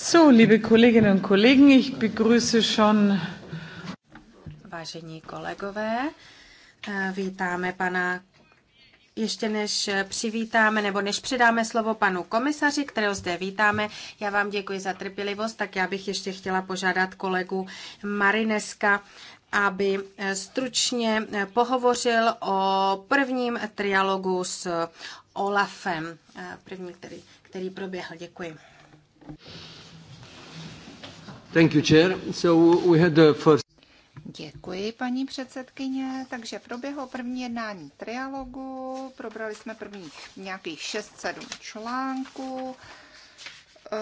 So, liebe Kolleginnen und Kollegen, ich begrüße schon... Vážení kolegové, eh, vítáme pana ještě než přivítáme nebo než předáme slovo panu komisaři, kterého zde vítáme, já vám děkuji za trpělivost, tak já bych ještě chtěla požádat kolegu Marineska, aby eh, stručně eh, pohovořil o prvním trialogu s Olafem, první, který, který proběhl. Děkuji. Děkuji, paní předsedkyně. Takže proběhlo první jednání trialogu, probrali jsme prvních nějakých 6-7 článků, eh,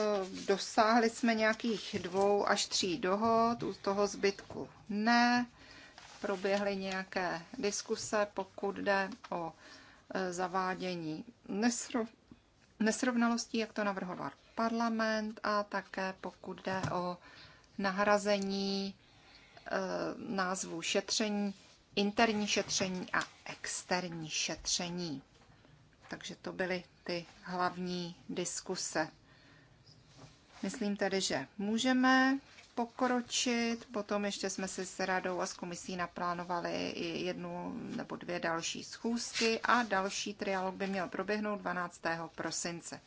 dosáhli jsme nějakých dvou až tří dohod, u toho zbytku ne. Proběhly nějaké diskuse, pokud jde o eh, zavádění nesrov, nesrovnalostí, jak to navrhoval parlament a také pokud jde o nahrazení e, názvu šetření, interní šetření a externí šetření. Takže to byly ty hlavní diskuse. Myslím tedy, že můžeme pokročit. Potom ještě jsme si s radou a s komisí naplánovali i jednu nebo dvě další schůzky a další trialog by měl proběhnout 12. prosince.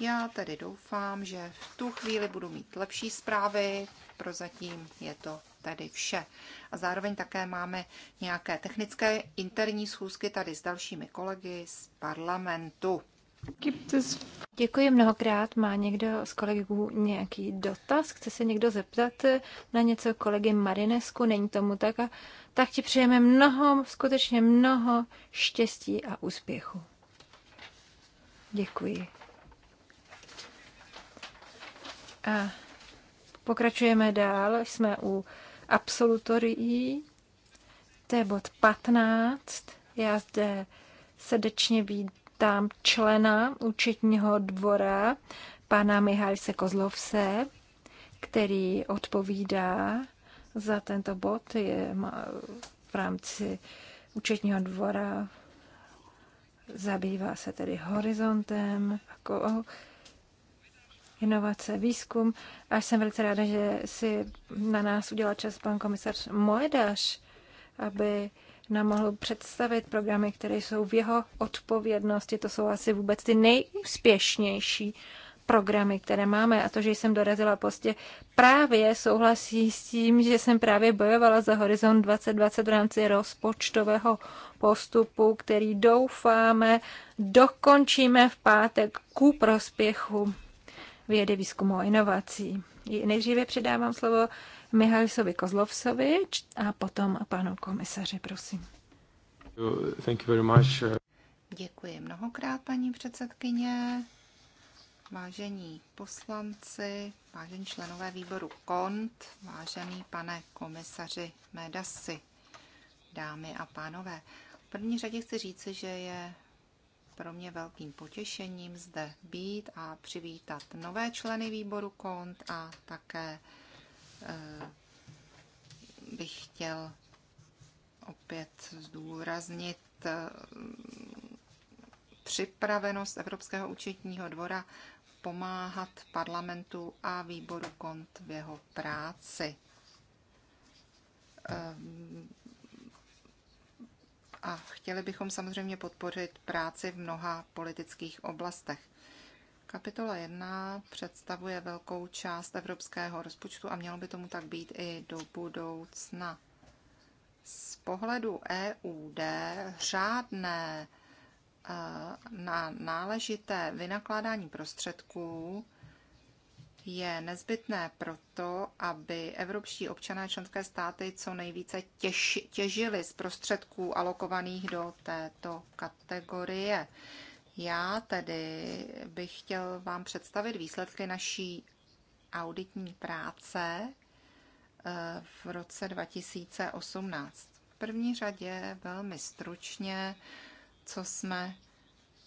Já tedy doufám, že v tu chvíli budu mít lepší zprávy, prozatím je to tedy vše. A zároveň také máme nějaké technické interní schůzky tady s dalšími kolegy z parlamentu. Děkuji mnohokrát. Má někdo z kolegů nějaký dotaz? Chce se někdo zeptat na něco kolegy Marinesku? Není tomu tak? A tak ti přejeme mnoho, skutečně mnoho štěstí a úspěchu. Děkuji. A pokračujeme dál, jsme u absolutorií, to je bod 15. Já zde srdečně vítám člena účetního dvora, pana Mihalise Kozlovse, který odpovídá za tento bod je v rámci účetního dvora. Zabývá se tedy horizontem, jako inovace, výzkum. A jsem velice ráda, že si na nás udělal čas pan komisař Moedaš, aby nám mohl představit programy, které jsou v jeho odpovědnosti. To jsou asi vůbec ty nejúspěšnější programy, které máme. A to, že jsem dorazila postě, právě souhlasí s tím, že jsem právě bojovala za Horizont 2020 v rámci rozpočtového postupu, který doufáme dokončíme v pátek ku prospěchu vědy, výzkumu a inovací. Nejdříve předávám slovo Mihajlovi Kozlovsovi a potom panu komisaři, prosím. Thank you very much. Děkuji mnohokrát, paní předsedkyně, vážení poslanci, vážení členové výboru KONT, vážený pane komisaři Medasi, dámy a pánové. V první řadě chci říci, že je pro mě velkým potěšením zde být a přivítat nové členy výboru KONT a také eh, bych chtěl opět zdůraznit eh, připravenost Evropského účetního dvora pomáhat parlamentu a výboru KONT v jeho práci ehm, a chtěli bychom samozřejmě podpořit práci v mnoha politických oblastech. Kapitola 1 představuje velkou část evropského rozpočtu a mělo by tomu tak být i do budoucna. Z pohledu EUD řádné eh, na náležité vynakládání prostředků je nezbytné proto, aby evropští občané členské státy co nejvíce těž, těžili z prostředků alokovaných do této kategorie. Já tedy bych chtěl vám představit výsledky naší auditní práce eh, v roce 2018. V první řadě velmi stručně, co jsme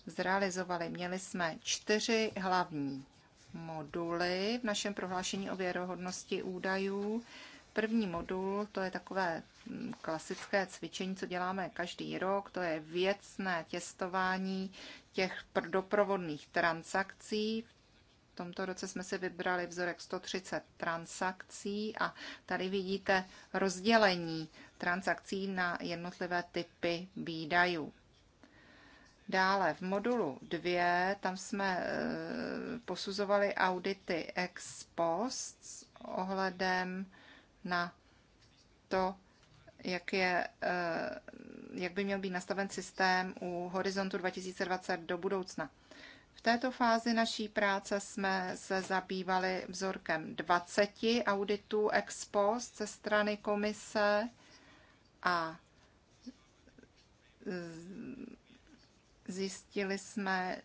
zrealizovali. Měli jsme čtyři hlavní moduly v našem prohlášení o věrohodnosti údajů. První modul, to je takové mm, klasické cvičení, co děláme každý rok, to je věcné těstování těch doprovodných transakcí. V tomto roce jsme si vybrali vzorek 130 transakcí a tady vidíte rozdělení transakcí na jednotlivé typy výdajů. Dále v modulu 2, tam jsme eh, posuzovali audity ex post s ohledem na to, jak, je, eh, jak by měl být nastaven systém u Horizontu 2020 do budoucna. V této fázi naší práce jsme se zabývali vzorkem 20 auditů ex post ze strany komise a Zjistili jsme,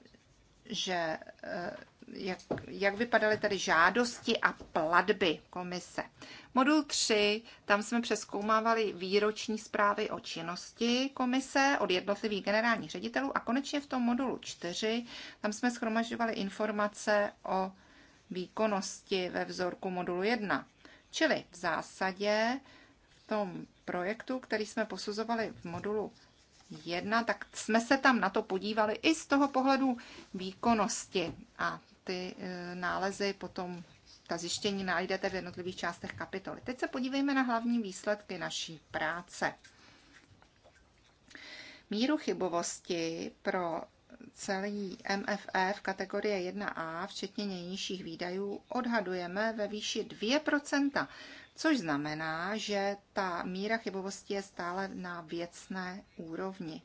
že eh, jak, jak vypadaly tady žádosti a platby komise. Modul 3, tam jsme přeskoumávali výroční zprávy o činnosti komise od jednotlivých generálních ředitelů a konečně v tom modulu 4, tam jsme schromažďovali informace o výkonnosti ve vzorku modulu 1. Čili v zásadě v tom projektu, který jsme posuzovali v modulu 1, tak jsme se tam na to podívali i z toho pohledu výkonnosti a ty e, nálezy potom, ta zjištění najdete v jednotlivých částech kapitoly. Teď se podívejme na hlavní výsledky naší práce. Míru chybovosti pro celý MFF kategorie 1A, včetně nejnižších výdajů, odhadujeme ve výši 2% což znamená, že ta míra chybovosti je stále na věcné úrovni.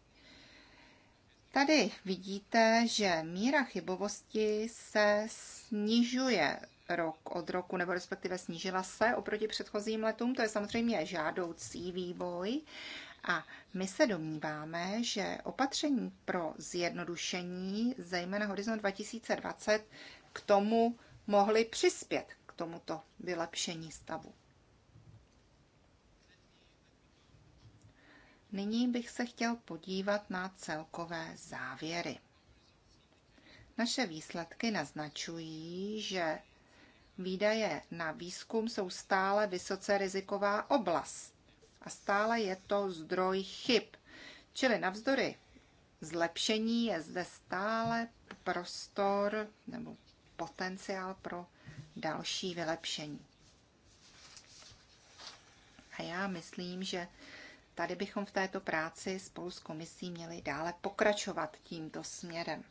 Tady vidíte, že míra chybovosti se snižuje rok od roku, nebo respektive snížila se oproti předchozím letům. To je samozřejmě žádoucí vývoj. A my se domníváme, že opatření pro zjednodušení, zejména Horizon 2020, k tomu mohly přispět, k tomuto vylepšení stavu. Nyní bych se chtěl podívat na celkové závěry. Naše výsledky naznačují, že výdaje na výzkum jsou stále vysoce riziková oblast a stále je to zdroj chyb. Čili navzdory zlepšení je zde stále prostor nebo potenciál pro další vylepšení. A já myslím, že tady bychom v této práci spolu s komisí měli dále pokračovat tímto směrem.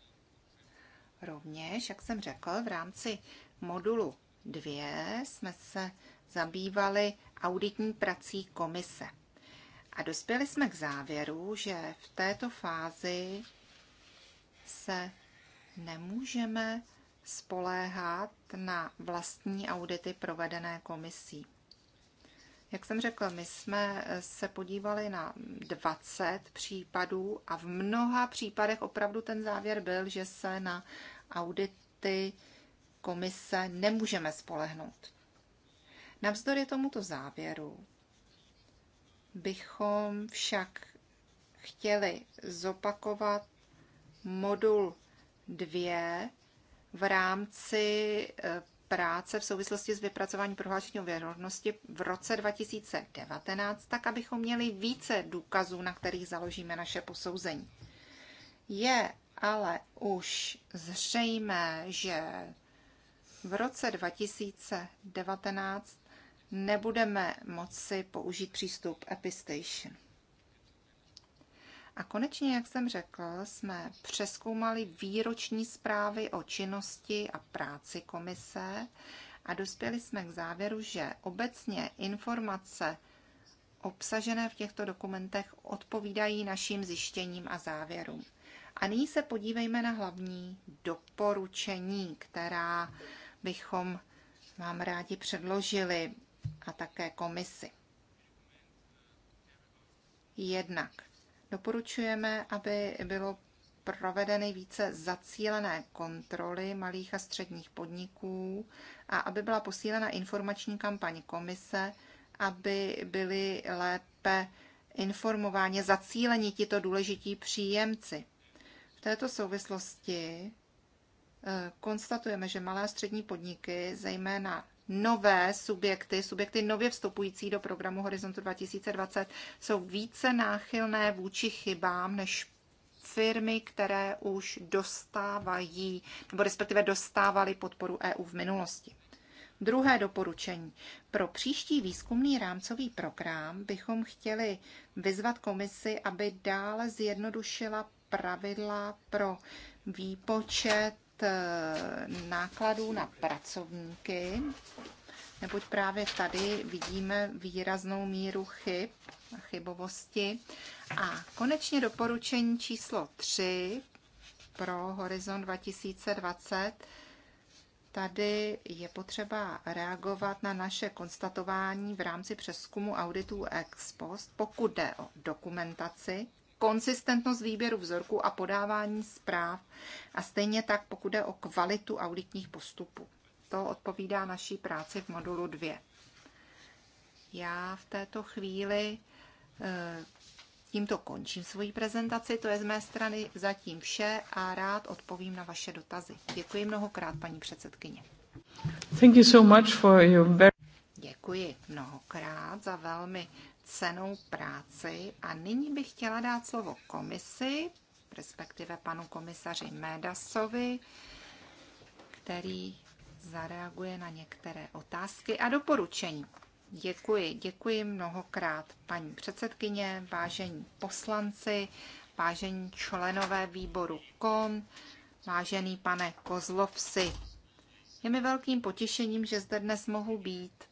Rovněž, jak jsem řekl, v rámci modulu 2 jsme se zabývali auditní prací komise. A dospěli jsme k závěru, že v této fázi se nemůžeme spoléhat na vlastní audity provedené komisí. Jak jsem řekla, my jsme eh, se podívali na 20 případů a v mnoha případech opravdu ten závěr byl, že se na audity komise nemůžeme spolehnout. Navzdory tomuto závěru bychom však chtěli zopakovat modul 2 v rámci eh, práce v souvislosti s vypracováním prohlášení o věrohodnosti v roce 2019, tak abychom měli více důkazů, na kterých založíme naše posouzení. Je ale už zřejmé, že v roce 2019 nebudeme moci použít přístup Epistation. A konečně, jak jsem řekl, jsme přeskoumali výroční zprávy o činnosti a práci komise a dospěli jsme k závěru, že obecně informace obsažené v těchto dokumentech odpovídají našim zjištěním a závěrům. A nyní se podívejme na hlavní doporučení, která bychom vám rádi předložili a také komisi. Jednak Doporučujeme, aby bylo provedeny více zacílené kontroly malých a středních podniků a aby byla posílena informační kampaň komise, aby byly lépe informováni, zacíleni tito důležití příjemci. V této souvislosti eh, konstatujeme, že malé a střední podniky, zejména nové subjekty, subjekty nově vstupující do programu Horizontu 2020, jsou více náchylné vůči chybám než firmy, které už dostávají, nebo respektive dostávaly podporu EU v minulosti. Druhé doporučení. Pro příští výzkumný rámcový program bychom chtěli vyzvat komisi, aby dále zjednodušila pravidla pro výpočet Eh, nákladů na pracovníky, neboť právě tady vidíme výraznou míru chyb a chybovosti. A konečně doporučení číslo 3 pro Horizon 2020. Tady je potřeba reagovat na naše konstatování v rámci přeskumu auditů ex post, pokud jde o dokumentaci konsistentnost výběru vzorků a podávání zpráv a stejně tak, pokud jde o kvalitu auditních postupů. To odpovídá naší práci v modulu 2. Já v této chvíli e, tímto končím svoji prezentaci, to je z mé strany zatím vše a rád odpovím na vaše dotazy. Děkuji mnohokrát, paní předsedkyně. Thank you so much for your very... Děkuji mnohokrát za velmi cenou práci a nyní bych chtěla dát slovo komisi, respektive panu komisaři Médasovi, který zareaguje na některé otázky a doporučení. Děkuji, děkuji mnohokrát, paní předsedkyně, vážení poslanci, vážení členové výboru KON, vážený pane Kozlovsi. Je mi velkým potěšením, že zde dnes mohu být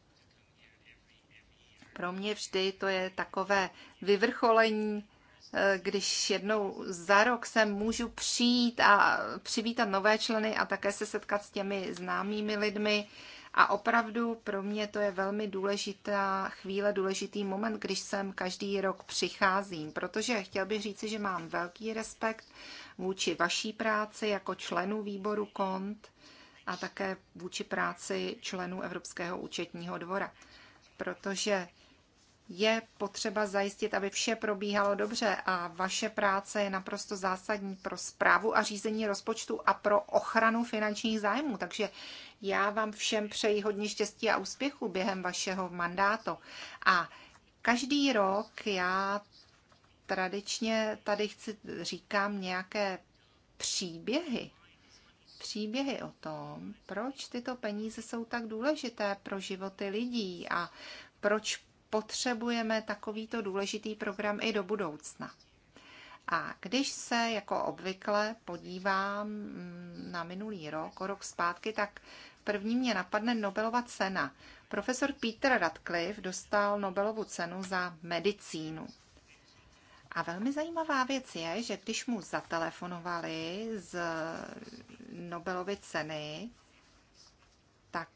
pro mě vždy to je takové vyvrcholení, eh, když jednou za rok se můžu přijít a přivítat nové členy a také se setkat s těmi známými lidmi. A opravdu pro mě to je velmi důležitá chvíle, důležitý moment, když sem každý rok přicházím, protože chtěl bych říci, že mám velký respekt vůči vaší práci jako členů výboru KONT a také vůči práci členů Evropského účetního dvora, protože je potřeba zajistit, aby vše probíhalo dobře a vaše práce je naprosto zásadní pro zprávu a řízení rozpočtu a pro ochranu finančních zájmů. Takže já vám všem přeji hodně štěstí a úspěchu během vašeho mandátu. A každý rok já tradičně tady chci, říkám nějaké příběhy, příběhy o tom, proč tyto peníze jsou tak důležité pro životy lidí a proč potřebujeme takovýto důležitý program i do budoucna. A když se jako obvykle podívám mm, na minulý rok, o rok zpátky, tak první mě napadne Nobelova cena. Profesor Peter Radcliffe dostal Nobelovu cenu za medicínu. A velmi zajímavá věc je, že když mu zatelefonovali z Nobelovy ceny, tak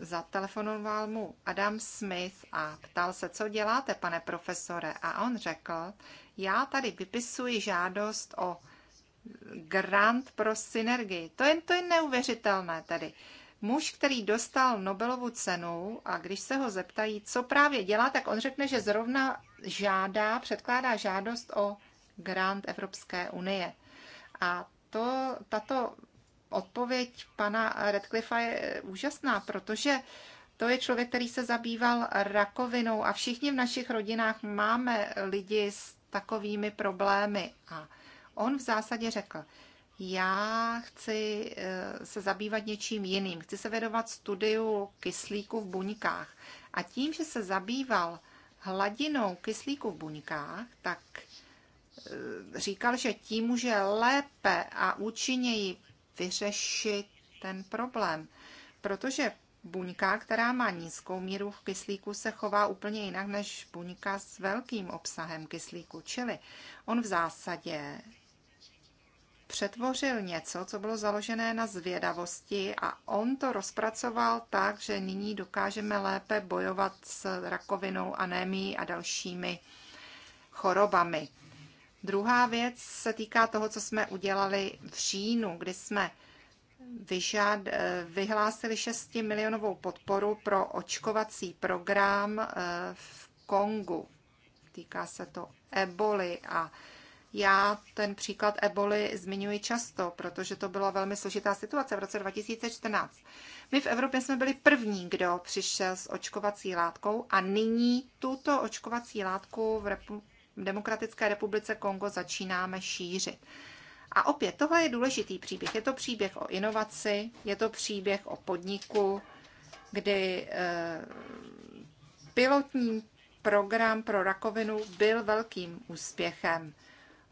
zatelefonoval mu Adam Smith a ptal se, co děláte, pane profesore. A on řekl, já tady vypisuji žádost o grant pro synergii. To je, to je neuvěřitelné tedy. Muž, který dostal Nobelovu cenu a když se ho zeptají, co právě dělá, tak on řekne, že zrovna žádá, předkládá žádost o grant Evropské unie. A to, tato odpověď pana Redcliffa je úžasná, protože to je člověk, který se zabýval rakovinou a všichni v našich rodinách máme lidi s takovými problémy. A on v zásadě řekl, já chci eh, se zabývat něčím jiným, chci se vědovat studiu kyslíku v buňkách. A tím, že se zabýval hladinou kyslíku v buňkách, tak eh, říkal, že tím může lépe a účinněji vyřešit ten problém. Protože buňka, která má nízkou míru v kyslíku, se chová úplně jinak než buňka s velkým obsahem kyslíku. Čili on v zásadě přetvořil něco, co bylo založené na zvědavosti a on to rozpracoval tak, že nyní dokážeme lépe bojovat s rakovinou, anémií a dalšími chorobami. Druhá věc se týká toho, co jsme udělali v říjnu, kdy jsme vyžád, eh, vyhlásili 6 milionovou podporu pro očkovací program eh, v Kongu. Týká se to eboli a já ten příklad eboli zmiňuji často, protože to byla velmi složitá situace v roce 2014. My v Evropě jsme byli první, kdo přišel s očkovací látkou a nyní tuto očkovací látku v Repu- v Demokratické republice Kongo začínáme šířit. A opět, tohle je důležitý příběh. Je to příběh o inovaci, je to příběh o podniku, kdy eh, pilotní program pro rakovinu byl velkým úspěchem.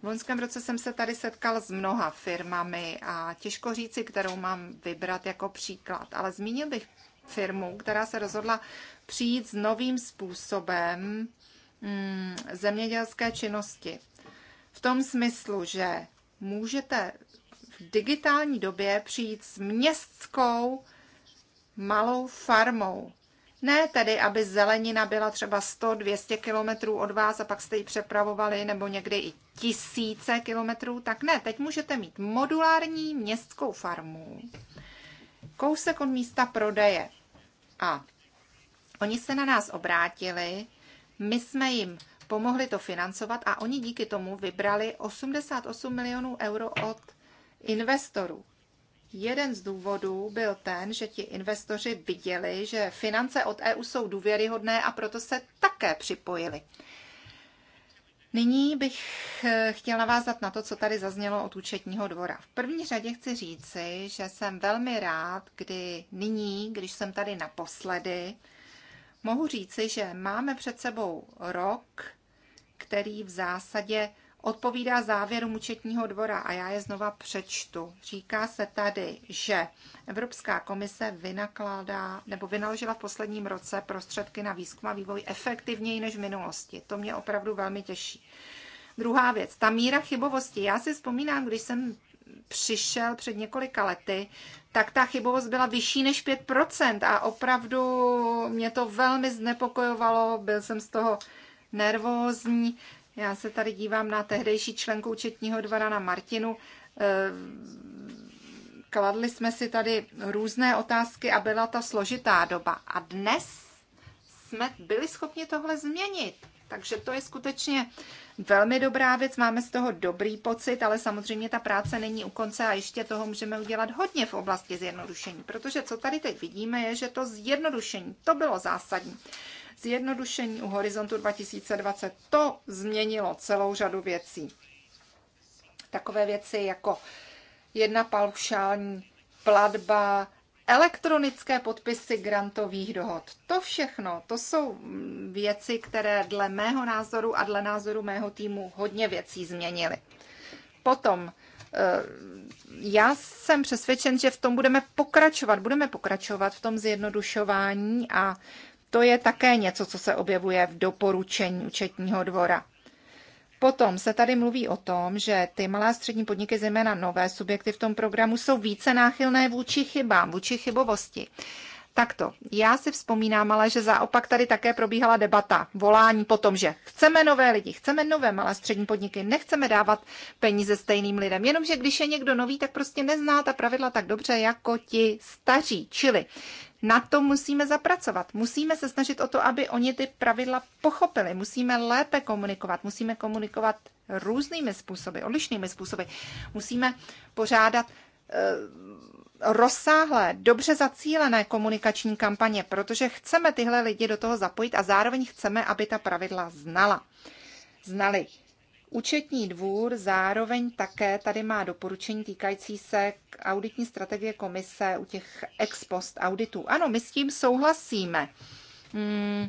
V loňském roce jsem se tady setkal s mnoha firmami a těžko říci, kterou mám vybrat jako příklad, ale zmínil bych firmu, která se rozhodla přijít s novým způsobem Mm, zemědělské činnosti. V tom smyslu, že můžete v digitální době přijít s městskou malou farmou. Ne tedy, aby zelenina byla třeba 100-200 kilometrů od vás a pak jste ji přepravovali nebo někdy i tisíce kilometrů, tak ne, teď můžete mít modulární městskou farmu, kousek od místa prodeje. A oni se na nás obrátili my jsme jim pomohli to financovat a oni díky tomu vybrali 88 milionů euro od investorů. Jeden z důvodů byl ten, že ti investoři viděli, že finance od EU jsou důvěryhodné a proto se také připojili. Nyní bych eh, chtěl navázat na to, co tady zaznělo od účetního dvora. V první řadě chci říci, že jsem velmi rád, kdy nyní, když jsem tady naposledy, mohu říci, že máme před sebou rok, který v zásadě odpovídá závěru mučetního dvora a já je znova přečtu. Říká se tady, že Evropská komise vynakládá nebo vynaložila v posledním roce prostředky na výzkum a vývoj efektivněji než v minulosti. To mě opravdu velmi těší. Druhá věc, ta míra chybovosti. Já si vzpomínám, když jsem přišel před několika lety, tak ta chybovost byla vyšší než 5% a opravdu mě to velmi znepokojovalo, byl jsem z toho nervózní. Já se tady dívám na tehdejší členku účetního dvora na Martinu. Eh, kladli jsme si tady různé otázky a byla to složitá doba. A dnes jsme byli schopni tohle změnit. Takže to je skutečně velmi dobrá věc, máme z toho dobrý pocit, ale samozřejmě ta práce není u konce a ještě toho můžeme udělat hodně v oblasti zjednodušení, protože co tady teď vidíme je, že to zjednodušení, to bylo zásadní. Zjednodušení u Horizontu 2020, to změnilo celou řadu věcí. Takové věci jako jedna paušální platba, Elektronické podpisy grantových dohod. To všechno, to jsou mm, věci, které dle mého názoru a dle názoru mého týmu hodně věcí změnily. Potom eh, já jsem přesvědčen, že v tom budeme pokračovat. Budeme pokračovat v tom zjednodušování a to je také něco, co se objevuje v doporučení účetního dvora. Potom se tady mluví o tom, že ty malá střední podniky, zejména nové subjekty v tom programu, jsou více náchylné vůči chybám, vůči chybovosti. Takto, já si vzpomínám ale, že zaopak tady také probíhala debata, volání po tom, že chceme nové lidi, chceme nové malé střední podniky, nechceme dávat peníze stejným lidem, jenomže když je někdo nový, tak prostě nezná ta pravidla tak dobře jako ti staří, čili na to musíme zapracovat. Musíme se snažit o to, aby oni ty pravidla pochopili. Musíme lépe komunikovat. Musíme komunikovat různými způsoby, odlišnými způsoby. Musíme pořádat eh, rozsáhlé, dobře zacílené komunikační kampaně, protože chceme tyhle lidi do toho zapojit a zároveň chceme, aby ta pravidla znala. Znali. Účetní dvůr zároveň také tady má doporučení týkající se k auditní strategie komise u těch ex post auditů. Ano, my s tím souhlasíme. Hmm,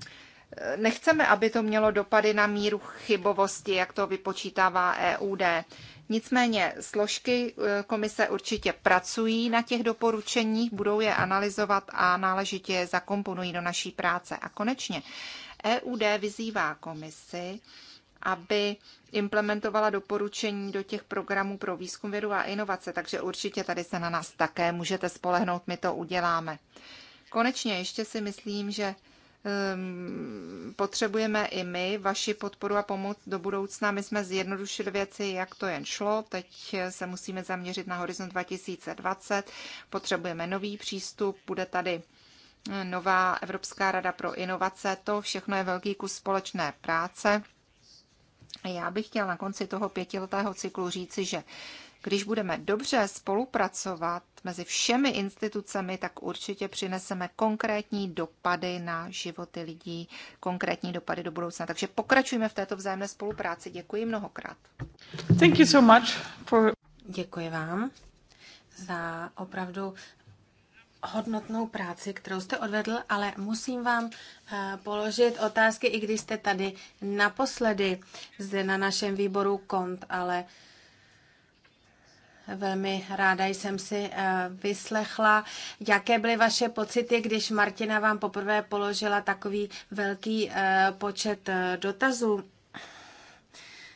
nechceme, aby to mělo dopady na míru chybovosti, jak to vypočítává EUD. Nicméně složky eh, komise určitě pracují na těch doporučeních, budou je analyzovat a náležitě je zakomponují do naší práce. A konečně EUD vyzývá komisi, aby implementovala doporučení do těch programů pro výzkum, vědu a inovace, takže určitě tady se na nás také můžete spolehnout, my to uděláme. Konečně ještě si myslím, že Ehm, potřebujeme i my vaši podporu a pomoc do budoucna. My jsme zjednodušili věci, jak to jen šlo. Teď se musíme zaměřit na horizont 2020. Potřebujeme nový přístup. Bude tady eh, nová Evropská rada pro inovace. To všechno je velký kus společné práce. Já bych chtěla na konci toho pětiletého cyklu říci, že když budeme dobře spolupracovat, mezi všemi institucemi, tak určitě přineseme konkrétní dopady na životy lidí, konkrétní dopady do budoucna. Takže pokračujeme v této vzájemné spolupráci. Děkuji mnohokrát. Thank you so much for... Děkuji vám za opravdu hodnotnou práci, kterou jste odvedl, ale musím vám eh, položit otázky, i když jste tady naposledy zde na našem výboru KONT, ale Velmi ráda jsem si eh, vyslechla, jaké byly vaše pocity, když Martina vám poprvé položila takový velký eh, počet eh, dotazů.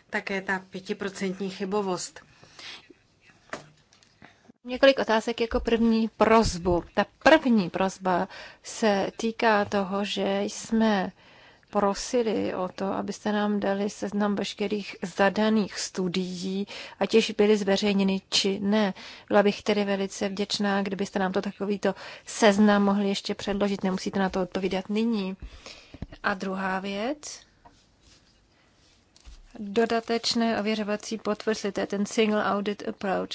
Také ta pětiprocentní chybovost. Několik otázek jako první prozbu. Ta první prozba se týká toho, že jsme prosili o to, abyste nám dali seznam veškerých zadaných studií, ať již byly zveřejněny či ne. Byla bych tedy velice vděčná, kdybyste nám to takovýto seznam mohli ještě předložit. Nemusíte na to odpovídat nyní. A druhá věc, dodatečné ověřovací potvrzly, to je ten single audit approach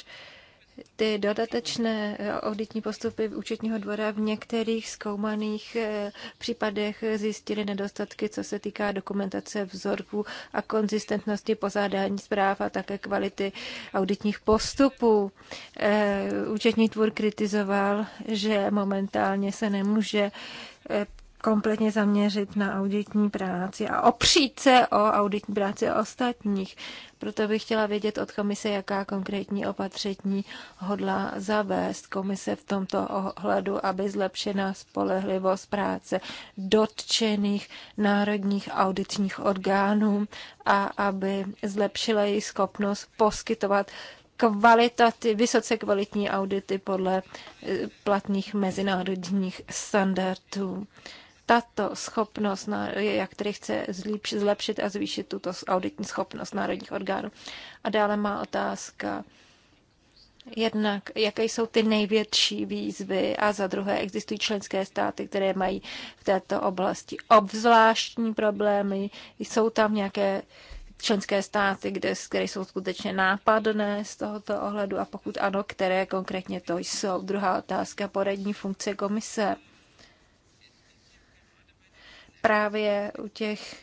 ty dodatečné eh, auditní postupy v účetního dvora v některých zkoumaných eh, případech zjistily nedostatky, co se týká dokumentace vzorků a konzistentnosti pozádání zpráv a také kvality auditních postupů. Eh, účetní tvůr kritizoval, že momentálně se nemůže kompletně zaměřit na auditní práci a opřít se o auditní práci ostatních. Proto bych chtěla vědět od komise, jaká konkrétní opatření hodla zavést komise v tomto ohledu, aby zlepšena spolehlivost práce dotčených národních auditních orgánů a aby zlepšila její schopnost poskytovat kvalitaty, vysoce kvalitní audity podle eh, platných mezinárodních standardů tato schopnost, jak tedy chce zlepšit a zvýšit tuto auditní schopnost národních orgánů. A dále má otázka, Jednak, jaké jsou ty největší výzvy a za druhé, existují členské státy, které mají v této oblasti obzvláštní problémy, jsou tam nějaké členské státy, kde, které jsou skutečně nápadné z tohoto ohledu a pokud ano, které konkrétně to jsou. Druhá otázka, poradní funkce komise právě u těch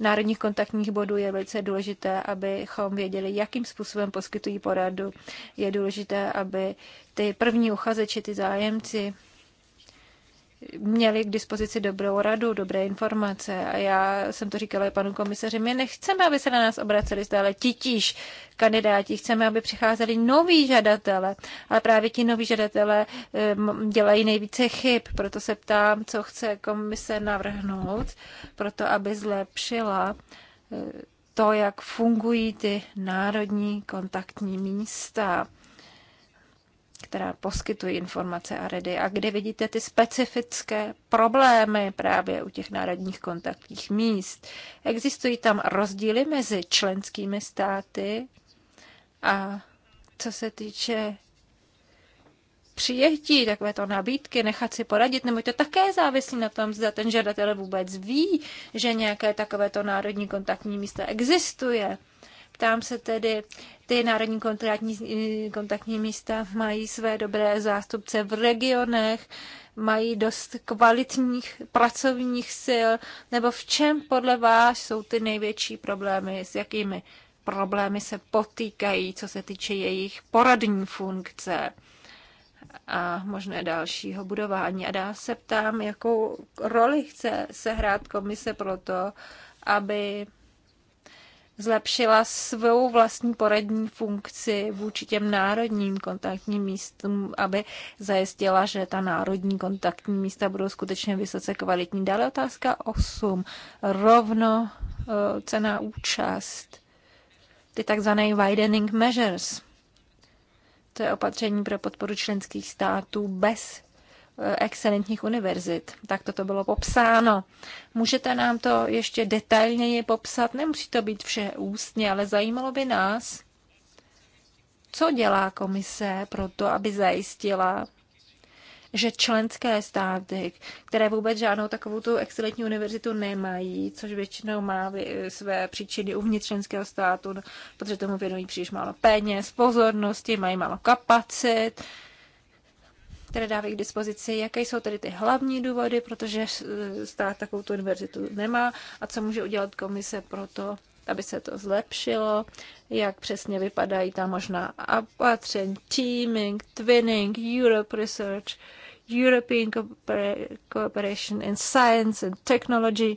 národních kontaktních bodů je velice důležité, abychom věděli, jakým způsobem poskytují poradu. Je důležité, aby ty první uchazeči, ty zájemci, měli k dispozici dobrou radu, dobré informace. A já jsem to říkala i panu komisaři, my nechceme, aby se na nás obraceli stále titíž kandidáti, chceme, aby přicházeli noví žadatele, ale právě ti noví žadatele ehm, dělají nejvíce chyb, proto se ptám, co chce komise navrhnout, proto aby zlepšila eh, to, jak fungují ty národní kontaktní místa která poskytují informace a redy a kde vidíte ty specifické problémy právě u těch národních kontaktních míst. Existují tam rozdíly mezi členskými státy a co se týče přijetí takovéto nabídky, nechat si poradit, nebo to také závisí na tom, zda ten žadatel vůbec ví, že nějaké takovéto národní kontaktní místo existuje. Ptám se tedy, ty národní kontaktní, kontaktní místa mají své dobré zástupce v regionech, mají dost kvalitních pracovních sil, nebo v čem podle vás jsou ty největší problémy, s jakými problémy se potýkají, co se týče jejich poradní funkce a možné dalšího budování. A dá se ptám, jakou roli chce sehrát komise pro to, aby zlepšila svou vlastní poradní funkci vůči těm národním kontaktním místům, aby zajistila, že ta národní kontaktní místa budou skutečně vysoce kvalitní. Dále otázka 8. Rovno eh, cena účast. Ty takzvané widening measures. To je opatření pro podporu členských států bez excelentních univerzit. Tak toto bylo popsáno. Můžete nám to ještě detailněji popsat? Nemusí to být vše ústně, ale zajímalo by nás, co dělá komise pro to, aby zajistila, že členské státy, které vůbec žádnou takovou tu excelentní univerzitu nemají, což většinou má své příčiny uvnitř členského státu, protože tomu věnují příliš málo peněz, pozornosti, mají málo kapacit, které dávají k dispozici, jaké jsou tedy ty hlavní důvody, protože stát takovou tu univerzitu nemá a co může udělat komise pro to, aby se to zlepšilo, jak přesně vypadají tam možná opatření, teaming, twinning, Europe Research, European Cooperation in Science and Technology,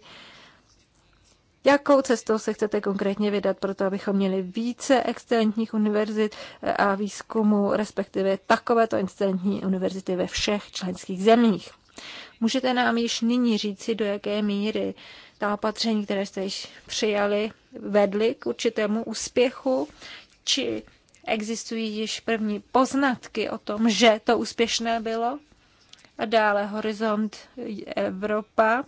Jakou cestou se chcete konkrétně vydat pro to, abychom měli více excelentních univerzit a výzkumu, respektive takovéto excelentní univerzity ve všech členských zemích? Můžete nám již nyní říci, do jaké míry ta opatření, které jste již přijali, vedly k určitému úspěchu, či existují již první poznatky o tom, že to úspěšné bylo? A dále Horizont Evropa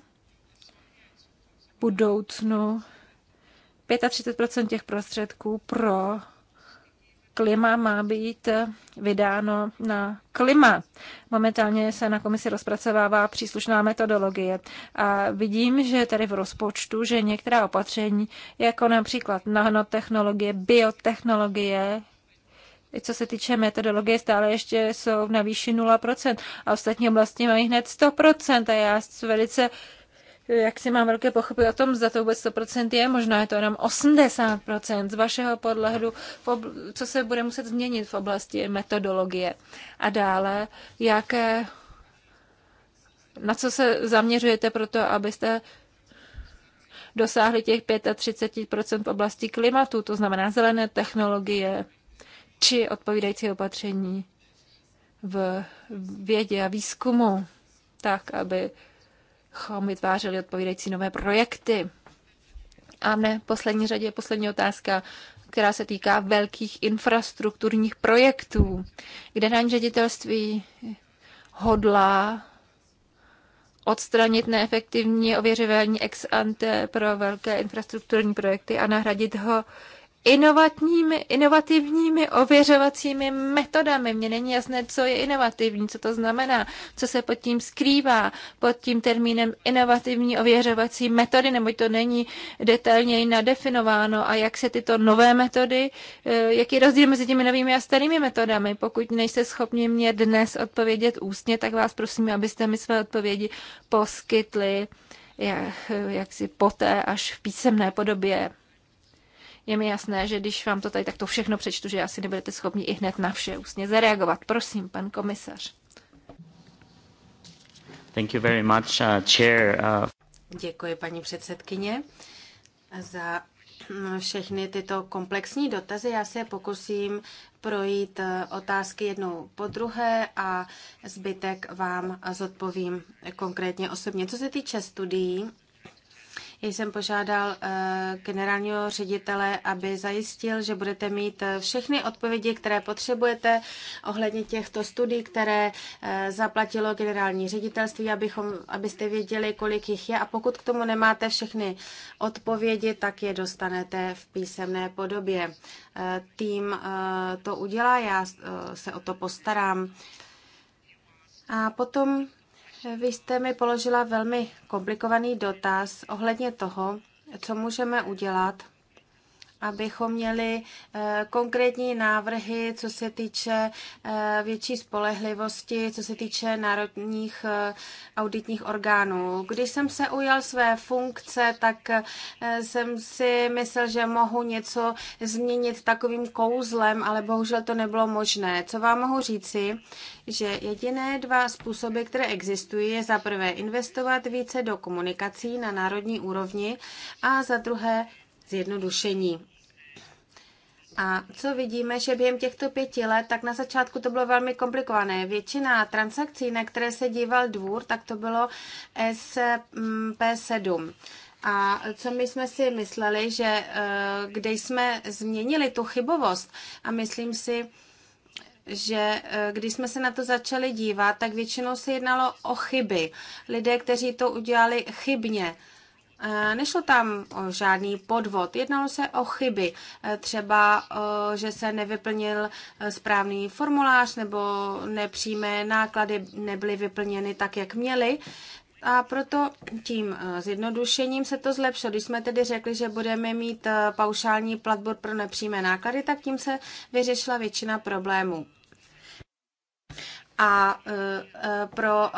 budoucnu 35 těch prostředků pro klima má být vydáno na klima. Momentálně se na komisi rozpracovává příslušná metodologie a vidím, že tady v rozpočtu, že některá opatření, jako například nanotechnologie, biotechnologie, i co se týče metodologie, stále ještě jsou na výši 0% a ostatní oblasti mají hned 100% a já velice jak si mám velké pochopy o tom, za to vůbec 100% je, možná je to jenom 80% z vašeho podhledu, co se bude muset změnit v oblasti metodologie. A dále, jaké, na co se zaměřujete pro to, abyste dosáhli těch 35% v oblasti klimatu, to znamená zelené technologie či odpovídající opatření v vědě a výzkumu, tak, aby chom vytvářeli odpovídající nové projekty. A ne, v poslední řadě je poslední otázka, která se týká velkých infrastrukturních projektů. Generální ředitelství hodlá odstranit neefektivní ověřování ex ante pro velké infrastrukturní projekty a nahradit ho inovatními, inovativními ověřovacími metodami. Mně není jasné, co je inovativní, co to znamená, co se pod tím skrývá, pod tím termínem inovativní ověřovací metody, neboť to není detailněji nadefinováno a jak se tyto nové metody, eh, jaký je rozdíl mezi těmi novými a starými metodami. Pokud nejste schopni mě dnes odpovědět ústně, tak vás prosím, abyste mi své odpovědi poskytli jak, jak si poté až v písemné podobě. Je mi jasné, že když vám to tady takto všechno přečtu, že asi nebudete schopni i hned na vše ústně zareagovat. Prosím, pan komisař. Thank you very much, uh, chair, uh... Děkuji, paní předsedkyně, za mm, všechny tyto komplexní dotazy. Já se pokusím projít uh, otázky jednou po druhé a zbytek vám zodpovím konkrétně osobně. Co se týče studií jsem požádal eh, generálního ředitele, aby zajistil, že budete mít eh, všechny odpovědi, které potřebujete ohledně těchto studií, které eh, zaplatilo generální ředitelství, abychom, abyste věděli, kolik jich je. A pokud k tomu nemáte všechny odpovědi, tak je dostanete v písemné podobě. Tým to udělá, já se o to postarám. A potom vy jste mi položila velmi komplikovaný dotaz ohledně toho, co můžeme udělat abychom měli eh, konkrétní návrhy, co se týče eh, větší spolehlivosti, co se týče národních eh, auditních orgánů. Když jsem se ujal své funkce, tak jsem si myslel, že mohu něco změnit takovým kouzlem, ale bohužel to nebylo možné. Co vám mohu říci, že jediné dva způsoby, které existují, je za prvé investovat více do komunikací na národní úrovni a za druhé zjednodušení. A co vidíme, že během těchto pěti let, tak na začátku to bylo velmi komplikované. Většina transakcí, na které se díval dvůr, tak to bylo SP7. A co my jsme si mysleli, že eh, kde jsme změnili tu chybovost a myslím si, že eh, když jsme se na to začali dívat, tak většinou se jednalo o chyby. Lidé, kteří to udělali chybně. Eh, nešlo tam o žádný podvod, jednalo se o chyby. Eh, třeba, eh, že se nevyplnil správný formulář nebo nepřímé náklady nebyly vyplněny tak, jak měly. A proto tím zjednodušením se to zlepšilo. Když jsme tedy řekli, že budeme mít paušální platbu pro nepřímé náklady, tak tím se vyřešila většina problémů. A pro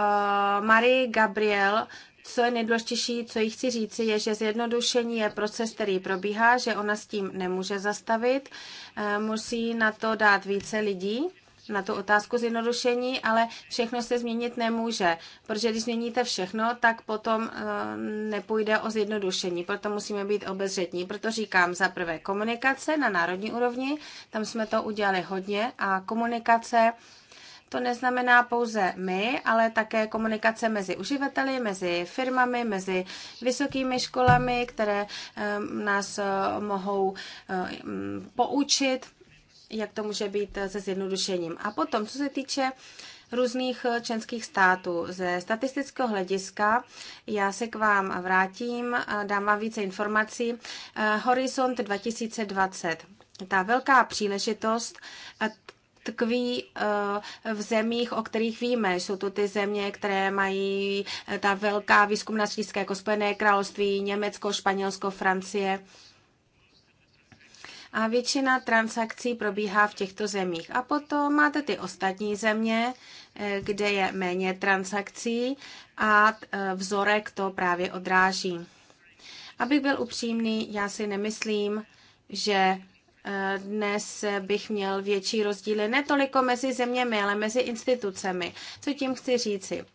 Marie Gabriel co je nejdůležitější, co jí chci říci, je, že zjednodušení je proces, který probíhá, že ona s tím nemůže zastavit, eh, musí na to dát více lidí, na tu otázku zjednodušení, ale všechno se změnit nemůže, protože když změníte všechno, tak potom eh, nepůjde o zjednodušení, proto musíme být obezřetní. Proto říkám za prvé komunikace na národní úrovni, tam jsme to udělali hodně a komunikace to neznamená pouze my, ale také komunikace mezi uživateli, mezi firmami, mezi vysokými školami, které nás eh, mohou eh, poučit, jak to může být eh, se zjednodušením. A potom, co se týče různých členských států. Ze statistického hlediska já se k vám vrátím, dám vám více informací. Horizont 2020. Ta velká příležitost, tkví eh, v zemích, o kterých víme. Jsou to ty země, které mají eh, ta velká výzkumná střediska jako Spojené království, Německo, Španělsko, Francie. A většina transakcí probíhá v těchto zemích. A potom máte ty ostatní země, eh, kde je méně transakcí a vzorek to právě odráží. Abych byl upřímný, já si nemyslím, že dnes bych měl větší rozdíly, ne toliko mezi zeměmi, ale mezi institucemi. Co tím chci říci?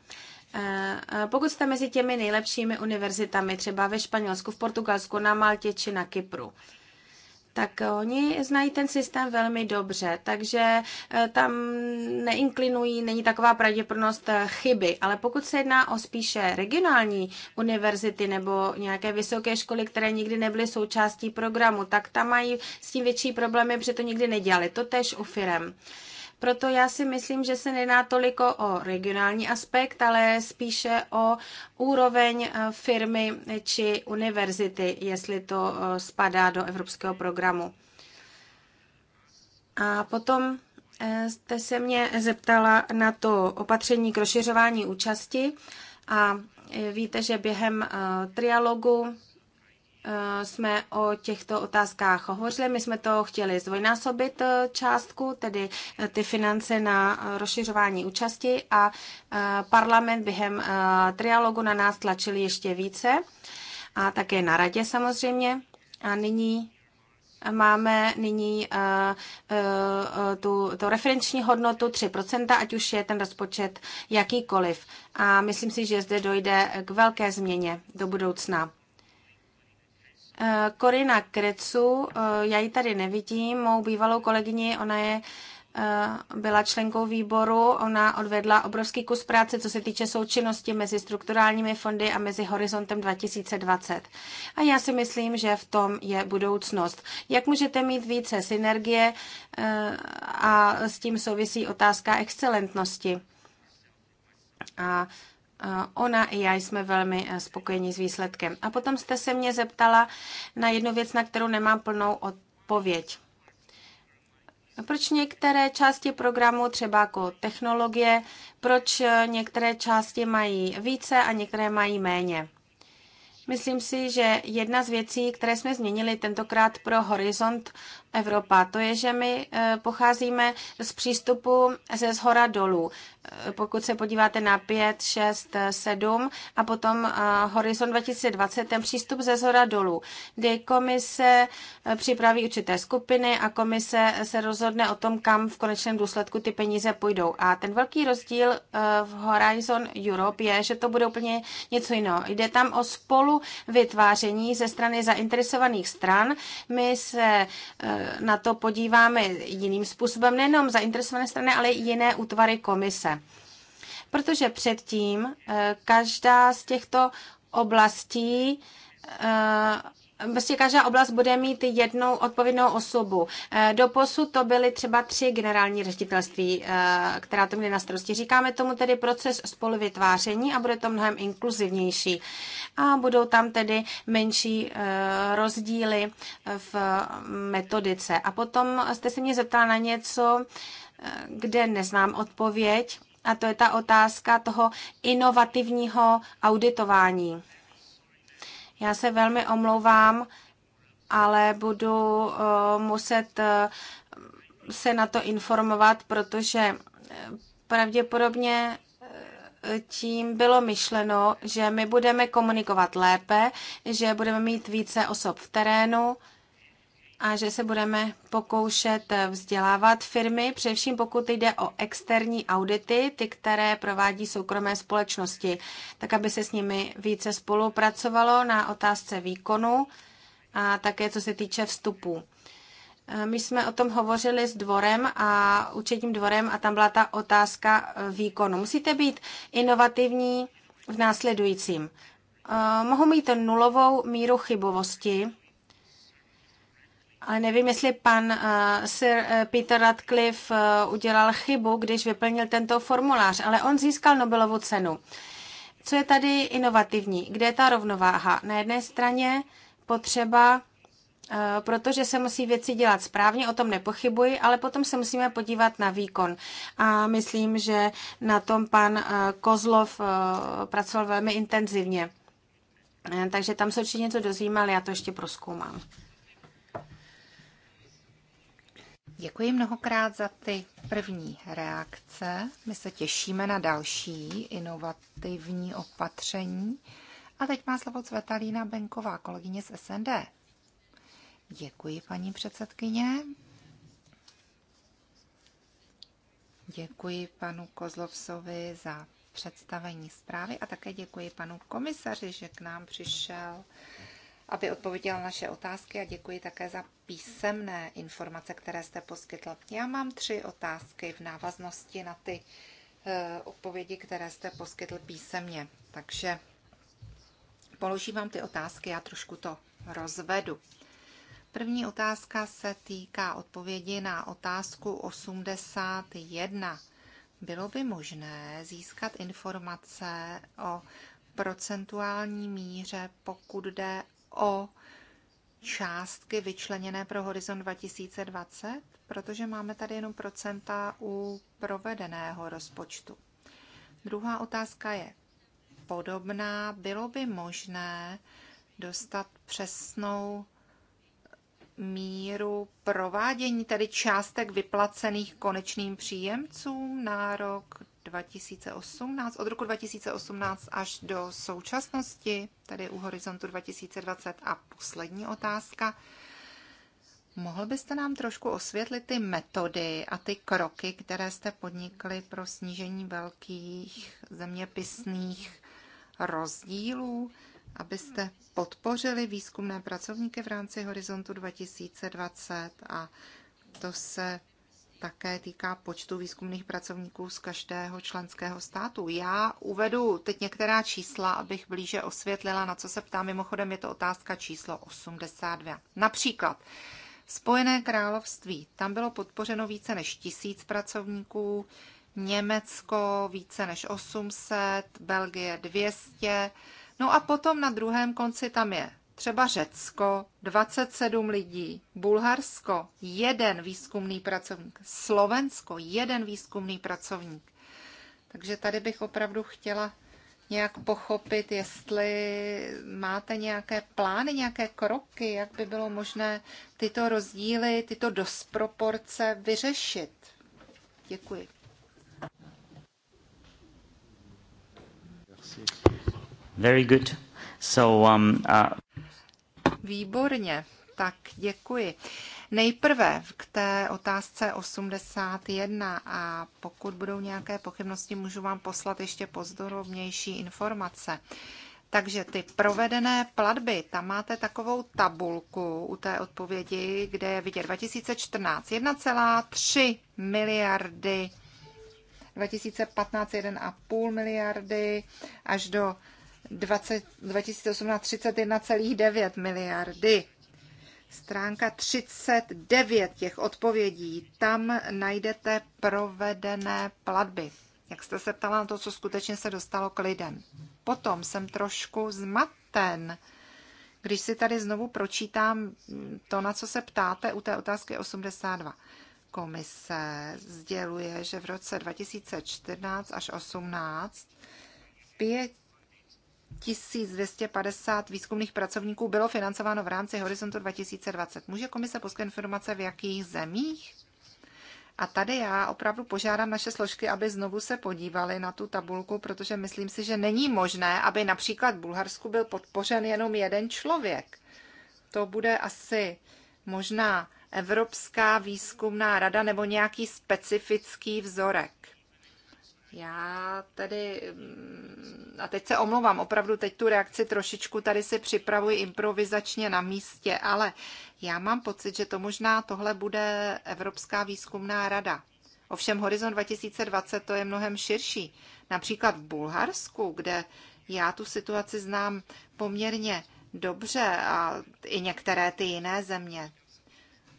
Eh, eh, pokud jste mezi těmi nejlepšími univerzitami, třeba ve Španělsku, v Portugalsku, na Maltě či na Kypru, tak oni znají ten systém velmi dobře, takže eh, tam neinklinují, není taková pravděpodobnost eh, chyby. Ale pokud se jedná o spíše regionální univerzity nebo nějaké vysoké školy, které nikdy nebyly součástí programu, tak tam mají s tím větší problémy, protože to nikdy nedělali. To tež u firem. Proto já si myslím, že se nedá toliko o regionální aspekt, ale spíše o úroveň eh, firmy či univerzity, jestli to eh, spadá do evropského programu. A potom eh, jste se mě zeptala na to opatření k rozšiřování účasti a víte, že během trialogu Eh, jsme o těchto otázkách hovořili. My jsme to chtěli zdvojnásobit eh, částku, tedy eh, ty finance na rozšiřování účasti a parlament během trialogu na nás tlačil ještě více a také na radě samozřejmě. A nyní máme nyní tu, tu referenční hodnotu 3%, ať už je ten rozpočet jakýkoliv. A myslím si, že zde dojde k velké změně do budoucna. Korina eh, Krecu, eh, já ji tady nevidím, mou bývalou kolegyni, ona je eh, byla členkou výboru, ona odvedla obrovský kus práce, co se týče součinnosti mezi strukturálními fondy a mezi horizontem 2020. A já si myslím, že v tom je budoucnost. Jak můžete mít více synergie a s tím souvisí otázka excelentnosti. A ona i já jsme velmi eh, spokojeni s výsledkem. A potom jste se mě zeptala na jednu věc, na kterou nemám plnou odpověď. Proč některé části programu, třeba jako technologie, proč eh, některé části mají více a některé mají méně? Myslím si, že jedna z věcí, které jsme změnili tentokrát pro Horizont Evropa. To je, že my e, pocházíme z přístupu ze zhora dolů. E, pokud se podíváte na 5, 6, 7 a potom e, Horizon 2020, ten přístup ze zhora dolů, kdy komise připraví určité skupiny a komise se rozhodne o tom, kam v konečném důsledku ty peníze půjdou. A ten velký rozdíl v Horizon Europe je, že to bude úplně něco jiného. Jde tam o spolu vytváření ze strany zainteresovaných stran. My se na to podíváme jiným způsobem, nejenom zainteresované strany, ale i jiné útvary komise. Protože předtím eh, každá z těchto oblastí eh, Prostě každá oblast bude mít jednou odpovědnou osobu. Eh, doposud to byly třeba tři generální ředitelství, eh, která to měly na starosti. Říkáme tomu tedy proces spoluvytváření a bude to mnohem inkluzivnější. A budou tam tedy menší eh, rozdíly v metodice. A potom jste se mě zeptala na něco, kde neznám odpověď, a to je ta otázka toho inovativního auditování. Já se velmi omlouvám, ale budu eh, muset eh, se na to informovat, protože eh, pravděpodobně tím bylo myšleno, že my budeme komunikovat lépe, že budeme mít více osob v terénu a že se budeme pokoušet vzdělávat firmy, především pokud jde o externí audity, ty, které provádí soukromé společnosti, tak aby se s nimi více spolupracovalo na otázce výkonu a také co se týče vstupu. E, my jsme o tom hovořili s dvorem a účetním dvorem a tam byla ta otázka e, výkonu. Musíte být inovativní v následujícím. E, mohu mít nulovou míru chybovosti, ale Nevím, jestli pan eh, Sir eh, Peter Radcliffe eh, udělal chybu, když vyplnil tento formulář, ale on získal Nobelovu cenu. Co je tady inovativní? Kde je ta rovnováha? Na jedné straně potřeba protože se musí věci dělat správně, o tom nepochybuji, ale potom se musíme podívat na výkon. A myslím, že na tom pan Kozlov pracoval velmi intenzivně. Takže tam se určitě něco dozvím, ale já to ještě proskoumám. Děkuji mnohokrát za ty první reakce. My se těšíme na další inovativní opatření. A teď má slovo Cvetalína Benková, kolegyně z SND. Děkuji, paní předsedkyně. Děkuji panu Kozlovsovi za představení zprávy a také děkuji panu komisaři, že k nám přišel aby odpověděl naše otázky a děkuji také za písemné informace, které jste poskytl. Já mám tři otázky v návaznosti na ty eh, odpovědi, které jste poskytl písemně. Takže položím vám ty otázky, já trošku to rozvedu. První otázka se týká odpovědi na otázku 81. Bylo by možné získat informace o procentuální míře, pokud jde o částky vyčleněné pro Horizon 2020, protože máme tady jenom procenta u provedeného rozpočtu. Druhá otázka je podobná. Bylo by možné dostat přesnou míru provádění tedy částek vyplacených konečným příjemcům na rok 2018, od roku 2018 až do současnosti, tady u horizontu 2020. A poslední otázka. Mohl byste nám trošku osvětlit ty metody a ty kroky, které jste podnikli pro snížení velkých zeměpisných rozdílů, abyste podpořili výzkumné pracovníky v rámci Horizontu 2020 a to se také týká počtu výzkumných pracovníků z každého členského státu. Já uvedu teď některá čísla, abych blíže osvětlila, na co se ptám. Mimochodem je to otázka číslo 82. Například Spojené království, tam bylo podpořeno více než tisíc pracovníků, Německo více než 800, Belgie 200, no a potom na druhém konci tam je Třeba Řecko 27 lidí, Bulharsko jeden výzkumný pracovník, Slovensko jeden výzkumný pracovník. Takže tady bych opravdu chtěla nějak pochopit, jestli máte nějaké plány, nějaké kroky, jak by bylo možné tyto rozdíly, tyto dosproporce vyřešit. Děkuji. Very good. So, um, uh... Výborně, tak děkuji. Nejprve k té otázce 81 a pokud budou nějaké pochybnosti, můžu vám poslat ještě pozdorovnější informace. Takže ty provedené platby, tam máte takovou tabulku u té odpovědi, kde je vidět 2014 1,3 miliardy, 2015 1,5 miliardy až do 2018 31,9 miliardy. Stránka 39 těch odpovědí, tam najdete provedené platby. Jak jste se ptala na to, co skutečně se dostalo k lidem. Potom jsem trošku zmaten, když si tady znovu pročítám to, na co se ptáte u té otázky 82 komise sděluje, že v roce 2014 až 18 5 1250 výzkumných pracovníků bylo financováno v rámci Horizontu 2020. Může komise poskytnout informace, v jakých zemích? A tady já opravdu požádám naše složky, aby znovu se podívali na tu tabulku, protože myslím si, že není možné, aby například v Bulharsku byl podpořen jenom jeden člověk. To bude asi možná Evropská výzkumná rada nebo nějaký specifický vzorek. Já tedy, mm, a teď se omlouvám, opravdu teď tu reakci trošičku tady si připravuji improvizačně na místě, ale já mám pocit, že to možná tohle bude Evropská výzkumná rada. Ovšem Horizon 2020 to je mnohem širší. Například v Bulharsku, kde já tu situaci znám poměrně dobře a i některé ty jiné země.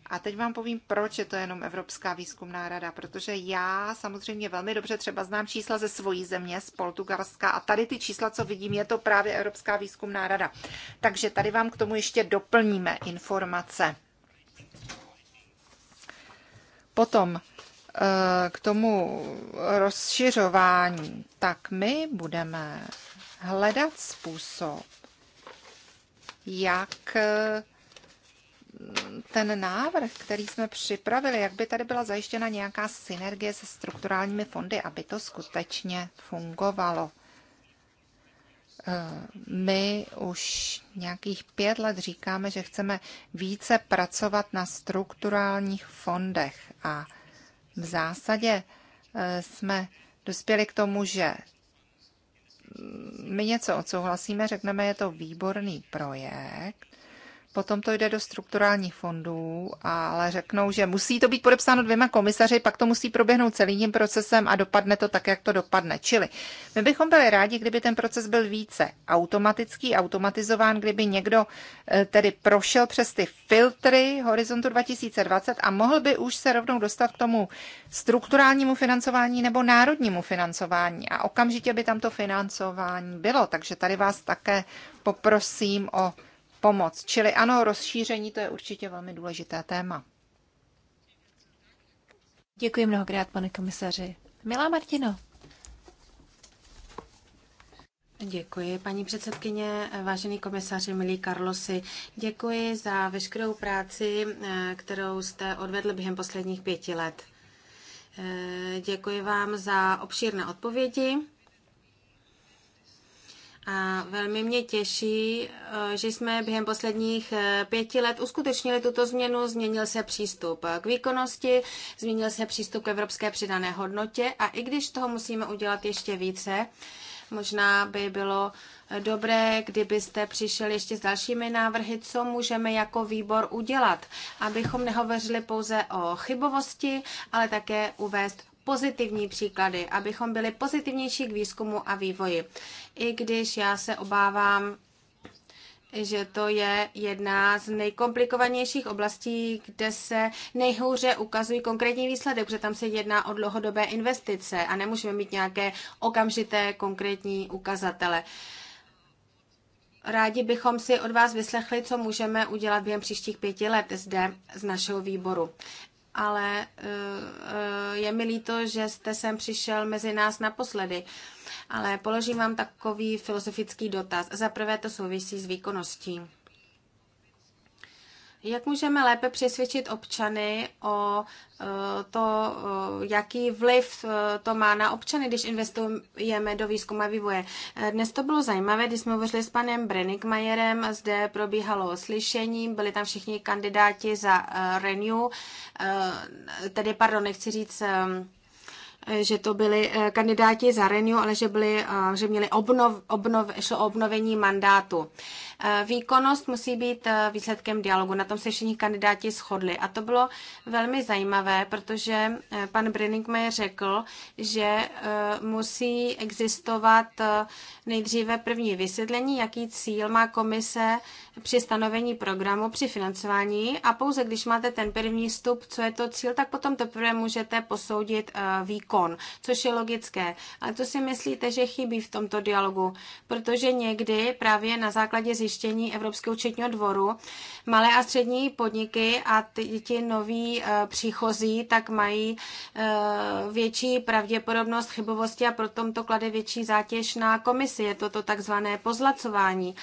A teď vám povím, proč je to jenom Evropská výzkumná rada, protože já samozřejmě velmi dobře třeba znám čísla ze svojí země, z Portugalska, a tady ty čísla, co vidím, je to právě Evropská výzkumná rada. Takže tady vám k tomu ještě doplníme informace. Potom eh, k tomu rozšiřování, tak my budeme hledat způsob, jak eh, ten návrh, který jsme připravili, jak by tady byla zajištěna nějaká synergie se strukturálními fondy, aby to skutečně fungovalo. Eh, my už nějakých pět let říkáme, že chceme více pracovat na strukturálních fondech a v zásadě eh, jsme dospěli k tomu, že my něco odsouhlasíme, řekneme, je to výborný projekt, Potom to jde do strukturálních fondů, ale řeknou, že musí to být podepsáno dvěma komisaři, pak to musí proběhnout celým tím procesem a dopadne to tak, jak to dopadne. Čili my bychom byli rádi, kdyby ten proces byl více automatický, automatizován, kdyby někdo eh, tedy prošel přes ty filtry Horizontu 2020 a mohl by už se rovnou dostat k tomu strukturálnímu financování nebo národnímu financování a okamžitě by tam to financování bylo. Takže tady vás také poprosím o pomoc. Čili ano, rozšíření to je určitě velmi důležité téma. Děkuji mnohokrát, pane komisaři. Milá Martino. Děkuji, paní předsedkyně, vážený komisaři, milí Karlosi. Děkuji za veškerou práci, kterou jste odvedl během posledních pěti let. Děkuji vám za obšírné odpovědi a velmi mě těší, eh, že jsme během posledních eh, pěti let uskutečnili tuto změnu. Změnil se přístup k výkonnosti, změnil se přístup k evropské přidané hodnotě a i když toho musíme udělat ještě více, možná by bylo eh, dobré, kdybyste přišel ještě s dalšími návrhy, co můžeme jako výbor udělat, abychom nehovořili pouze o chybovosti, ale také uvést pozitivní příklady, abychom byli pozitivnější k výzkumu a vývoji. I když já se obávám, že to je jedna z nejkomplikovanějších oblastí, kde se nejhůře ukazují konkrétní výsledek, protože tam se jedná o dlouhodobé investice a nemůžeme mít nějaké okamžité konkrétní ukazatele. Rádi bychom si od vás vyslechli, co můžeme udělat během příštích pěti let zde z našeho výboru ale eh, eh, je mi líto, že jste sem přišel mezi nás naposledy. Ale položím vám takový filozofický dotaz. Za prvé to souvisí s výkonností. Jak můžeme lépe přesvědčit občany o eh, to, eh, jaký vliv eh, to má na občany, když investujeme do výzkumu a vývoje. Dnes to bylo zajímavé, když jsme hovořili s panem Brennickmajerem, zde probíhalo slyšení, byli tam všichni kandidáti za Renew, tedy, pardon, nechci říct Eh, že to byli eh, kandidáti za Renew, ale že, byli, eh, že měli obnov, obnov, šlo obnovení mandátu. Výkonnost musí být výsledkem dialogu. Na tom se všichni kandidáti shodli. A to bylo velmi zajímavé, protože pan Brinningmeier řekl, že musí existovat nejdříve první vysvětlení, jaký cíl má komise při stanovení programu, při financování a pouze když máte ten první stup, co je to cíl, tak potom teprve můžete posoudit výkon zákon, což je logické. Ale to si myslíte, že chybí v tomto dialogu, protože někdy právě na základě zjištění Evropského účetního dvoru malé a střední podniky a ti, ti noví eh, příchozí tak mají eh, větší pravděpodobnost chybovosti a proto to klade větší zátěž na komisi. Je to to takzvané pozlacování.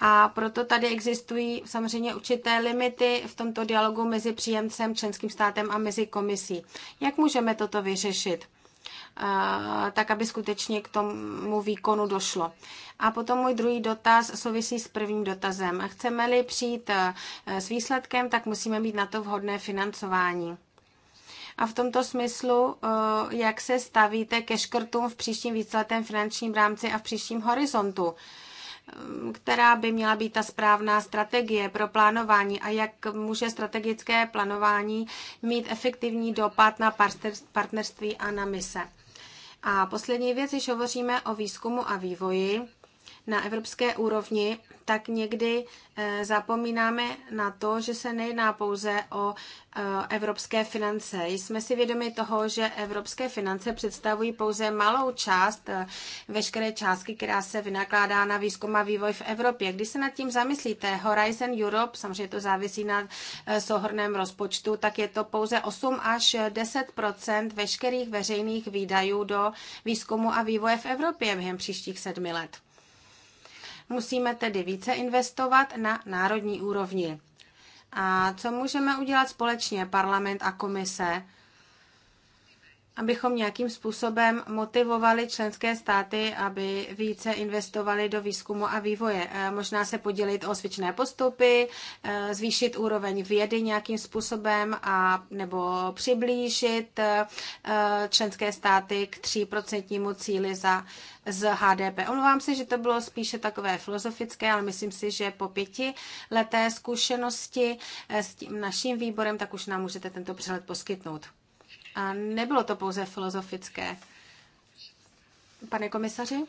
A proto tady existují samozřejmě určité limity v tomto dialogu mezi příjemcem, členským státem a mezi komisí. Jak můžeme toto vyřešit? tak aby skutečně k tomu výkonu došlo. A potom můj druhý dotaz souvisí s prvním dotazem. Chceme-li přijít e, s výsledkem, tak musíme mít na to vhodné financování. A v tomto smyslu, e, jak se stavíte ke škrtům v příštím výsledném finančním rámci a v příštím horizontu? Um, která by měla být ta správná strategie pro plánování a jak může strategické plánování mít efektivní dopad na partnerství a na mise. A poslední věc, když hovoříme o výzkumu a vývoji, na evropské úrovni, tak někdy eh, zapomínáme na to, že se nejedná pouze o eh, evropské finance. Jsme si vědomi toho, že evropské finance představují pouze malou část eh, veškeré částky, která se vynakládá na výzkum a vývoj v Evropě. Když se nad tím zamyslíte, Horizon Europe, samozřejmě to závisí na souhrném rozpočtu, tak je to pouze 8 až 10 veškerých veřejných výdajů do výzkumu a vývoje v Evropě během příštích sedmi let. Musíme tedy více investovat na národní úrovni. A co můžeme udělat společně, parlament a komise? abychom nějakým způsobem motivovali členské státy, aby více investovali do výzkumu a vývoje. Eh, možná se podělit o osvědčené postupy, eh, zvýšit úroveň vědy nějakým způsobem a nebo přiblížit eh, členské státy k 3% cíli za z HDP. Omlouvám se, že to bylo spíše takové filozofické, ale myslím si, že po pěti leté zkušenosti s tím naším výborem, tak už nám můžete tento přehled poskytnout. A nebylo to pouze filozofické. Pane komisaři?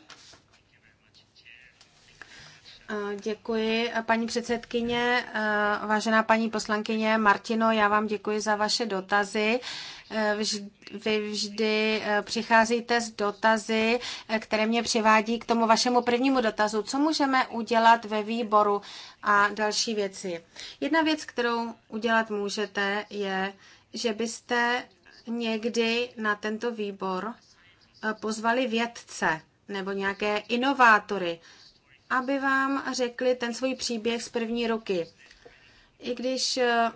Eh, děkuji, paní předsedkyně, eh, vážená paní poslankyně Martino, já vám děkuji za vaše dotazy. Eh, vy vždy přicházíte s dotazy, které mě přivádí k tomu vašemu prvnímu dotazu. Co můžeme udělat ve výboru a další věci? Jedna věc, kterou udělat můžete, je, že byste někdy na tento výbor eh, pozvali vědce nebo nějaké inovátory, aby vám řekli ten svůj příběh z první roky. I když eh,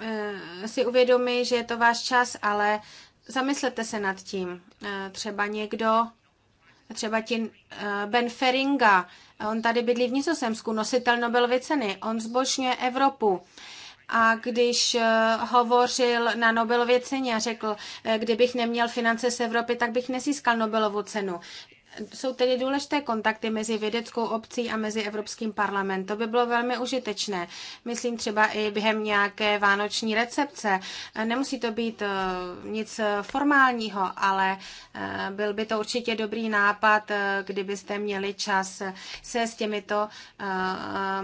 eh, si uvědomí, že je to váš čas, ale zamyslete se nad tím. Třeba někdo, třeba ti Ben Feringa, on tady bydlí v Nizozemsku, nositel Nobelovy ceny, on zbožňuje Evropu a když eh, hovořil na Nobelově ceně a řekl, eh, kdybych neměl finance z Evropy, tak bych nezískal Nobelovu cenu. Jsou tedy důležité kontakty mezi vědeckou obcí a mezi Evropským parlamentem. To by bylo velmi užitečné. Myslím třeba i během nějaké vánoční recepce. Eh, nemusí to být nic formálního, ale byl by to určitě dobrý nápad, kdybyste měli čas se s těmito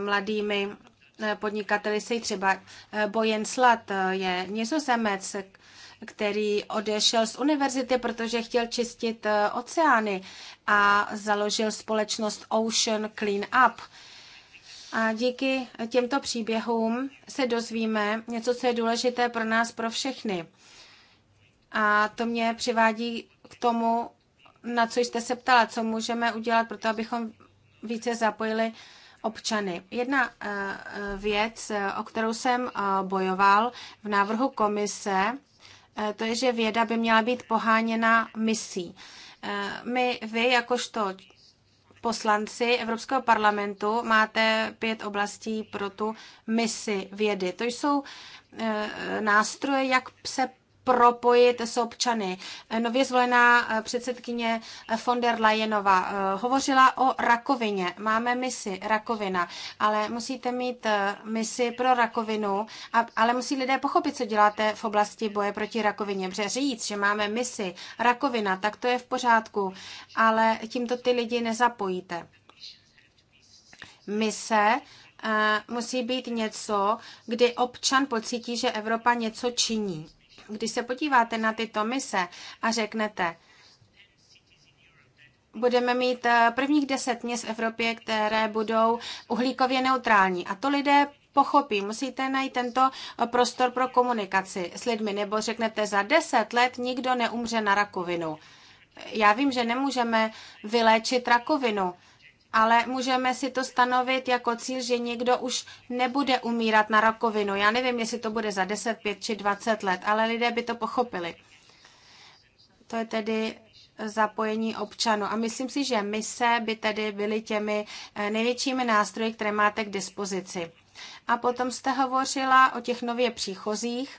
mladými Eh, podnikateli si třeba eh, Bojen Slat eh, je nizozemec, který odešel z univerzity, protože chtěl čistit oceány a založil společnost Ocean Clean Up. A díky těmto příběhům se dozvíme něco, co je důležité pro nás, pro všechny. A to mě přivádí k tomu, na co jste se ptala, co můžeme udělat pro to, abychom více zapojili občany. Jedna eh, eh, věc, eh, o kterou jsem bojoval v návrhu komise, to je, že věda by měla být poháněna misí. My, vy jakožto poslanci Evropského parlamentu máte pět oblastí pro tu misi vědy. To jsou nástroje, jak se propojit s občany. Nově zvolená eh, předsedkyně eh, von der Leyenova eh, hovořila o rakovině. Máme misi rakovina, ale musíte mít misi pro rakovinu, ale musí lidé pochopit, co děláte v oblasti boje proti rakovině. Protože říct, že máme misi rakovina, tak to je v pořádku, ale tímto ty lidi nezapojíte. Mise musí být něco, kdy občan pocítí, že Evropa něco činí. Když se podíváte na tyto mise a řeknete, budeme mít eh, prvních deset měst v Evropě, které budou uhlíkově neutrální. A to lidé pochopí. Musíte najít tento eh, prostor pro komunikaci s lidmi, nebo řeknete, za deset let nikdo neumře na rakovinu. Já vím, že nemůžeme vyléčit rakovinu, ale můžeme si to stanovit jako cíl, že někdo už nebude umírat na rakovinu. Já nevím, jestli to bude za 10, 5 či 20 let, ale lidé by to pochopili. To je tedy zapojení občanů. A myslím si, že mise by tedy byly těmi eh, největšími nástroji, které máte k dispozici. A potom jste hovořila o těch nově příchozích.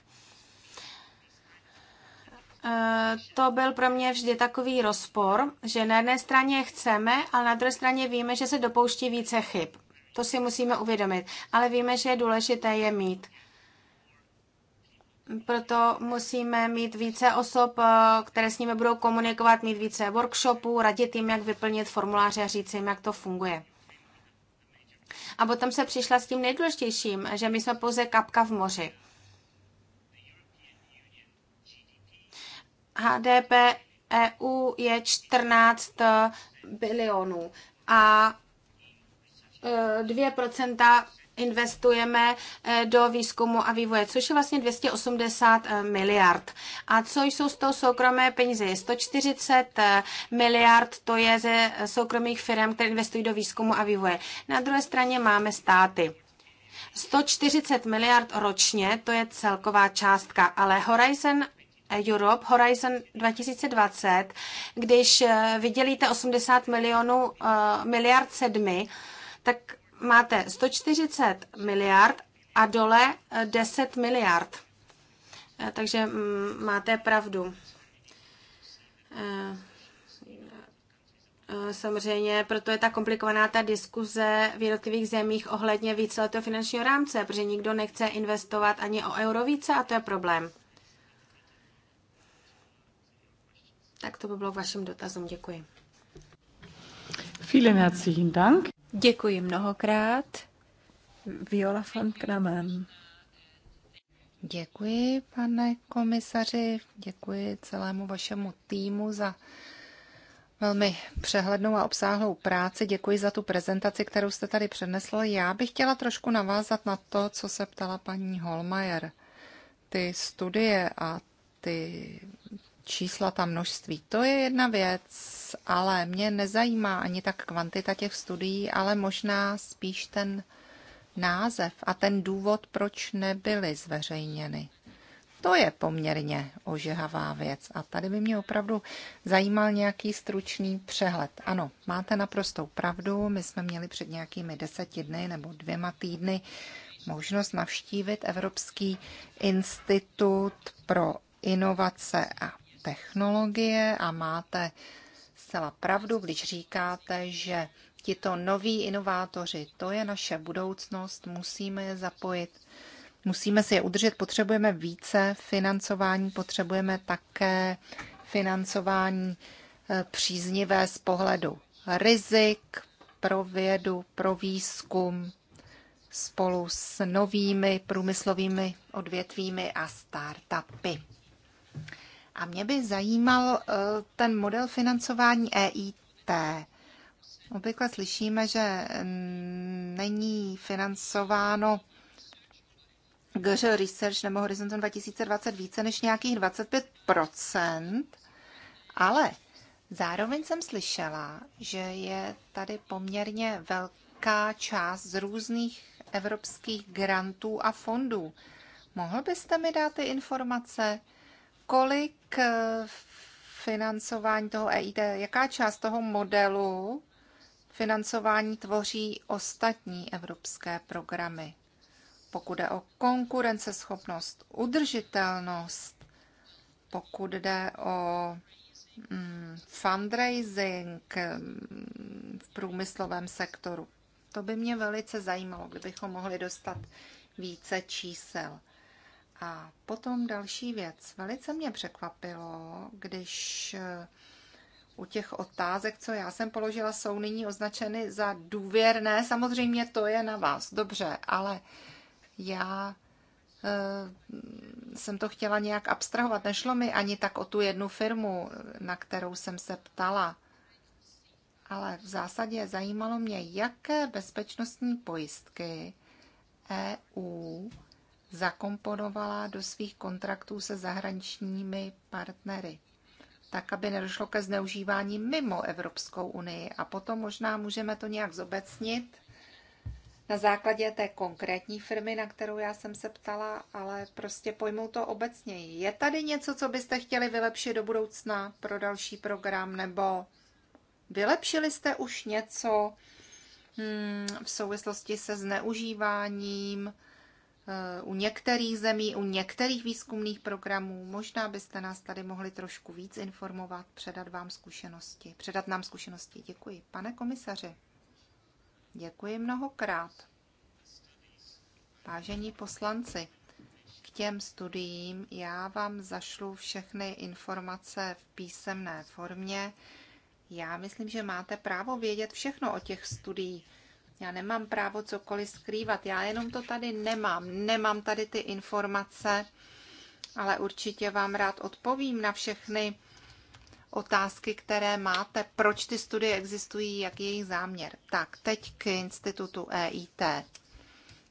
Eh, to byl pro mě vždy takový rozpor, že na jedné straně chceme, ale na druhé straně víme, že se dopouští více chyb. To si musíme uvědomit. Ale víme, že je důležité je mít. Proto musíme mít více osob, eh, které s nimi budou komunikovat, mít více workshopů, radit jim, jak vyplnit formuláře a říct jim, jak to funguje. A potom se přišla s tím nejdůležitějším, že my jsme pouze kapka v moři. HDP EU je 14 eh, bilionů a 2% eh, investujeme eh, do výzkumu a vývoje, což je vlastně 280 miliard. A co jsou z toho soukromé peníze? Je 140 miliard, to je ze soukromých firm, které investují do výzkumu a vývoje. Na druhé straně máme státy. 140 miliard ročně, to je celková částka, ale Horizon Europe Horizon 2020, když eh, vydělíte 80 milionů eh, miliard sedmi, tak máte 140 miliard a dole 10 eh, miliard. Takže mm, máte pravdu. Samozřejmě, proto je ta komplikovaná ta diskuze v jednotlivých zemích ohledně víceletého finančního rámce, protože nikdo nechce investovat ani o euro více a to je problém. Tak to by bylo k vašim dotazům. Děkuji. Vielen herzlichen Dank. Děkuji mnohokrát. Viola von Kramen. Děkuji, pane komisaři, děkuji celému vašemu týmu za velmi přehlednou a obsáhlou práci. Děkuji za tu prezentaci, kterou jste tady přednesl. Já bych chtěla trošku navázat na to, co se ptala paní Holmajer. Ty studie a ty čísla, ta množství. To je jedna věc, ale mě nezajímá ani tak kvantita těch studií, ale možná spíš ten název a ten důvod, proč nebyly zveřejněny. To je poměrně ožehavá věc a tady by mě opravdu zajímal nějaký stručný přehled. Ano, máte naprostou pravdu, my jsme měli před nějakými deseti dny nebo dvěma týdny možnost navštívit Evropský institut pro inovace a technologie a máte zcela pravdu, když říkáte, že tito noví inovátoři, to je naše budoucnost, musíme je zapojit, musíme si je udržet, potřebujeme více financování, potřebujeme také financování eh, příznivé z pohledu rizik pro vědu, pro výzkum, spolu s novými průmyslovými odvětvími a startupy. A mě by zajímal eh, ten model financování EIT. Obvykle slyšíme, že mm, není financováno GŽ Research nebo Horizon 2020 více než nějakých 25 ale zároveň jsem slyšela, že je tady poměrně velká část z různých evropských grantů a fondů. Mohl byste mi dát ty informace? kolik eh, financování toho EIT, jaká část toho modelu financování tvoří ostatní evropské programy? Pokud jde o konkurenceschopnost, udržitelnost, pokud jde o mm, fundraising mm, v průmyslovém sektoru. To by mě velice zajímalo, kdybychom mohli dostat více čísel. A potom další věc. Velice mě překvapilo, když eh, u těch otázek, co já jsem položila, jsou nyní označeny za důvěrné. Samozřejmě to je na vás, dobře, ale já eh, jsem to chtěla nějak abstrahovat. Nešlo mi ani tak o tu jednu firmu, na kterou jsem se ptala. Ale v zásadě zajímalo mě, jaké bezpečnostní pojistky EU zakomponovala do svých kontraktů se zahraničními partnery, tak aby nedošlo ke zneužívání mimo Evropskou unii. A potom možná můžeme to nějak zobecnit na základě té konkrétní firmy, na kterou já jsem se ptala, ale prostě pojmou to obecněji. Je tady něco, co byste chtěli vylepšit do budoucna pro další program, nebo vylepšili jste už něco hmm, v souvislosti se zneužíváním? u některých zemí, u některých výzkumných programů. Možná byste nás tady mohli trošku víc informovat, předat vám zkušenosti, předat nám zkušenosti. Děkuji. Pane komisaři, děkuji mnohokrát. Vážení poslanci, k těm studiím já vám zašlu všechny informace v písemné formě. Já myslím, že máte právo vědět všechno o těch studiích já nemám právo cokoliv skrývat, já jenom to tady nemám. Nemám tady ty informace, ale určitě vám rád odpovím na všechny otázky, které máte, proč ty studie existují, jak je jejich záměr. Tak, teď k institutu EIT.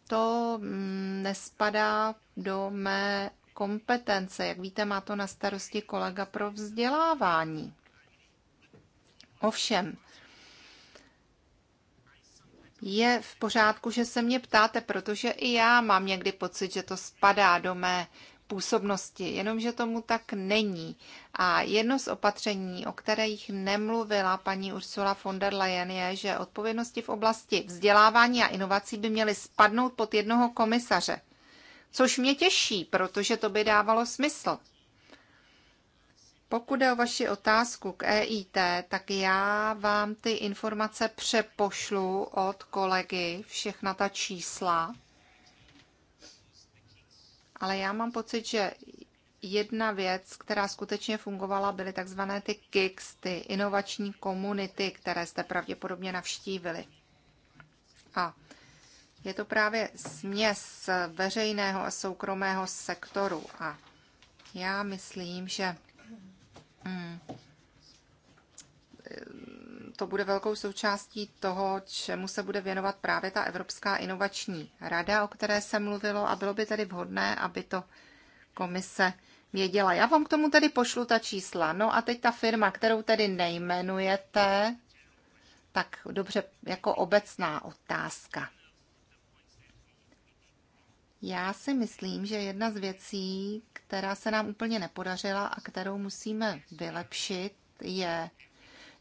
To mm, nespadá do mé kompetence. Jak víte, má to na starosti kolega pro vzdělávání. Ovšem, je v pořádku, že se mě ptáte, protože i já mám někdy pocit, že to spadá do mé působnosti, jenomže tomu tak není. A jedno z opatření, o kterých nemluvila paní Ursula von der Leyen, je, že odpovědnosti v oblasti vzdělávání a inovací by měly spadnout pod jednoho komisaře. Což mě těší, protože to by dávalo smysl. Pokud je o vaši otázku k EIT, tak já vám ty informace přepošlu od kolegy, všechna ta čísla. Ale já mám pocit, že jedna věc, která skutečně fungovala, byly takzvané ty KICS, ty inovační komunity, které jste pravděpodobně navštívili. A je to právě směs veřejného a soukromého sektoru. A já myslím, že Mm. to bude velkou součástí toho, čemu se bude věnovat právě ta Evropská inovační rada, o které se mluvilo a bylo by tedy vhodné, aby to komise věděla. Já vám k tomu tedy pošlu ta čísla. No a teď ta firma, kterou tedy nejmenujete, tak dobře, jako obecná otázka. Já si myslím, že jedna z věcí, která se nám úplně nepodařila a kterou musíme vylepšit, je,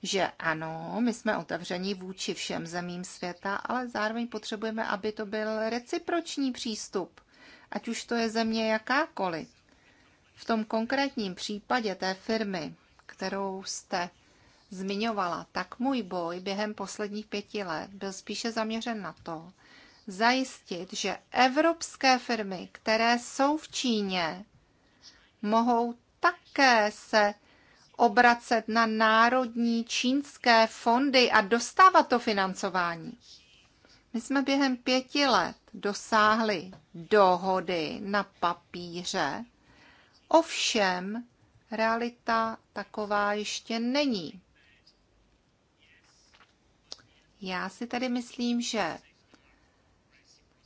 že ano, my jsme otevření vůči všem zemím světa, ale zároveň potřebujeme, aby to byl reciproční přístup, ať už to je země jakákoliv. V tom konkrétním případě té firmy, kterou jste zmiňovala, tak můj boj během posledních pěti let byl spíše zaměřen na to, zajistit, že evropské firmy, které jsou v Číně, mohou také se obracet na národní čínské fondy a dostávat to financování. My jsme během pěti let dosáhli dohody na papíře, ovšem realita taková ještě není. Já si tedy myslím, že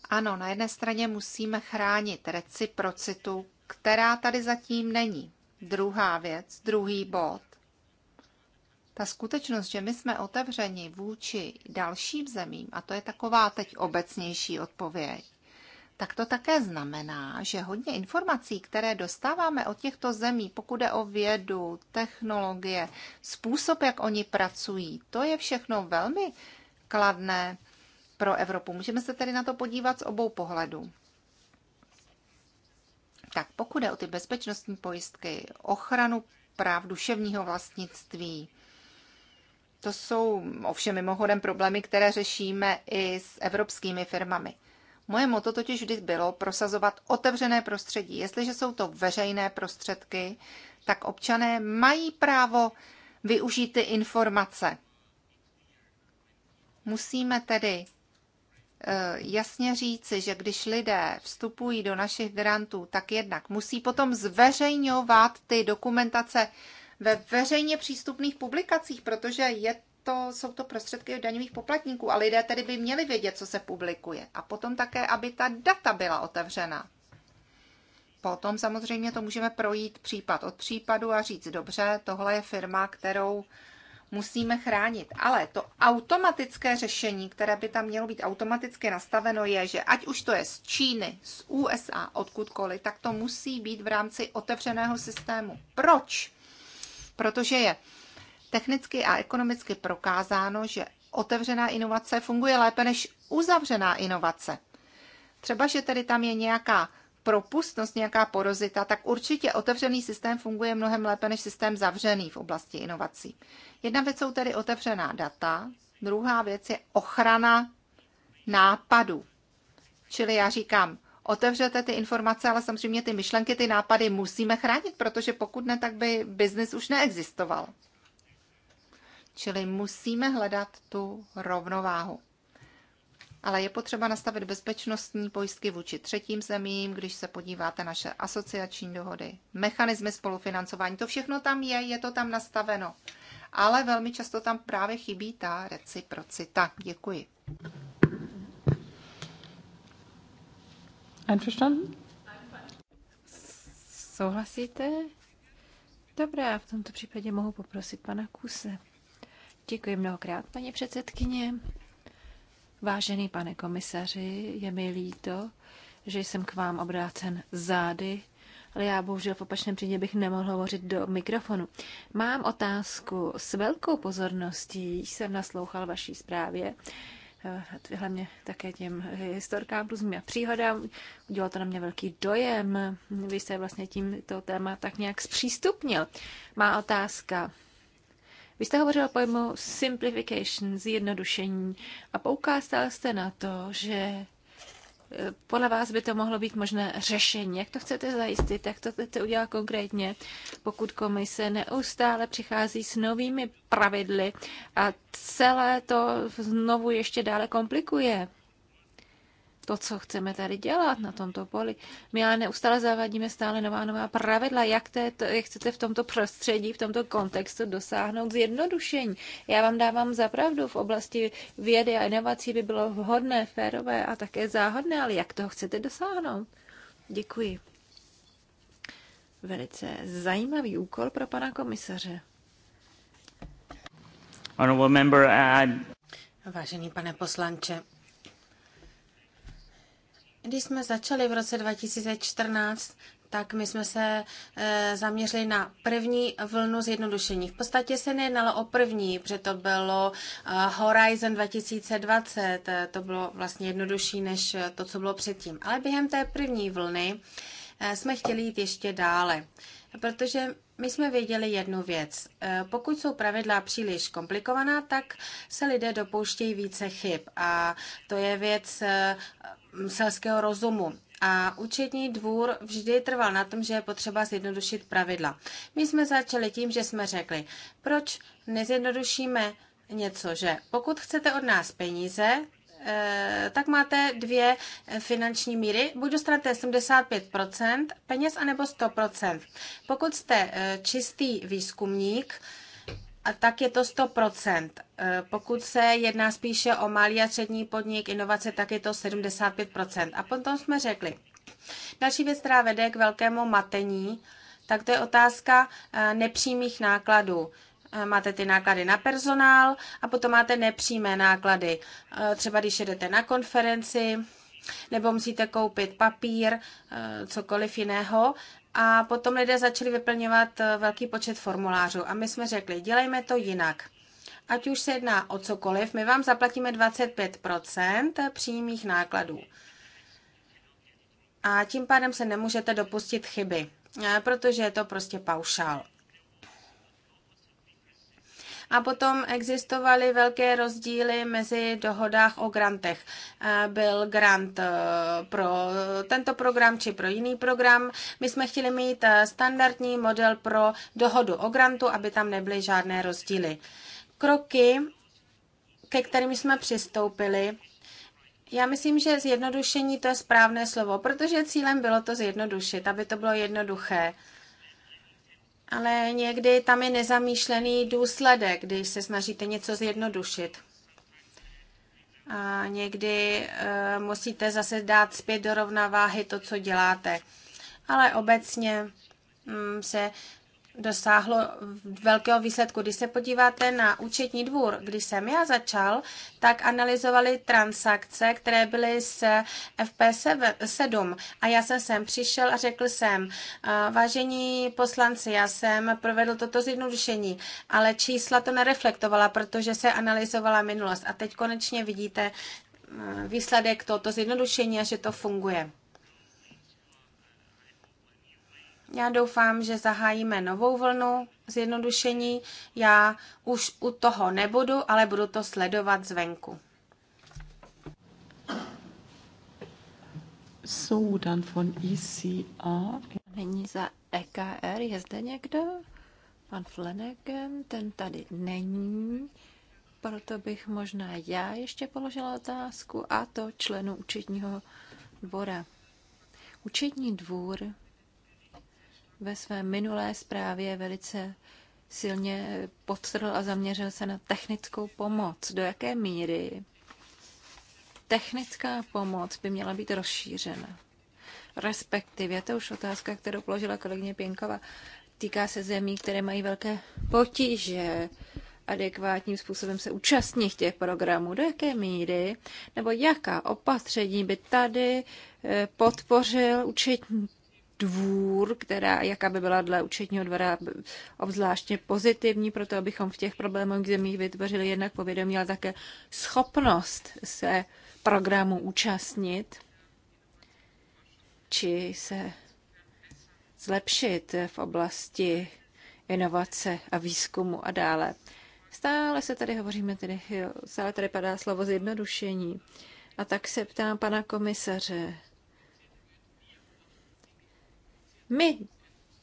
ano, na jedné straně musíme chránit reciprocitu, která tady zatím není. Druhá věc, druhý bod. Ta skutečnost, že my jsme otevřeni vůči dalším zemím, a to je taková teď obecnější odpověď, tak to také znamená, že hodně informací, které dostáváme od těchto zemí, pokud je o vědu, technologie, způsob, jak oni pracují, to je všechno velmi kladné pro Evropu. Můžeme se tedy na to podívat z obou pohledů. Tak pokud je o ty bezpečnostní pojistky, ochranu práv duševního vlastnictví, to jsou ovšem mimochodem problémy, které řešíme i s evropskými firmami. Moje moto totiž vždy bylo prosazovat otevřené prostředí. Jestliže jsou to veřejné prostředky, tak občané mají právo využít ty informace. Musíme tedy Eh, jasně říci, že když lidé vstupují do našich grantů, tak jednak musí potom zveřejňovat ty dokumentace ve veřejně přístupných publikacích, protože je to, jsou to prostředky od daňových poplatníků a lidé tedy by měli vědět, co se publikuje. A potom také, aby ta data byla otevřena. Potom samozřejmě to můžeme projít případ od případu a říct, dobře, tohle je firma, kterou musíme chránit. Ale to automatické řešení, které by tam mělo být automaticky nastaveno, je, že ať už to je z Číny, z USA, odkudkoliv, tak to musí být v rámci otevřeného systému. Proč? Protože je technicky a ekonomicky prokázáno, že otevřená inovace funguje lépe než uzavřená inovace. Třeba, že tedy tam je nějaká propustnost, nějaká porozita, tak určitě otevřený systém funguje mnohem lépe než systém zavřený v oblasti inovací. Jedna věc jsou tedy otevřená data, druhá věc je ochrana nápadů. Čili já říkám, otevřete ty informace, ale samozřejmě ty myšlenky, ty nápady musíme chránit, protože pokud ne, tak by biznis už neexistoval. Čili musíme hledat tu rovnováhu ale je potřeba nastavit bezpečnostní pojistky vůči třetím zemím, když se podíváte naše asociační dohody, mechanismy spolufinancování, to všechno tam je, je to tam nastaveno. Ale velmi často tam právě chybí ta reciprocita. Děkuji. Einverstanden? Souhlasíte? Dobrá, v tomto případě mohu poprosit pana Kuse. Děkuji mnohokrát, paní předsedkyně. Vážený pane komisaři, je mi líto, že jsem k vám obrácen zády, ale já bohužel v opačném případě bych nemohl hovořit do mikrofonu. Mám otázku. S velkou pozorností jsem naslouchal vaší zprávě, eh, hlavně také těm historkám plus mým příhodám. Udělalo to na mě velký dojem. Vy jste vlastně tímto téma tak nějak zpřístupnil. Má otázka. Vy jste hovořila pojmu simplification, zjednodušení a poukázala jste na to, že e, podle vás by to mohlo být možné řešení. Jak to chcete zajistit? Jak to chcete udělat konkrétně, pokud komise neustále přichází s novými pravidly a celé to znovu ještě dále komplikuje? to, co chceme tady dělat na tomto poli. My ale neustále zavádíme stále nová nová pravidla, jak, této, jak chcete v tomto prostředí, v tomto kontextu dosáhnout zjednodušení. Já vám dávám zapravdu v oblasti vědy a inovací by bylo vhodné, férové a také záhodné, ale jak toho chcete dosáhnout? Děkuji. Velice zajímavý úkol pro pana komisaře. Honorable member, I... Uh, Vážený pane poslanče, když jsme začali v roce 2014, tak my jsme se eh, zaměřili na první vlnu zjednodušení. V podstatě se nejednalo o první, protože to bylo eh, Horizon 2020, eh, to bylo vlastně jednodušší než to, co bylo předtím. Ale během té první vlny jsme chtěli jít ještě dále, protože my jsme věděli jednu věc. Pokud jsou pravidla příliš komplikovaná, tak se lidé dopouštějí více chyb. A to je věc, selského rozumu. A účetní dvůr vždy trval na tom, že je potřeba zjednodušit pravidla. My jsme začali tím, že jsme řekli, proč nezjednodušíme něco, že pokud chcete od nás peníze, eh, tak máte dvě finanční míry. Buď dostanete 75% peněz, anebo 100%. Pokud jste eh, čistý výzkumník, tak je to 100%. Eh, pokud se jedná spíše o malý a střední podnik, inovace, tak je to 75%. A potom jsme řekli, další věc, která vede k velkému matení, tak to je otázka eh, nepřímých nákladů. Eh, máte ty náklady na personál a potom máte nepřímé náklady. Třeba když jedete na konferenci, nebo musíte koupit papír, cokoliv jiného a potom lidé začali vyplňovat eh, velký počet formulářů. A my jsme řekli, dělejme to jinak. Ať už se jedná o cokoliv, my vám zaplatíme 25 přímých nákladů. A tím pádem se nemůžete dopustit chyby, eh, protože je to prostě paušál. A potom existovaly velké rozdíly mezi dohodách o grantech. Byl grant e, pro tento program či pro jiný program. My jsme chtěli mít e, standardní model pro dohodu o grantu, aby tam nebyly žádné rozdíly. Kroky, ke kterým jsme přistoupili, já myslím, že zjednodušení to je správné slovo, protože cílem bylo to zjednodušit, aby to bylo jednoduché ale někdy tam je nezamýšlený důsledek, když se snažíte něco zjednodušit. A někdy e, musíte zase dát zpět do rovnováhy to, co děláte. Ale obecně mm, se dosáhlo velkého výsledku. Když se podíváte na účetní dvůr, když jsem já začal, tak analyzovali transakce, které byly z FP7. A já jsem sem přišel a řekl jsem, vážení poslanci, já jsem provedl toto zjednodušení, ale čísla to nereflektovala, protože se analyzovala minulost. A teď konečně vidíte výsledek tohoto zjednodušení a že to funguje. Já doufám, že zahájíme novou vlnu zjednodušení. Já už u toho nebudu, ale budu to sledovat zvenku. So, dann von ICA e Není za EKR, je zde někdo? Pan Flanagan, ten tady není, proto bych možná já ještě položila otázku, a to členu účetního dvora. Účetní dvůr ve své minulé zprávě velice silně podtrhl a zaměřil se na technickou pomoc. Do jaké míry technická pomoc by měla být rozšířena? Respektive, to už otázka, kterou položila kolegyně Pěnkova, týká se zemí, které mají velké potíže adekvátním způsobem se účastnit těch programů, do jaké míry, nebo jaká opatření by tady eh, podpořil účetní dvůr, která, jaká by byla dle účetního dvora obzvláště pozitivní, proto abychom v těch problémových zemích vytvořili jednak povědomí, ale také schopnost se programu účastnit či se zlepšit v oblasti inovace a výzkumu a dále. Stále se tady hovoříme, tedy, stále tady padá slovo zjednodušení. A tak se ptám pana komisaře, my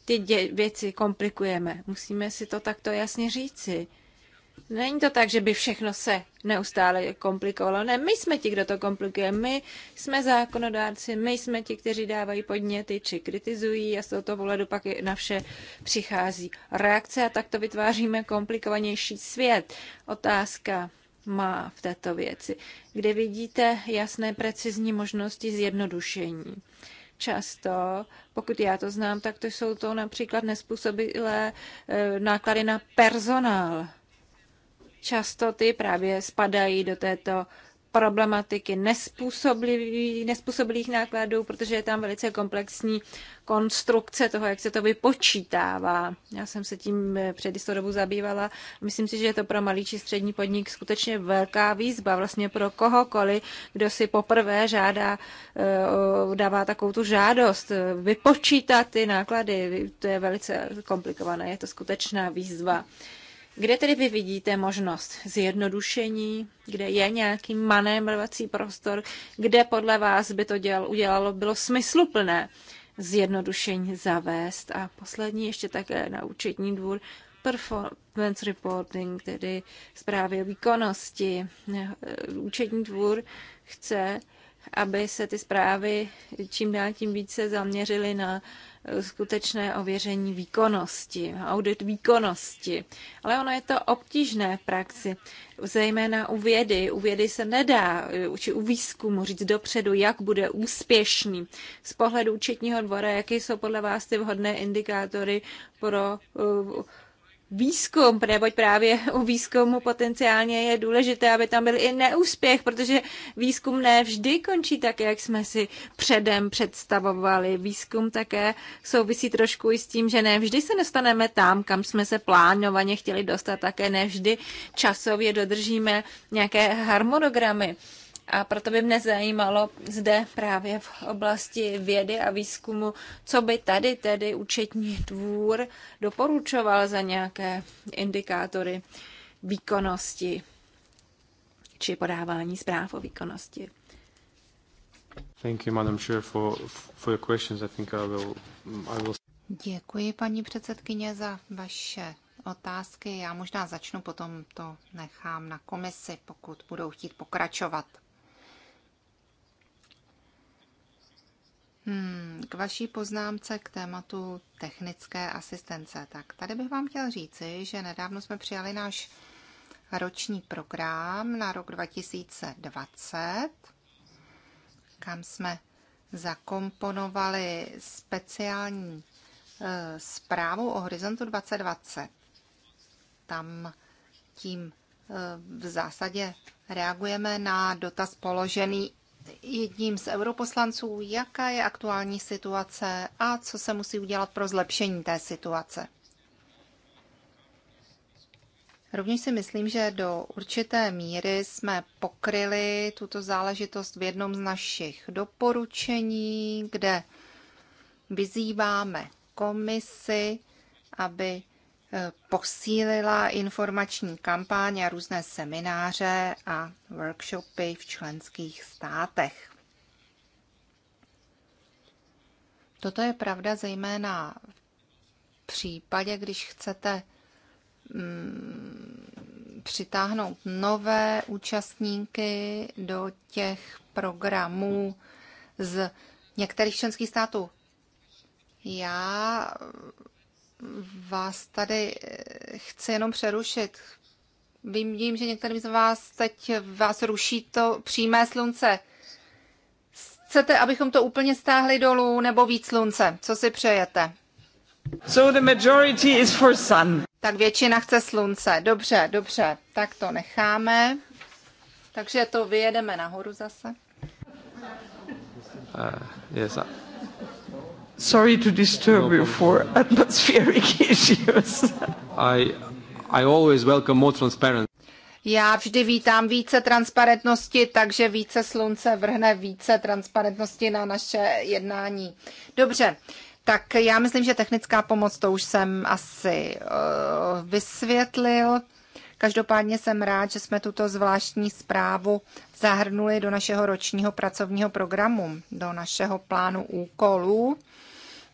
ty věci komplikujeme. Musíme si to takto jasně říci. Není to tak, že by všechno se neustále komplikovalo. Ne, my jsme ti, kdo to komplikuje. My jsme zákonodárci, my jsme ti, kteří dávají podněty či kritizují a z tohoto pohledu pak na vše přichází reakce a takto vytváříme komplikovanější svět. Otázka má v této věci, kde vidíte jasné precizní možnosti zjednodušení. Často, pokud já to znám, tak to jsou to například nespůsobilé eh, náklady na personál. Často ty právě spadají do této problematiky nespůsobilých nákladů, protože je tam velice komplexní konstrukce toho, jak se to vypočítává. Já jsem se tím eh, před jistou dobu zabývala. Myslím si, že je to pro malý či střední podnik skutečně velká výzva vlastně pro kohokoliv, kdo si poprvé žádá, eh, dává takovou tu žádost eh, vypočítat ty náklady. To je velice komplikované, je to skutečná výzva. Kde tedy vy vidíte možnost zjednodušení, kde je nějaký manévrovací prostor, kde podle vás by to děl, udělalo, bylo smysluplné zjednodušení zavést? A poslední ještě také na účetní dvůr performance reporting, tedy zprávy o výkonnosti. Účetní dvůr chce, aby se ty zprávy čím dál tím více zaměřily na skutečné ověření výkonnosti, audit výkonnosti. Ale ono je to obtížné v praxi, zejména u vědy. U vědy se nedá, eh, či u výzkumu říct dopředu, jak bude úspěšný. Z pohledu účetního dvora, jaké jsou podle vás ty vhodné indikátory pro eh, výzkum, neboť právě u výzkumu potenciálně je důležité, aby tam byl i neúspěch, protože výzkum ne vždy končí tak, jak jsme si předem představovali. Výzkum také souvisí trošku i s tím, že ne vždy se dostaneme tam, kam jsme se plánovaně chtěli dostat, také ne vždy časově dodržíme nějaké harmonogramy. A proto by mě zajímalo zde právě v oblasti vědy a výzkumu, co by tady tedy účetní dvůr doporučoval za nějaké indikátory výkonnosti či podávání zpráv o výkonnosti. Thank you, Madam Chair, for, for your questions. I think I will, I will... Děkuji, paní předsedkyně, za vaše otázky. Já možná začnu, potom to nechám na komisi, pokud budou chtít pokračovat. Hmm, k vaší poznámce k tématu technické asistence. Tak tady bych vám chtěl říci, že nedávno jsme přijali náš roční program na rok 2020, kam jsme zakomponovali speciální e, zprávu o Horizontu 2020. Tam tím e, v zásadě reagujeme na dotaz položený jedním z europoslanců, jaká je aktuální situace a co se musí udělat pro zlepšení té situace. Rovněž si myslím, že do určité míry jsme pokryli tuto záležitost v jednom z našich doporučení, kde vyzýváme komisi, aby posílila informační kampáně a různé semináře a workshopy v členských státech. Toto je pravda zejména v případě, když chcete mm, přitáhnout nové účastníky do těch programů z některých členských států. Já vás tady eh, chci jenom přerušit. Vím, vím, že některým z vás teď vás ruší to přímé slunce. Chcete, abychom to úplně stáhli dolů nebo víc slunce? Co si přejete? So the majority is for sun. Tak většina chce slunce. Dobře, dobře. Tak to necháme. Takže to vyjedeme nahoru zase. Uh, yes, uh, Sorry to disturb no you for atmospheric issues. I, I always welcome more transparency. Já vždy vítám více transparentnosti, takže více slunce vrhne více transparentnosti na naše jednání. Dobře, tak já myslím, že technická pomoc, to už jsem asi uh, vysvětlil. Každopádně jsem rád, že jsme tuto zvláštní zprávu zahrnuli do našeho ročního pracovního programu, do našeho plánu úkolů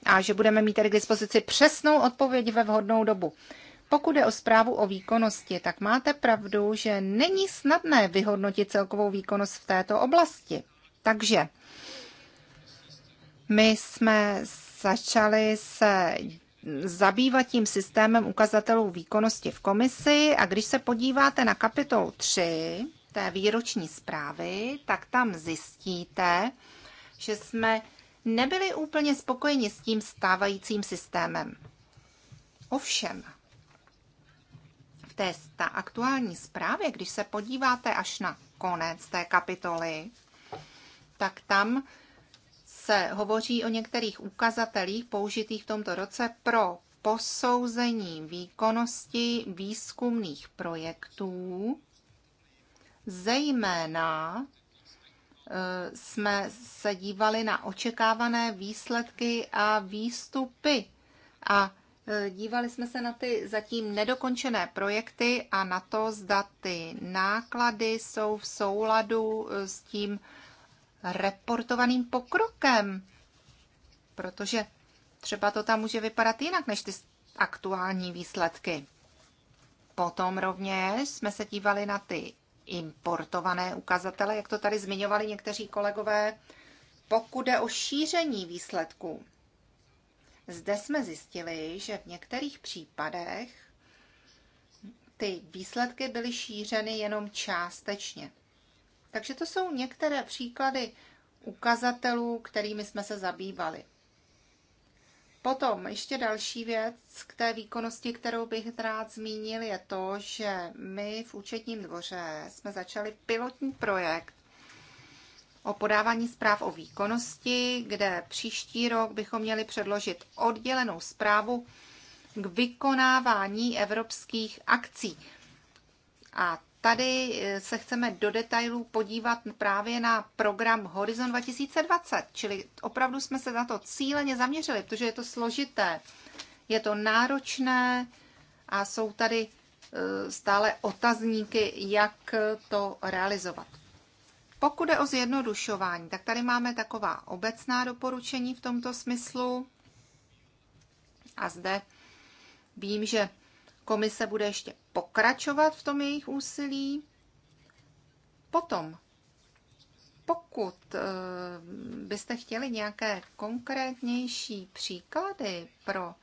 a že budeme mít tedy k dispozici přesnou odpověď ve vhodnou dobu. Pokud je o zprávu o výkonnosti, tak máte pravdu, že není snadné vyhodnotit celkovou výkonnost v této oblasti. Takže my jsme začali se zabývat tím systémem ukazatelů výkonnosti v komisi a když se podíváte na kapitolu 3 té výroční zprávy, tak tam zjistíte, že jsme nebyli úplně spokojeni s tím stávajícím systémem. Ovšem, v té ta aktuální zprávě, když se podíváte až na konec té kapitoly, tak tam se hovoří o některých ukazatelích použitých v tomto roce pro posouzení výkonnosti výzkumných projektů, zejména Eh, jsme se dívali na očekávané výsledky a výstupy a eh, dívali jsme se na ty zatím nedokončené projekty a na to, zda ty náklady jsou v souladu eh, s tím reportovaným pokrokem. Protože třeba to tam může vypadat jinak než ty aktuální výsledky. Potom rovněž jsme se dívali na ty importované ukazatele, jak to tady zmiňovali někteří kolegové. Pokud jde o šíření výsledků, zde jsme zjistili, že v některých případech ty výsledky byly šířeny jenom částečně. Takže to jsou některé příklady ukazatelů, kterými jsme se zabývali. Potom ještě další věc k té výkonnosti, kterou bych rád zmínil, je to, že my v účetním dvoře jsme začali pilotní projekt o podávání zpráv o výkonnosti, kde příští rok bychom měli předložit oddělenou zprávu k vykonávání evropských akcí. A tady eh, se chceme do detailů podívat právě na program Horizon 2020, čili opravdu jsme se na to cíleně zaměřili, protože je to složité, je to náročné a jsou tady eh, stále otazníky, jak to realizovat. Pokud je o zjednodušování, tak tady máme taková obecná doporučení v tomto smyslu. A zde vím, že Komise bude ještě pokračovat v tom jejich úsilí. Potom, pokud eh, byste chtěli nějaké konkrétnější příklady pro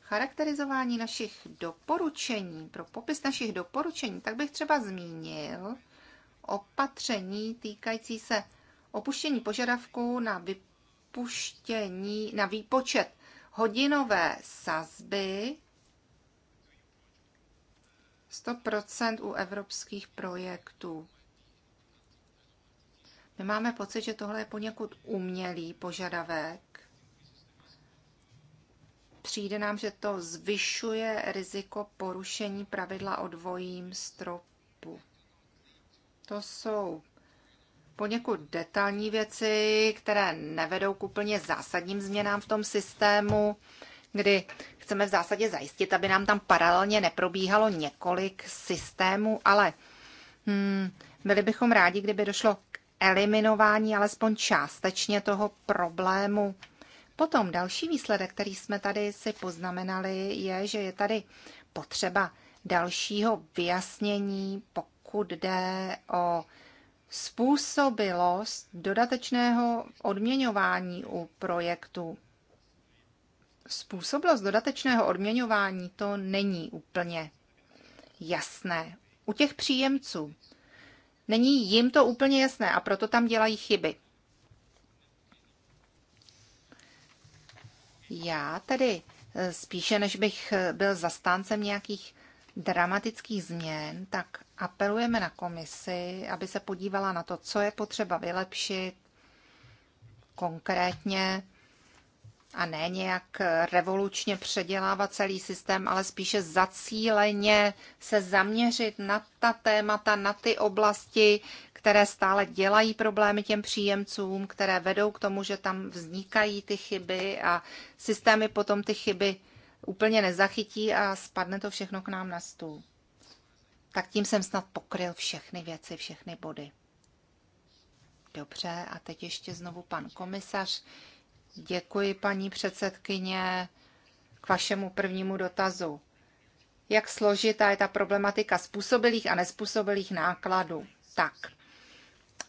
charakterizování našich doporučení, pro popis našich doporučení, tak bych třeba zmínil opatření týkající se opuštění požadavků na vypuštění, na výpočet hodinové sazby 100% u evropských projektů. My máme pocit, že tohle je poněkud umělý požadavek. Přijde nám, že to zvyšuje riziko porušení pravidla o dvojím stropu. To jsou poněkud detailní věci, které nevedou k úplně zásadním změnám v tom systému, kdy chceme v zásadě zajistit, aby nám tam paralelně neprobíhalo několik systémů, ale hmm, byli bychom rádi, kdyby došlo k eliminování alespoň částečně toho problému. Potom další výsledek, který jsme tady si poznamenali, je, že je tady potřeba dalšího vyjasnění, pokud jde o způsobilost dodatečného odměňování u projektu způsobilost dodatečného odměňování to není úplně jasné. U těch příjemců není jim to úplně jasné a proto tam dělají chyby. Já tedy eh, spíše, než bych eh, byl zastáncem nějakých dramatických změn, tak apelujeme na komisi, aby se podívala na to, co je potřeba vylepšit konkrétně a ne nějak revolučně předělávat celý systém, ale spíše zacíleně se zaměřit na ta témata, na ty oblasti, které stále dělají problémy těm příjemcům, které vedou k tomu, že tam vznikají ty chyby a systémy potom ty chyby úplně nezachytí a spadne to všechno k nám na stůl. Tak tím jsem snad pokryl všechny věci, všechny body. Dobře, a teď ještě znovu pan komisař. Děkuji, paní předsedkyně, k vašemu prvnímu dotazu. Jak složitá je ta problematika způsobilých a nespůsobilých nákladů? Tak,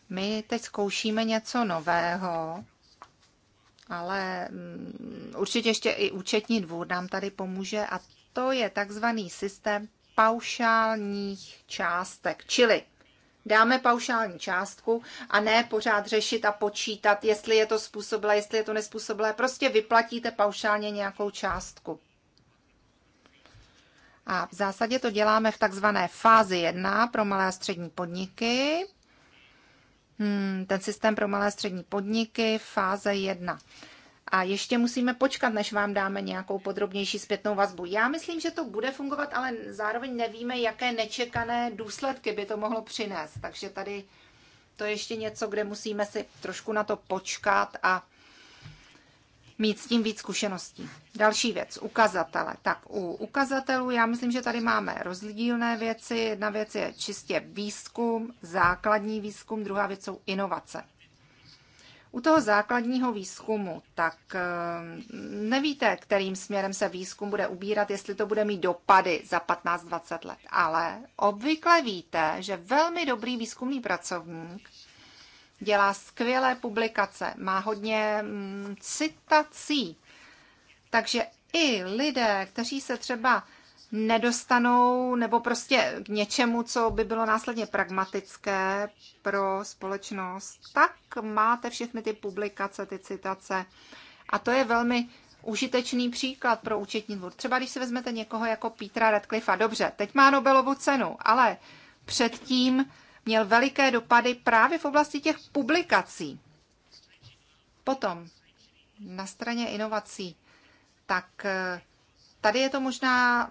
my teď zkoušíme něco nového, ale mm, určitě ještě i účetní dvůr nám tady pomůže a to je takzvaný systém paušálních částek, čili dáme paušální částku a ne pořád řešit a počítat, jestli je to způsobilé, jestli je to nespůsobilé. Prostě vyplatíte paušálně nějakou částku. A v zásadě to děláme v takzvané fázi 1 pro malé a střední podniky. Hmm, ten systém pro malé a střední podniky, fáze 1 a ještě musíme počkat, než vám dáme nějakou podrobnější zpětnou vazbu. Já myslím, že to bude fungovat, ale zároveň nevíme, jaké nečekané důsledky by to mohlo přinést. Takže tady to je ještě něco, kde musíme si trošku na to počkat a mít s tím víc zkušeností. Další věc, ukazatele. Tak u ukazatelů já myslím, že tady máme rozdílné věci. Jedna věc je čistě výzkum, základní výzkum, druhá věc jsou inovace. U toho základního výzkumu, tak eh, nevíte, kterým směrem se výzkum bude ubírat, jestli to bude mít dopady za 15-20 let, ale obvykle víte, že velmi dobrý výzkumný pracovník dělá skvělé publikace, má hodně mm, citací. Takže i lidé, kteří se třeba nedostanou nebo prostě k něčemu, co by bylo následně pragmatické pro společnost, tak máte všechny ty publikace, ty citace. A to je velmi užitečný příklad pro účetní dvůr. Třeba když si vezmete někoho jako Petra Radcliffa, dobře, teď má Nobelovu cenu, ale předtím měl veliké dopady právě v oblasti těch publikací. Potom na straně inovací, tak eh, tady je to možná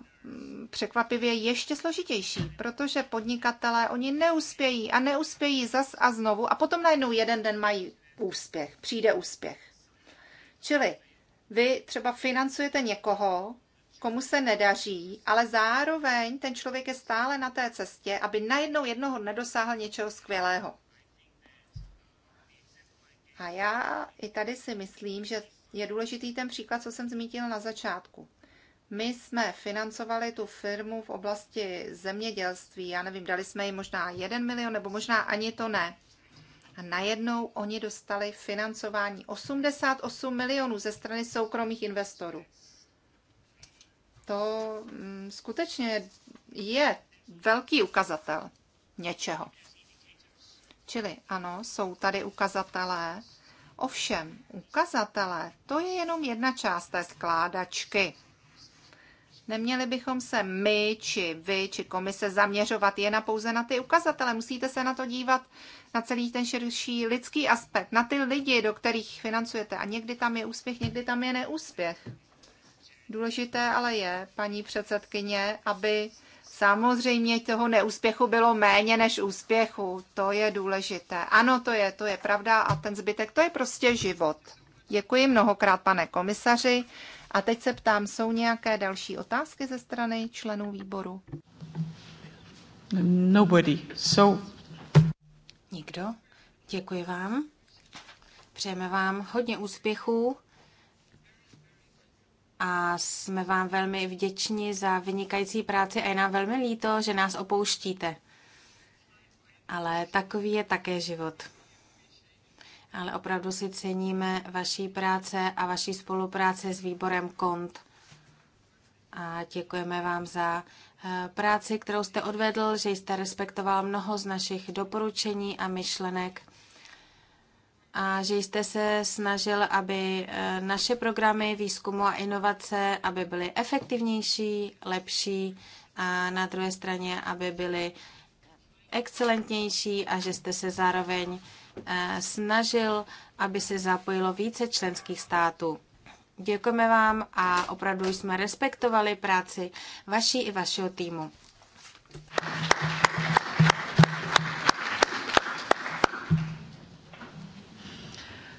překvapivě ještě složitější, protože podnikatelé oni neuspějí a neuspějí zas a znovu a potom najednou jeden den mají úspěch, přijde úspěch. Čili vy třeba financujete někoho, komu se nedaří, ale zároveň ten člověk je stále na té cestě, aby najednou jednoho nedosáhl něčeho skvělého. A já i tady si myslím, že je důležitý ten příklad, co jsem zmítil na začátku. My jsme financovali tu firmu v oblasti zemědělství, já nevím, dali jsme jim možná jeden milion nebo možná ani to ne. A najednou oni dostali financování 88 milionů ze strany soukromých investorů. To mm, skutečně je velký ukazatel něčeho. Čili ano, jsou tady ukazatelé, ovšem ukazatelé to je jenom jedna část té skládačky. Neměli bychom se my, či vy, či komise zaměřovat jen a pouze na ty ukazatele. Musíte se na to dívat na celý ten širší lidský aspekt, na ty lidi, do kterých financujete. A někdy tam je úspěch, někdy tam je neúspěch. Důležité ale je, paní předsedkyně, aby samozřejmě toho neúspěchu bylo méně než úspěchu. To je důležité. Ano, to je, to je pravda a ten zbytek, to je prostě život. Děkuji mnohokrát, pane komisaři. A teď se ptám, jsou nějaké další otázky ze strany členů výboru? Nobody. So... Nikdo. Děkuji vám. Přejeme vám hodně úspěchů a jsme vám velmi vděční za vynikající práci a je nám velmi líto, že nás opouštíte. Ale takový je také život ale opravdu si ceníme vaší práce a vaší spolupráce s výborem KONT. A děkujeme vám za eh, práci, kterou jste odvedl, že jste respektoval mnoho z našich doporučení a myšlenek a že jste se snažil, aby eh, naše programy výzkumu a inovace, aby byly efektivnější, lepší a na druhé straně, aby byly excelentnější a že jste se zároveň Eh, snažil, aby se zapojilo více členských států. Děkujeme vám a opravdu jsme respektovali práci vaší i vašeho týmu.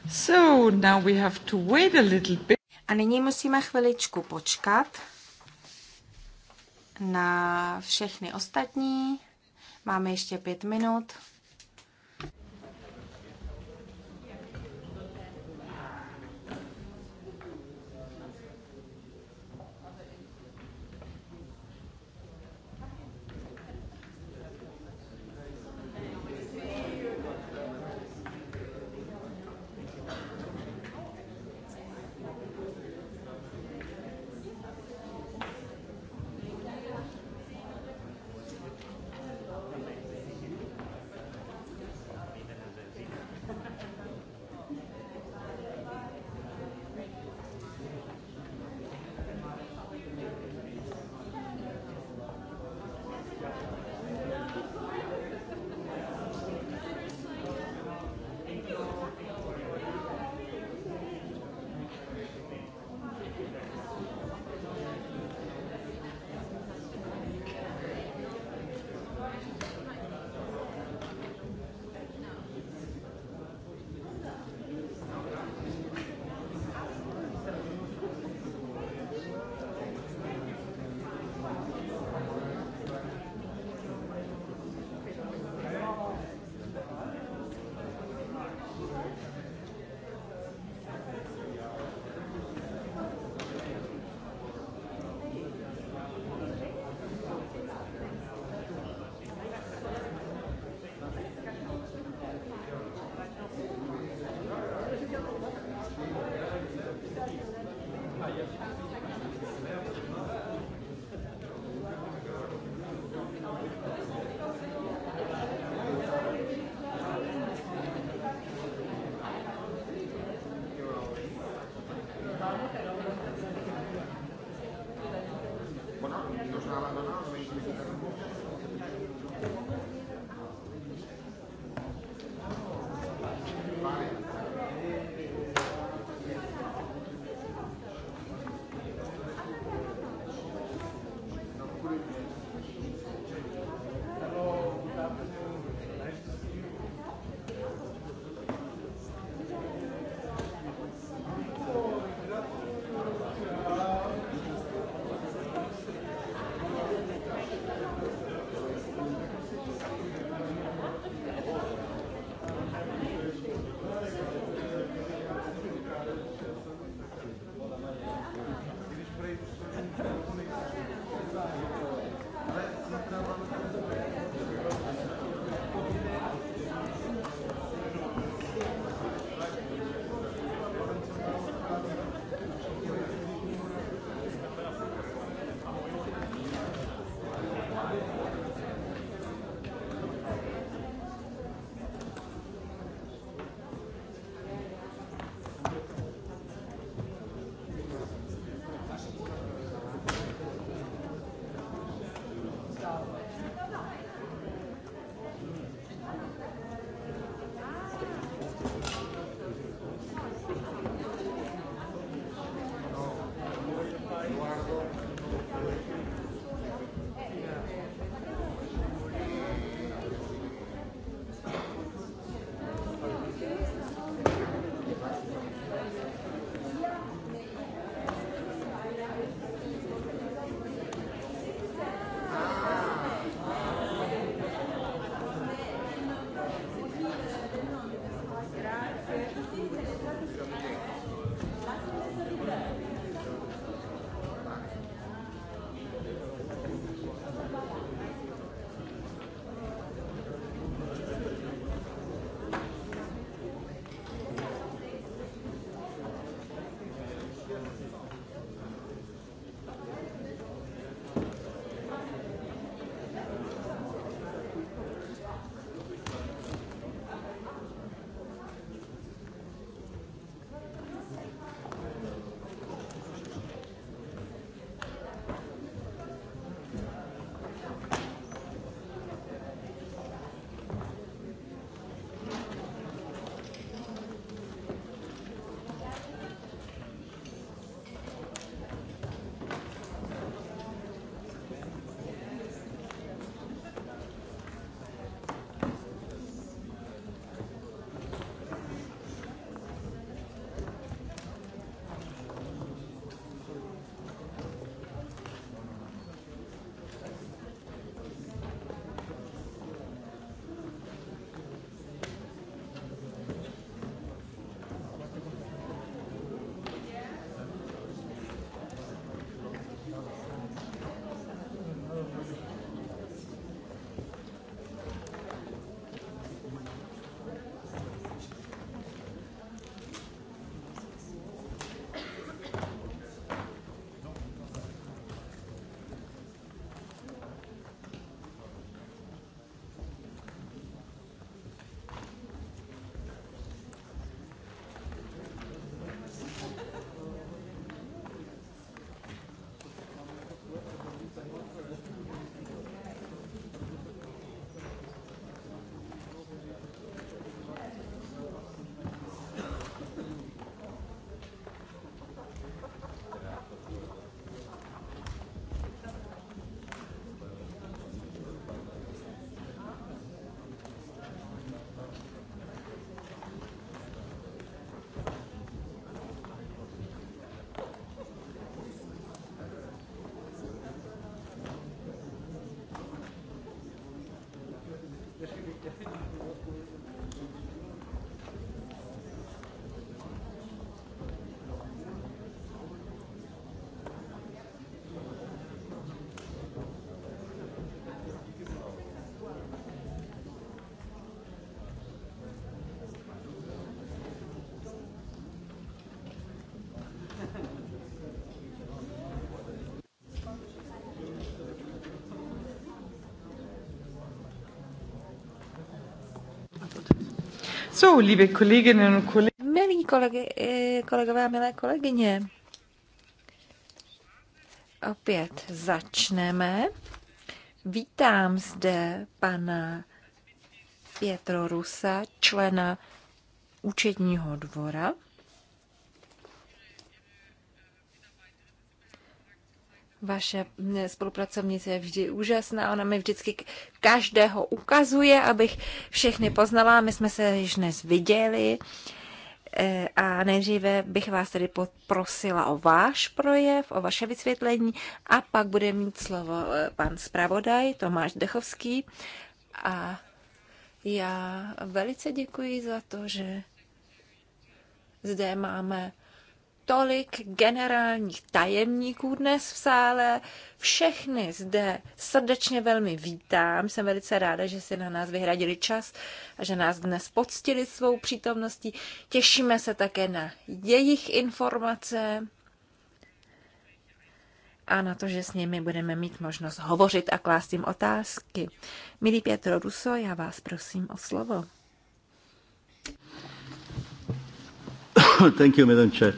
So now we have to wait a little bit. A nyní musíme chviličku počkat na všechny ostatní. Máme ještě pět minut. So, liebe Kolleginnen und Kollegen. Milí kolegy, eh, kolegové a milé kolegyně, opět začneme. Vítám zde pana Pietro Rusa, člena účetního dvora. Naše spolupracovnice je vždy úžasná, ona mi vždycky každého ukazuje, abych všechny poznala. My jsme se již dnes viděli eh, a nejdříve bych vás tedy poprosila o váš projev, o vaše vysvětlení a pak bude mít slovo eh, pan zpravodaj Tomáš Dechovský a já velice děkuji za to, že zde máme tolik generálních tajemníků dnes v sále. Všechny zde srdečně velmi vítám. Jsem velice ráda, že si na nás vyhradili čas a že nás dnes poctili svou přítomností. Těšíme se také na jejich informace a na to, že s nimi budeme mít možnost hovořit a klást jim otázky. Milý Pětro Ruso, já vás prosím o slovo. Thank you, Madam Chair.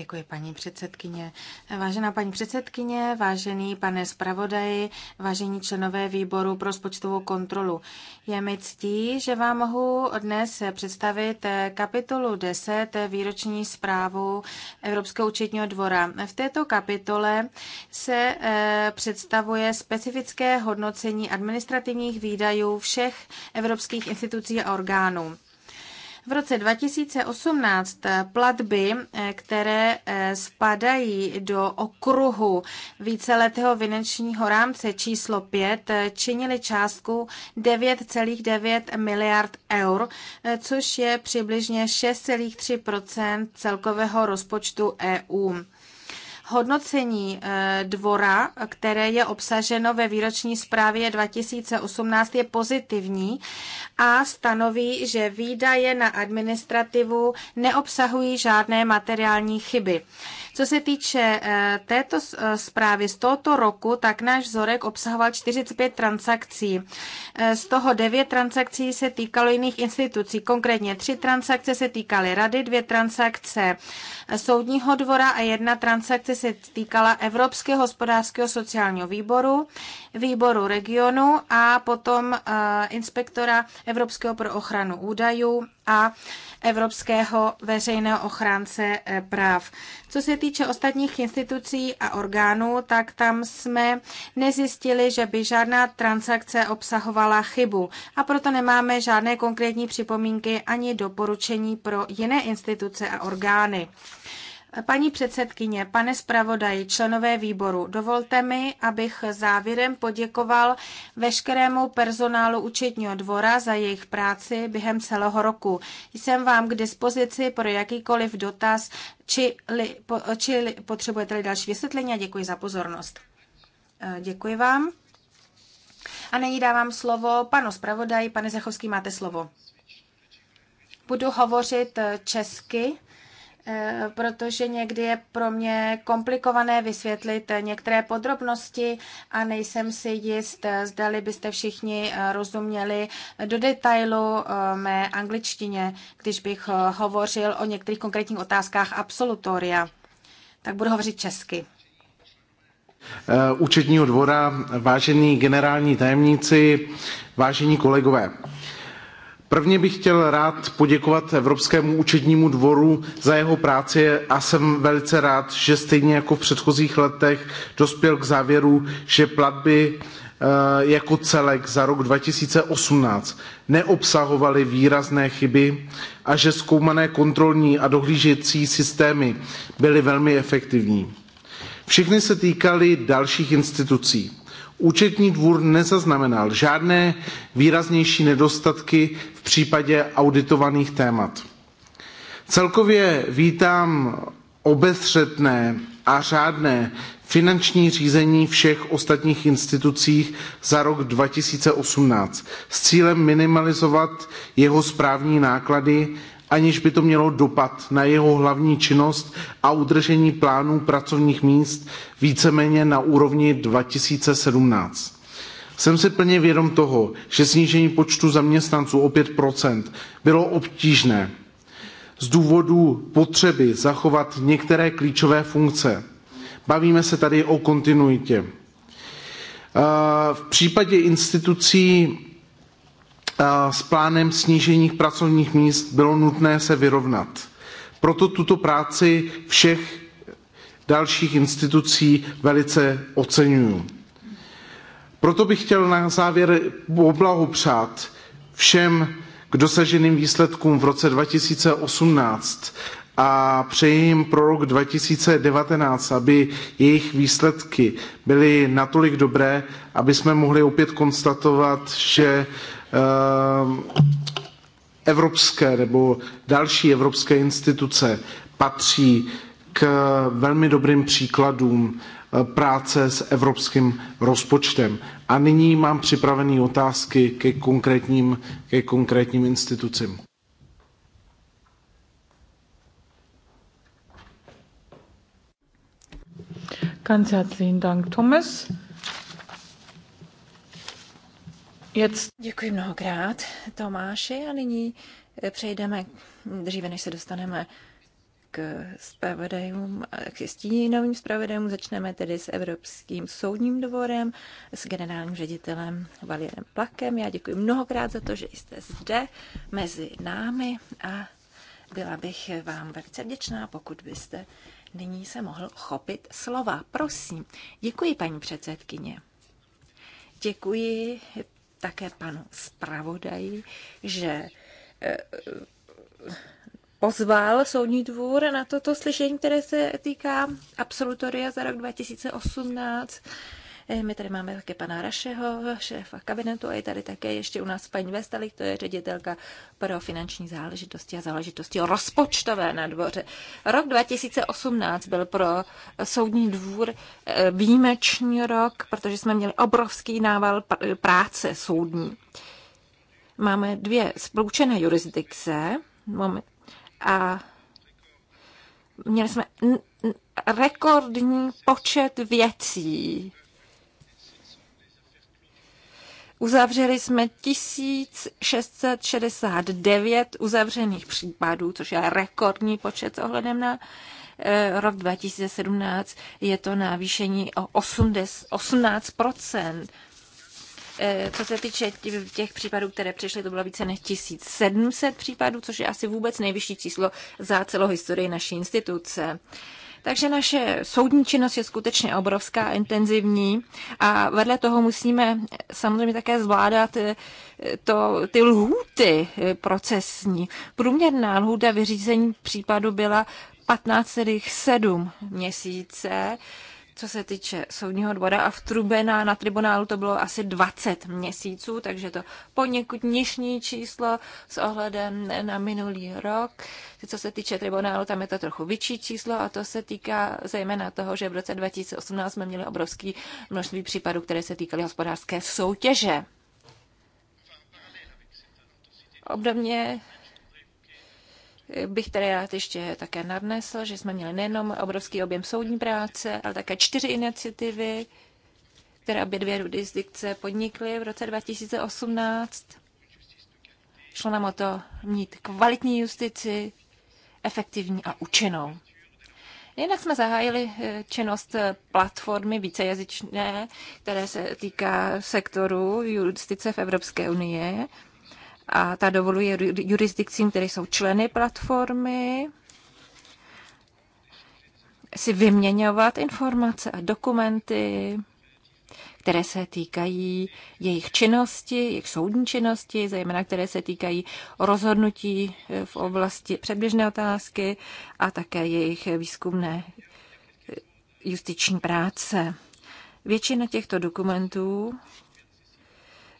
Děkuji, paní předsedkyně. Vážená paní předsedkyně, vážený pane zpravodaji, vážení členové výboru pro rozpočtovou kontrolu. Je mi ctí, že vám mohu dnes představit kapitolu 10 výroční zprávu Evropského účetního dvora. V této kapitole se eh, představuje specifické hodnocení administrativních výdajů všech evropských institucí a orgánů. V roce 2018 platby, eh, které eh, spadají do okruhu víceletého finančního rámce číslo 5, eh, činily částku 9,9 miliard eur, což je přibližně 6,3 celkového rozpočtu EU. Hodnocení eh, dvora, které je obsaženo ve výroční zprávě 2018, je pozitivní a stanoví, že výdaje na administrativu neobsahují žádné materiální chyby. Co se týče eh, této eh, zprávy z tohoto roku, tak náš vzorek obsahoval 45 transakcí. Eh, z toho 9 transakcí se týkalo jiných institucí, konkrétně 3 transakce se týkaly rady, 2 transakce soudního dvora a jedna transakce se týkala Evropského hospodářského sociálního výboru, výboru regionu a potom inspektora Evropského pro ochranu údajů a Evropského veřejného ochránce eh, práv. Co se týče ostatních institucí a orgánů, tak tam jsme nezjistili, že by žádná transakce obsahovala chybu a proto nemáme žádné konkrétní připomínky ani doporučení pro jiné instituce a orgány. Paní předsedkyně, pane zpravodaji, členové výboru, dovolte mi, abych závěrem poděkoval veškerému personálu účetního dvora za jejich práci během celého roku. Jsem vám k dispozici pro jakýkoliv dotaz, či, li, po, či li, potřebujete-li další vysvětlení a děkuji za pozornost. Eh, děkuji vám. A nyní dávám slovo panu zpravodaji. Pane Zachovský, máte slovo. Budu hovořit eh, česky Eh, protože někdy je pro mě komplikované vysvětlit eh, některé podrobnosti a nejsem si jist, eh, zdali byste všichni rozuměli do detailu mé angličtině, když bych hovořil o některých konkrétních otázkách absolutoria. Tak budu hovořit česky. Účetního dvora, vážení generální tajemníci, vážení kolegové. Prvně bych chtěl rád poděkovat Evropskému účetnímu dvoru za jeho práci a jsem velice rád, že stejně jako v předchozích letech dospěl k závěru, že platby eh, jako celek za rok 2018 neobsahovaly výrazné chyby a že zkoumané kontrolní a dohlížecí systémy byly velmi efektivní. Všechny se týkaly dalších institucí Účetní dvůr nezaznamenal žádné výraznější nedostatky v případě auditovaných témat. Celkově vítám obezřetné a řádné finanční řízení všech ostatních institucí za rok 2018 s cílem minimalizovat jeho správní náklady aniž by to mělo dopad na jeho hlavní činnost a udržení plánů pracovních míst víceméně na úrovni 2017. Jsem si plně vědom toho, že snížení počtu zaměstnanců o 5 bylo obtížné z důvodu potřeby zachovat některé klíčové funkce. Bavíme se tady o kontinuitě. Eh, v případě institucí s plánem snížení pracovních míst bylo nutné se vyrovnat. Proto tuto práci všech dalších institucí velice oceňuji. Proto bych chtěl na závěr poblahopřát všem k dosaženým výsledkům v roce 2018 a přeji jim pro rok 2019, aby jejich výsledky byly natolik dobré, aby jsme mohli opět konstatovat, že Ehm, evropské nebo další evropské instituce patří k velmi dobrým příkladům eh, práce s evropským rozpočtem. A nyní mám připravené otázky ke konkrétním, ke konkrétním institucím. Ganz herzlichen Dank, Thomas. Jetzt. Děkuji mnohokrát, Tomáši, a nyní eh, přejdeme, dříve než se dostaneme k zpravodajům, eh, k stínovým zpravodajům. Začneme tedy s Evropským soudním dvorem, s generálním ředitelem Valierem Plakem. Já děkuji mnohokrát za to, že jste zde mezi námi a byla bych vám velice vděčná, pokud byste nyní se mohl chopit slova. Prosím. Děkuji, paní předsedkyně. Děkuji také panu zpravodaji, že e, pozval soudní dvůr na toto slyšení, které se týká absolutoria za rok 2018 Eh, my tady máme také pana Rašeho, šéfa kabinetu, a je tady také ještě u nás paní Vestali, to je ředitelka pro finanční záležitosti a záležitosti rozpočtové na dvoře. Rok 2018 byl pro soudní dvůr eh, výjimečný rok, protože jsme měli obrovský nával práce soudní. Máme dvě sploučené jurisdikce a měli jsme rekordní počet věcí. Uzavřeli jsme 1669 uzavřených případů, což je rekordní počet ohledem na eh, rok 2017. Je to navýšení o 80, 18 eh, co se týče těch případů, které přišly, to bylo více než 1700 případů, což je asi vůbec nejvyšší číslo za celou historii naší instituce. Takže naše soudní činnost je skutečně obrovská, intenzivní a vedle toho musíme samozřejmě také zvládat eh, to, ty lhůty eh, procesní. Průměrná lhůta vyřízení případu byla 15,7 měsíce co se týče soudního dvora a v Trubená na tribunálu to bylo asi 20 měsíců, takže to poněkud nižší číslo s ohledem na minulý rok. Co se týče tribunálu, tam je to trochu vyšší číslo a to se týká zejména toho, že v roce 2018 jsme měli obrovský množství případů, které se týkaly hospodářské soutěže. Obdobně bych tady rád ještě také nadnesl, že jsme měli nejenom obrovský objem soudní práce, ale také čtyři iniciativy, které obě dvě jurisdikce podnikly v roce 2018. Šlo nám o to mít kvalitní justici, efektivní a účinnou. Jinak jsme zahájili eh, činnost eh, platformy vícejazyčné, které se týká sektoru justice v Evropské unii a ta dovoluje jurisdikcím, které jsou členy platformy, si vyměňovat informace a dokumenty, které se týkají jejich činnosti, jejich soudní činnosti, zejména které se týkají rozhodnutí eh, v oblasti předběžné otázky a také jejich výzkumné eh, justiční práce. Většina těchto dokumentů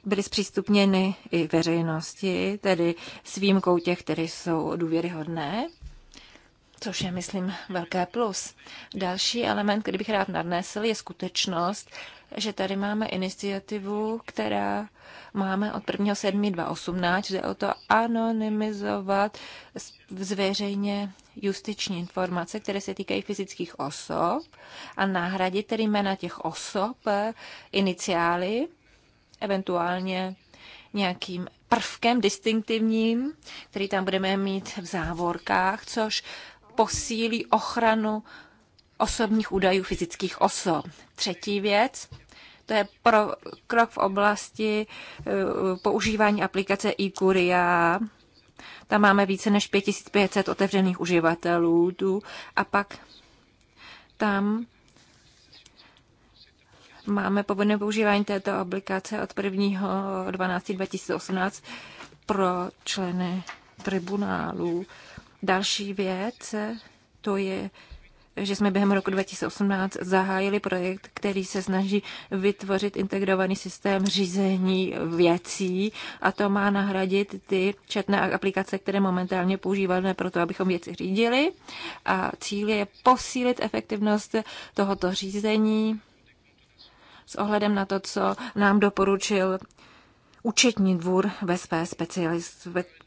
byly zpřístupněny i veřejnosti, tedy s výjimkou těch, které jsou důvěryhodné, což je, myslím, velké plus. Další element, který bych rád nadnesl, je skutečnost, že tady máme iniciativu, která máme od 1.7.2018, jde o to anonymizovat zveřejně justiční informace, které se týkají fyzických osob a nahradit tedy jména těch osob eh, iniciály eventuálně nějakým prvkem distinktivním, který tam budeme mít v závorkách, což posílí ochranu osobních údajů fyzických osob. Třetí věc, to je pro, krok v oblasti uh, používání aplikace eCuria. Tam máme více než 5500 otevřených uživatelů tu a pak tam máme povinné používání této aplikace od 1.12.2018 pro členy tribunálů. Další věc, to je že jsme během roku 2018 zahájili projekt, který se snaží vytvořit integrovaný systém řízení věcí a to má nahradit ty četné aplikace, které momentálně používáme pro to, abychom věci řídili. A cíl je posílit efektivnost tohoto řízení s ohledem na to, co nám doporučil účetní dvůr ve své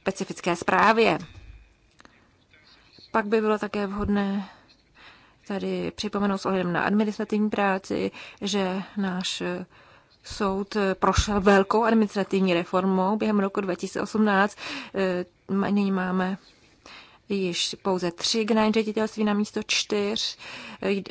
specifické zprávě. Pak by bylo také vhodné tady připomenout s ohledem na administrativní práci, že náš soud prošel velkou administrativní reformou během roku 2018. E, nyní máme již pouze tři generální ředitelství na místo čtyř.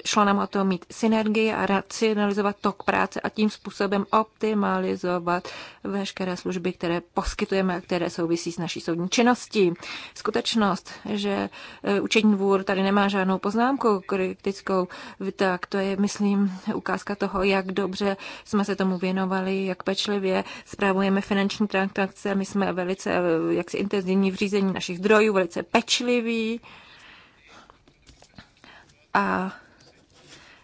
Šlo nám o to mít synergii a racionalizovat tok práce a tím způsobem optimalizovat veškeré služby, které poskytujeme a které souvisí s naší soudní činností. Skutečnost, že eh, učení dvůr tady nemá žádnou poznámku kritickou, tak to je, myslím, ukázka toho, jak dobře jsme se tomu věnovali, jak pečlivě zpravujeme finanční transakce. My jsme velice eh, jaksi intenzivní v řízení našich zdrojů, velice pečlivě pečlivý a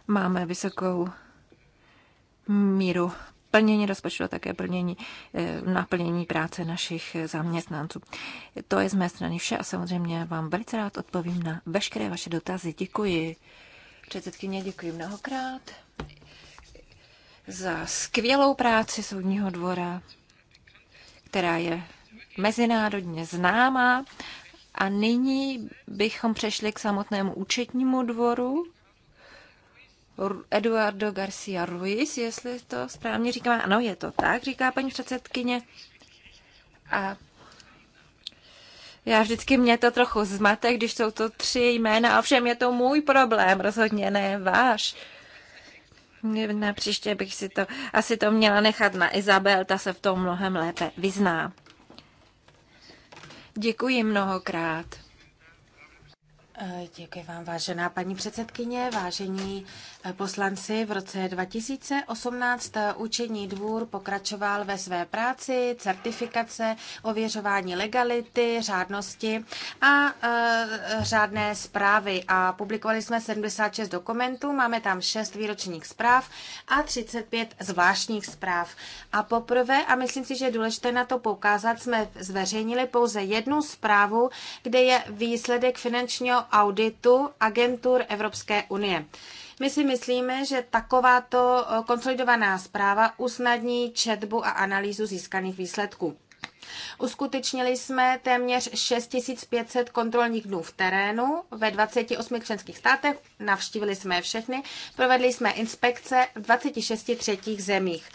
máme vysokou míru plnění rozpočtu a také plnění, eh, naplnění práce našich zaměstnanců. To je z mé strany vše a samozřejmě vám velice rád odpovím na veškeré vaše dotazy. Děkuji. Předsedkyně, děkuji mnohokrát za skvělou práci Soudního dvora, která je mezinárodně známá a nyní bychom přešli k samotnému účetnímu dvoru. Eduardo Garcia Ruiz, jestli to správně říkám. Ano, je to tak, říká paní předsedkyně. A já vždycky mě to trochu zmate, když jsou to tři jména, ovšem je to můj problém, rozhodně ne váš. Na příště bych si to asi to měla nechat na Izabel, ta se v tom mnohem lépe vyzná. Děkuji mnohokrát. Eh, děkuji vám, vážená paní předsedkyně, vážení eh, poslanci. V roce 2018 účetní eh, dvůr pokračoval ve své práci, certifikace, ověřování legality, řádnosti a e, řádné zprávy. A publikovali jsme 76 dokumentů, máme tam 6 výročních zpráv a 35 zvláštních zpráv. A poprvé, a myslím si, že je důležité na to poukázat, jsme zveřejnili pouze jednu zprávu, kde je výsledek finančního auditu agentur Evropské unie. My si myslíme, že takováto eh, konsolidovaná zpráva usnadní četbu a analýzu získaných výsledků. Uskutečnili jsme téměř 6500 kontrolních dnů v terénu ve 28 členských státech, navštívili jsme je všechny, provedli jsme inspekce v 26 třetích zemích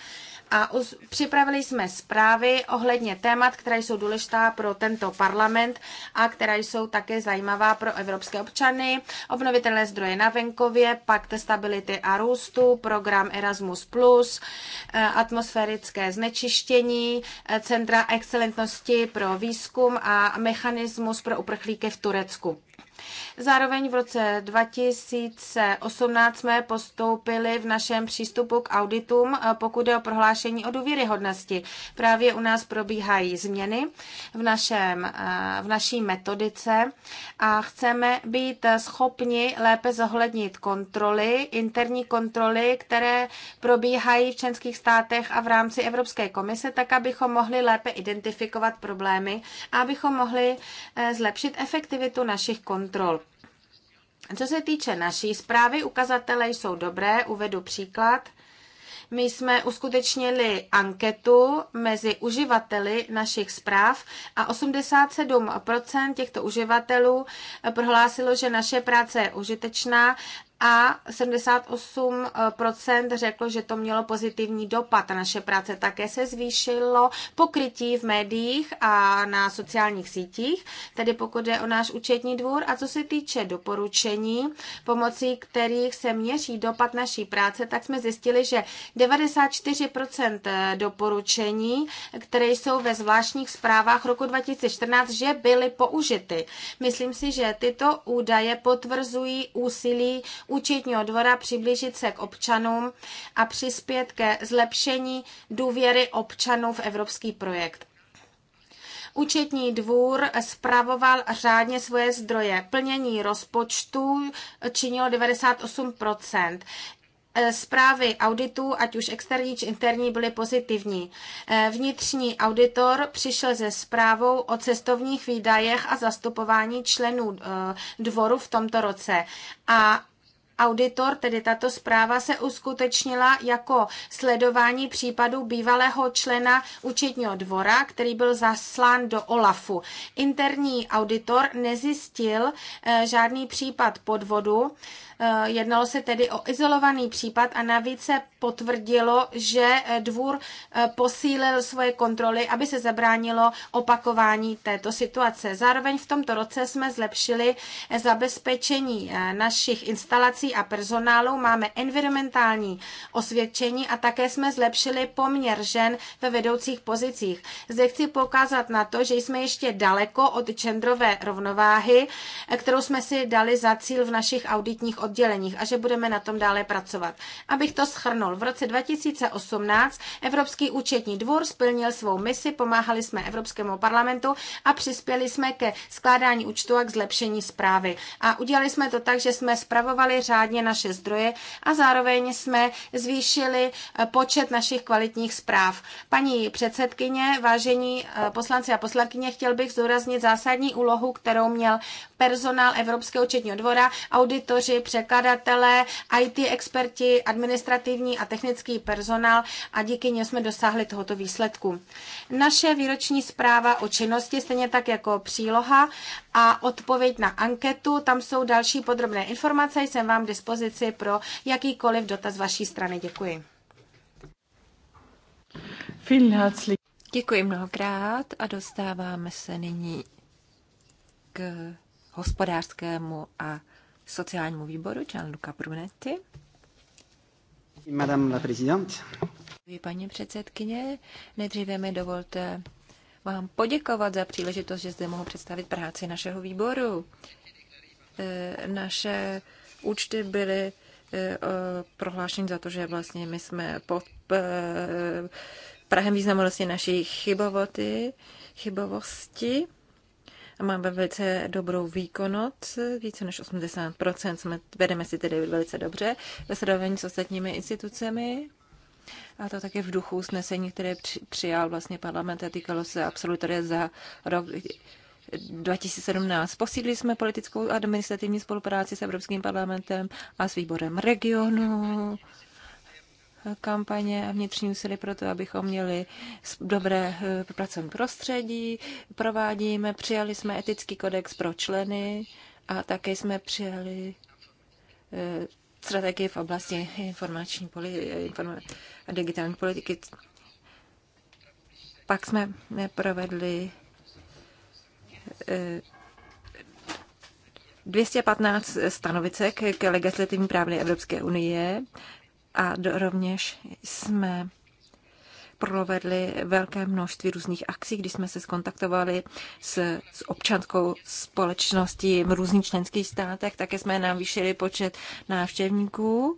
a připravili jsme zprávy ohledně témat, která jsou důležitá pro tento parlament a která jsou také zajímavá pro evropské občany, obnovitelné zdroje na venkově, pakt stability a růstu, program Erasmus+, e, atmosférické znečištění, e, centra excelentnosti pro výzkum a mechanismus pro uprchlíky v Turecku. Zároveň v roce 2018 jsme postoupili v našem přístupu k auditům, eh, pokud je o prohlášení o důvěryhodnosti. Právě u nás probíhají změny v, našem, eh, v naší metodice a chceme být schopni lépe zohlednit kontroly, interní kontroly, které probíhají v členských státech a v rámci Evropské komise, tak abychom mohli lépe identifikovat problémy a abychom mohli eh, zlepšit efektivitu našich kontrol kontrol. Co se týče naší zprávy, ukazatele jsou dobré, uvedu příklad. My jsme uskutečnili anketu mezi uživateli našich zpráv a 87% těchto uživatelů prohlásilo, že naše práce je užitečná a 78% řeklo, že to mělo pozitivní dopad. Naše práce také se zvýšilo pokrytí v médiích a na sociálních sítích, tedy pokud je o náš účetní dvůr. A co se týče doporučení, pomocí kterých se měří dopad naší práce, tak jsme zjistili, že 94% doporučení, které jsou ve zvláštních zprávách roku 2014, že byly použity. Myslím si, že tyto údaje potvrzují úsilí účetního dvora přiblížit se k občanům a přispět ke zlepšení důvěry občanů v evropský projekt. Účetní dvůr spravoval řádně svoje zdroje. Plnění rozpočtu činilo 98 Zprávy auditů, ať už externí či interní, byly pozitivní. Vnitřní auditor přišel se zprávou o cestovních výdajech a zastupování členů eh, dvoru v tomto roce. A Auditor, tedy tato zpráva, se uskutečnila jako sledování případu bývalého člena účetního dvora, který byl zaslán do OLAFu. Interní auditor nezjistil eh, žádný případ podvodu, eh, jednalo se tedy o izolovaný případ a navíc se potvrdilo, že eh, dvůr posílil svoje kontroly, aby se zabránilo opakování této situace. Zároveň v tomto roce jsme zlepšili zabezpečení našich instalací prací a personálu, máme environmentální osvědčení a také jsme zlepšili poměr žen ve vedoucích pozicích. Zde chci poukázat na to, že jsme ještě daleko od genderové rovnováhy, kterou jsme si dali za cíl v našich auditních odděleních a že budeme na tom dále pracovat. Abych to schrnul, v roce 2018 Evropský účetní dvůr splnil svou misi, pomáhali jsme Evropskému parlamentu a přispěli jsme ke skládání účtu a k zlepšení zprávy. A udělali jsme to tak, že jsme spravovali řád řádně naše zdroje a zároveň jsme zvýšili eh, počet našich kvalitních zpráv. Paní předsedkyně, vážení eh, poslanci a poslankyně, chtěl bych zdůraznit zásadní úlohu, kterou měl personál Evropského účetního dvora, auditoři, překladatelé, IT experti, administrativní a technický personál a díky němu jsme dosáhli tohoto výsledku. Naše výroční zpráva o činnosti, stejně tak jako příloha a odpověď na anketu, tam jsou další podrobné informace, jsem vám k dispozici pro jakýkoliv dotaz vaší strany. Děkuji. Děkuji mnohokrát a dostáváme se nyní k hospodářskému a sociálnímu výboru Gianluca Brunetti. Madame la présidente. Paní předsedkyně, nejdříve mi dovolte vám poděkovat za příležitost, že zde mohu představit práci našeho výboru. E, naše účty byly e, prohlášeny za to, že vlastně my jsme pod e, Prahem významnosti naší chybovosti a máme velice dobrou výkonnost, více než 80%, jsme, vedeme si tedy velice dobře ve srovnání s ostatními institucemi. A to také v duchu usnesení, které přijal vlastně parlament a týkalo se absolutoria za rok 2017. Posílili jsme politickou a administrativní spolupráci s Evropským parlamentem a s výborem regionu kampaně a vnitřní úsilí pro to, abychom měli dobré eh, pracovní prostředí. Provádíme, přijali jsme etický kodex pro členy a také jsme přijali eh, strategii v oblasti informační poli- eh, inform- a digitální politiky. Pak jsme provedli 215 stanovicek k legislativní právě Evropské unie a rovněž jsme provedli velké množství různých akcí, kdy jsme se skontaktovali s, s občanskou společností v různých členských státech. Také jsme navýšili počet návštěvníků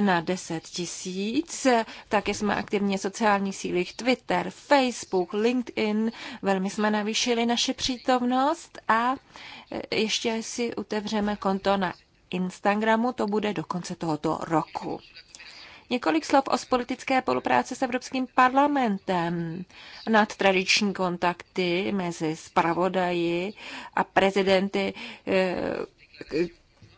na 10 tisíc. Také jsme aktivně sociální síly Twitter, Facebook, LinkedIn. Velmi jsme navýšili naše přítomnost a e, ještě si otevřeme konto na Instagramu, to bude do konce tohoto roku. Několik slov o politické spolupráci s Evropským parlamentem nad tradiční kontakty mezi spravodaji a prezidenty eh,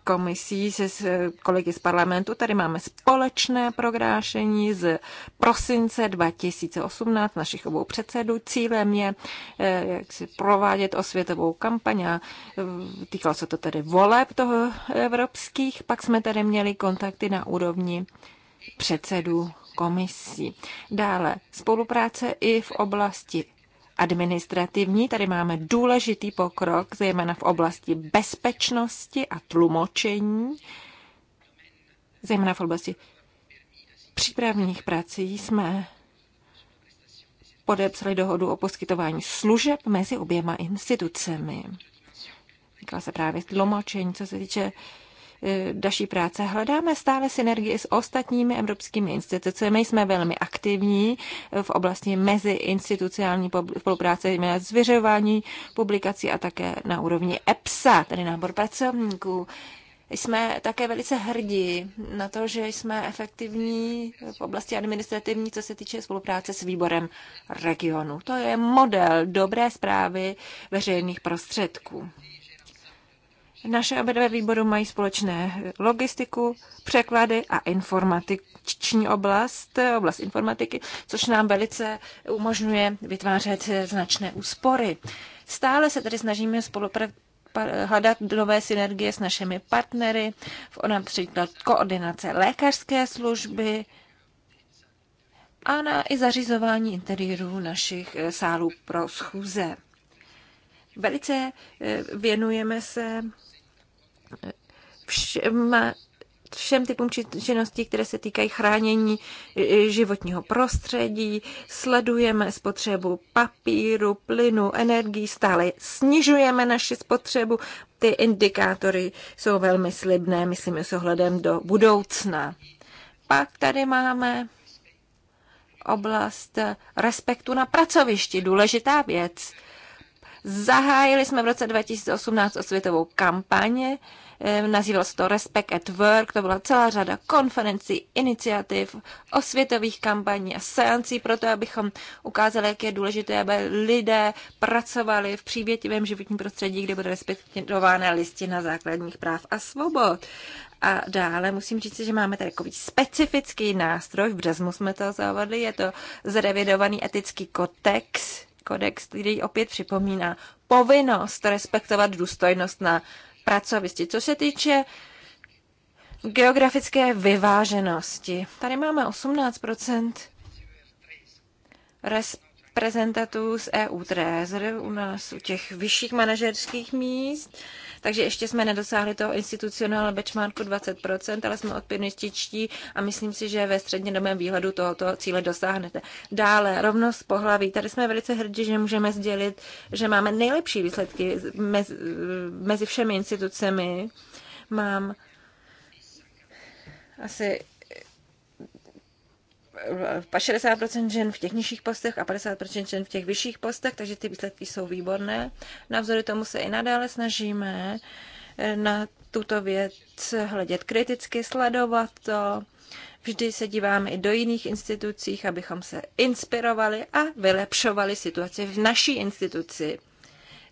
komisí se eh, kolegy z parlamentu. Tady máme společné prohlášení z prosince 2018 našich obou předsedů. Cílem je eh, jak si provádět osvětovou kampaň a týkalo se to tedy voleb toho evropských. Pak jsme tady měli kontakty na úrovni předsedů komisí. Dále spolupráce i v oblasti administrativní. Tady máme důležitý pokrok, zejména v oblasti bezpečnosti a tlumočení, zejména v oblasti přípravných prací jsme podepsali dohodu o poskytování služeb mezi oběma institucemi. Říkala se právě tlumočení, co se týče uh, E, naší práce. Hledáme stále synergii s ostatními evropskými institucemi. Jsme velmi aktivní e, v oblasti meziinstitucionální spolupráce, jména zvěřování publikací a také na úrovni EPSA, tedy nábor pracovníků. Jsme také velice hrdí na to, že jsme efektivní v oblasti administrativní, co se týče spolupráce s výborem regionu. To je model dobré zprávy veřejných prostředků. Naše obě výboru mají společné logistiku, překlady a informatiční oblast, oblast informatiky, což nám velice umožňuje vytvářet značné úspory. Stále se tedy snažíme spolupracovat hledat nové synergie s našimi partnery, v například koordinace lékařské služby a na i zařizování interiérů našich eh, sálů pro schůze. Velice eh, věnujeme se všem, všem typům činností, které se týkají chránění e, e, životního prostředí. Sledujeme spotřebu papíru, plynu, energii, stále snižujeme naši spotřebu. Ty indikátory jsou velmi slibné, myslím, s ohledem do budoucna. Pak tady máme oblast respektu na pracovišti, důležitá věc. Zahájili jsme v roce 2018 osvětovou kampaně, eh, nazývalo se to Respect at Work, to byla celá řada konferencí, iniciativ, osvětových kampaní a seancí pro to, abychom ukázali, jak je důležité, aby lidé pracovali v přívětivém životním prostředí, kde bude respektována listina základních práv a svobod. A dále musím říct, že máme tady takový specifický nástroj, v březnu jsme to zavedli, je to zrevidovaný etický kodex, kodex, který opět připomíná povinnost respektovat důstojnost na pracovisti. Co se týče geografické vyváženosti, tady máme 18 reprezentantů z EU Trezer u nás u těch vyšších manažerských míst takže ještě jsme nedosáhli toho institucionálního benchmarku 20%, ale jsme odpěrnističtí a myslím si, že ve střednědobém výhledu tohoto cíle dosáhnete. Dále, rovnost pohlaví. Tady jsme velice hrdí, že můžeme sdělit, že máme nejlepší výsledky mezi, mezi všemi institucemi. Mám asi 60% žen v těch nižších postech a 50% žen v těch vyšších postech, takže ty výsledky jsou výborné. Navzory tomu se i nadále snažíme eh, na tuto věc hledět kriticky, sledovat to. Vždy se díváme i do jiných institucích, abychom se inspirovali a vylepšovali situaci v naší instituci.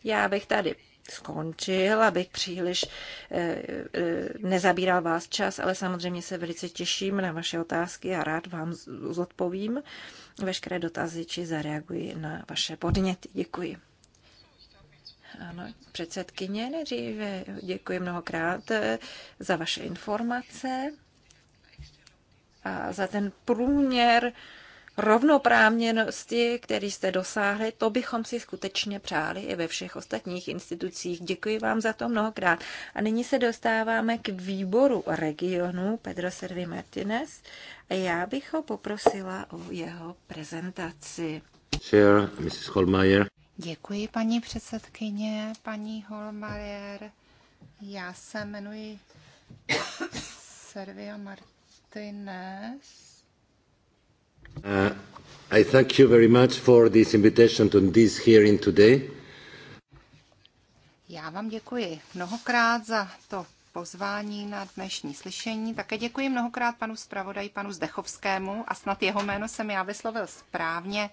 Já bych tady skončil, abych příliš eh, eh, nezabíral vás čas, ale samozřejmě se velice těším na vaše otázky a rád vám zodpovím veškeré dotazy či zareaguji na vaše podněty. Děkuji. Ano, předsedkyně, nejdříve děkuji mnohokrát eh, za vaše informace a za ten průměr rovnoprávněnosti, který jste dosáhli, to bychom si skutečně přáli i ve všech ostatních institucích. Děkuji vám za to mnohokrát. A nyní se dostáváme k výboru regionu Pedro Servi Martinez a já bych ho poprosila o jeho prezentaci. Chair, Mrs. Holmeyer. Děkuji, paní předsedkyně, paní Holmajer. Já se jmenuji Servia Martinez Uh, I thank you very much for this invitation to this hearing today. Já vám děkuji mnohokrát za to pozvání na dnešní slyšení. Také děkuji mnohokrát panu zpravodaji, panu Zdechovskému a snad jeho jméno jsem já vyslovil správně.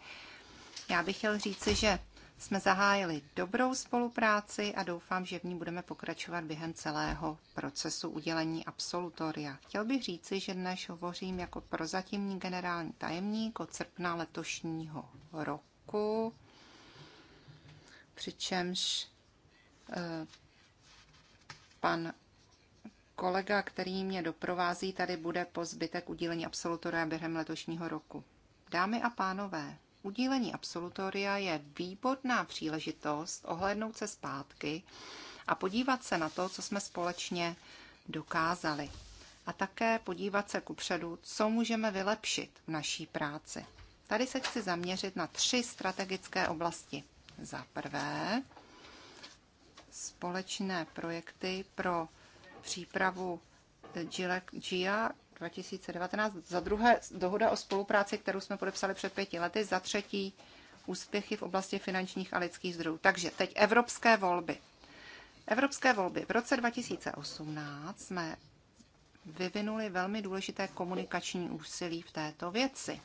Já bych chtěl říci, že jsme zahájili dobrou spolupráci a doufám, že v ní budeme pokračovat během celého procesu udělení absolutoria. Chtěl bych říci, že dnes hovořím jako prozatímní generální tajemník od srpna letošního roku, přičemž eh, pan kolega, který mě doprovází, tady bude po zbytek udělení absolutoria během letošního roku. Dámy a pánové, Udílení absolutoria je výborná příležitost ohlédnout se zpátky a podívat se na to, co jsme společně dokázali. A také podívat se kupředu, co můžeme vylepšit v naší práci. Tady se chci zaměřit na tři strategické oblasti. Za prvé, společné projekty pro přípravu GIA 2019, za druhé dohoda o spolupráci, kterou jsme podepsali před pěti lety, za třetí úspěchy v oblasti finančních a lidských zdrojů. Takže teď evropské volby. Evropské volby. V roce 2018 jsme vyvinuli velmi důležité komunikační úsilí v této věci.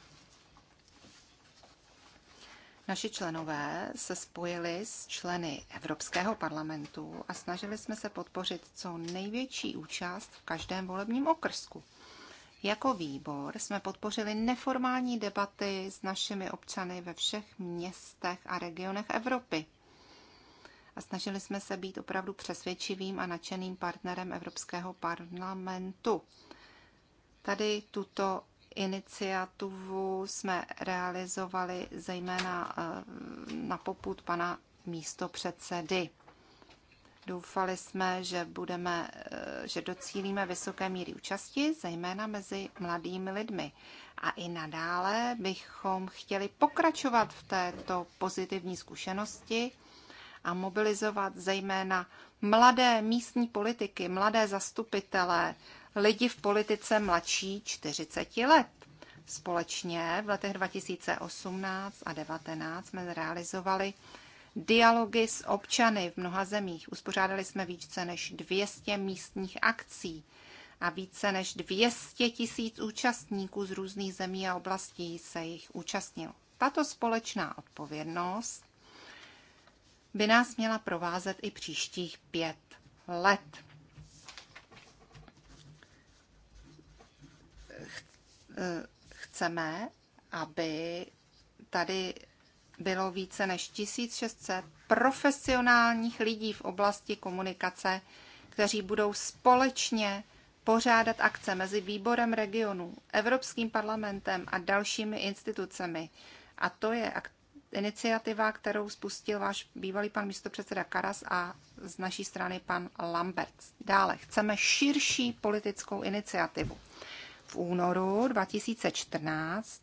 Naši členové se spojili s členy Evropského parlamentu a snažili jsme se podpořit co největší účast v každém volebním okrsku. Jako výbor jsme podpořili neformální debaty s našimi občany ve všech městech a regionech Evropy. A snažili jsme se být opravdu přesvědčivým a nadšeným partnerem Evropského parlamentu. Tady tuto iniciativu jsme realizovali zejména eh, na poput pana místopředsedy. Doufali jsme, že, budeme, eh, že docílíme vysoké míry účasti, zejména mezi mladými lidmi. A i nadále bychom chtěli pokračovat v této pozitivní zkušenosti a mobilizovat zejména mladé místní politiky, mladé zastupitele, lidi v politice mladší 40 let. Společně v letech 2018 a 2019 jsme realizovali dialogy s občany v mnoha zemích. Uspořádali jsme více než 200 místních akcí a více než 200 tisíc účastníků z různých zemí a oblastí se jich účastnilo. Tato společná odpovědnost by nás měla provázet i příštích pět let. Eh, chceme, aby tady bylo více než 1600 profesionálních lidí v oblasti komunikace, kteří budou společně pořádat akce mezi výborem regionů, Evropským parlamentem a dalšími institucemi. A to je iniciativa, kterou spustil váš bývalý pan místopředseda Karas a z naší strany pan Lamberts. Dále chceme širší politickou iniciativu. V únoru 2014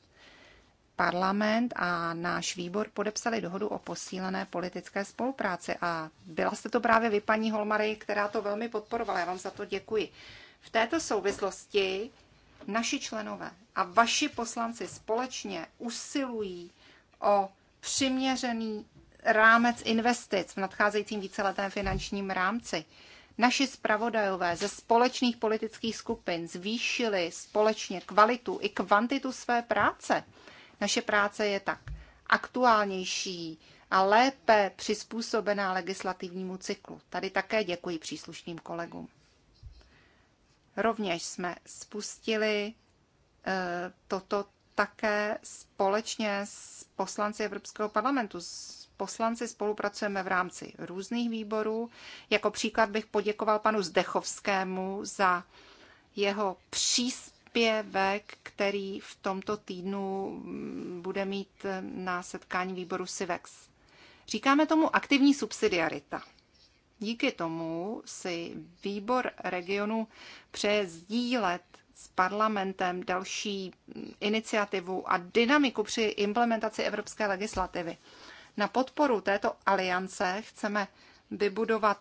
parlament a náš výbor podepsali dohodu o posílené politické spolupráci a byla jste to právě vy, paní Holmary, která to velmi podporovala. Já vám za to děkuji. V této souvislosti naši členové a vaši poslanci společně usilují o přiměřený rámec investic v nadcházejícím víceletém finančním rámci. Naši zpravodajové ze společných politických skupin zvýšili společně kvalitu i kvantitu své práce. Naše práce je tak aktuálnější a lépe přizpůsobená legislativnímu cyklu. Tady také děkuji příslušným kolegům. Rovněž jsme spustili eh, toto také společně s poslanci Evropského parlamentu. S poslanci spolupracujeme v rámci různých výborů. Jako příklad bych poděkoval panu Zdechovskému za jeho příspěvek příspěvek, který v tomto týdnu mm, bude mít eh, na setkání výboru SIVEX. Říkáme tomu aktivní subsidiarita. Díky tomu si výbor regionu přeje sdílet s parlamentem další mm, iniciativu a dynamiku při implementaci evropské legislativy. Na podporu této aliance chceme vybudovat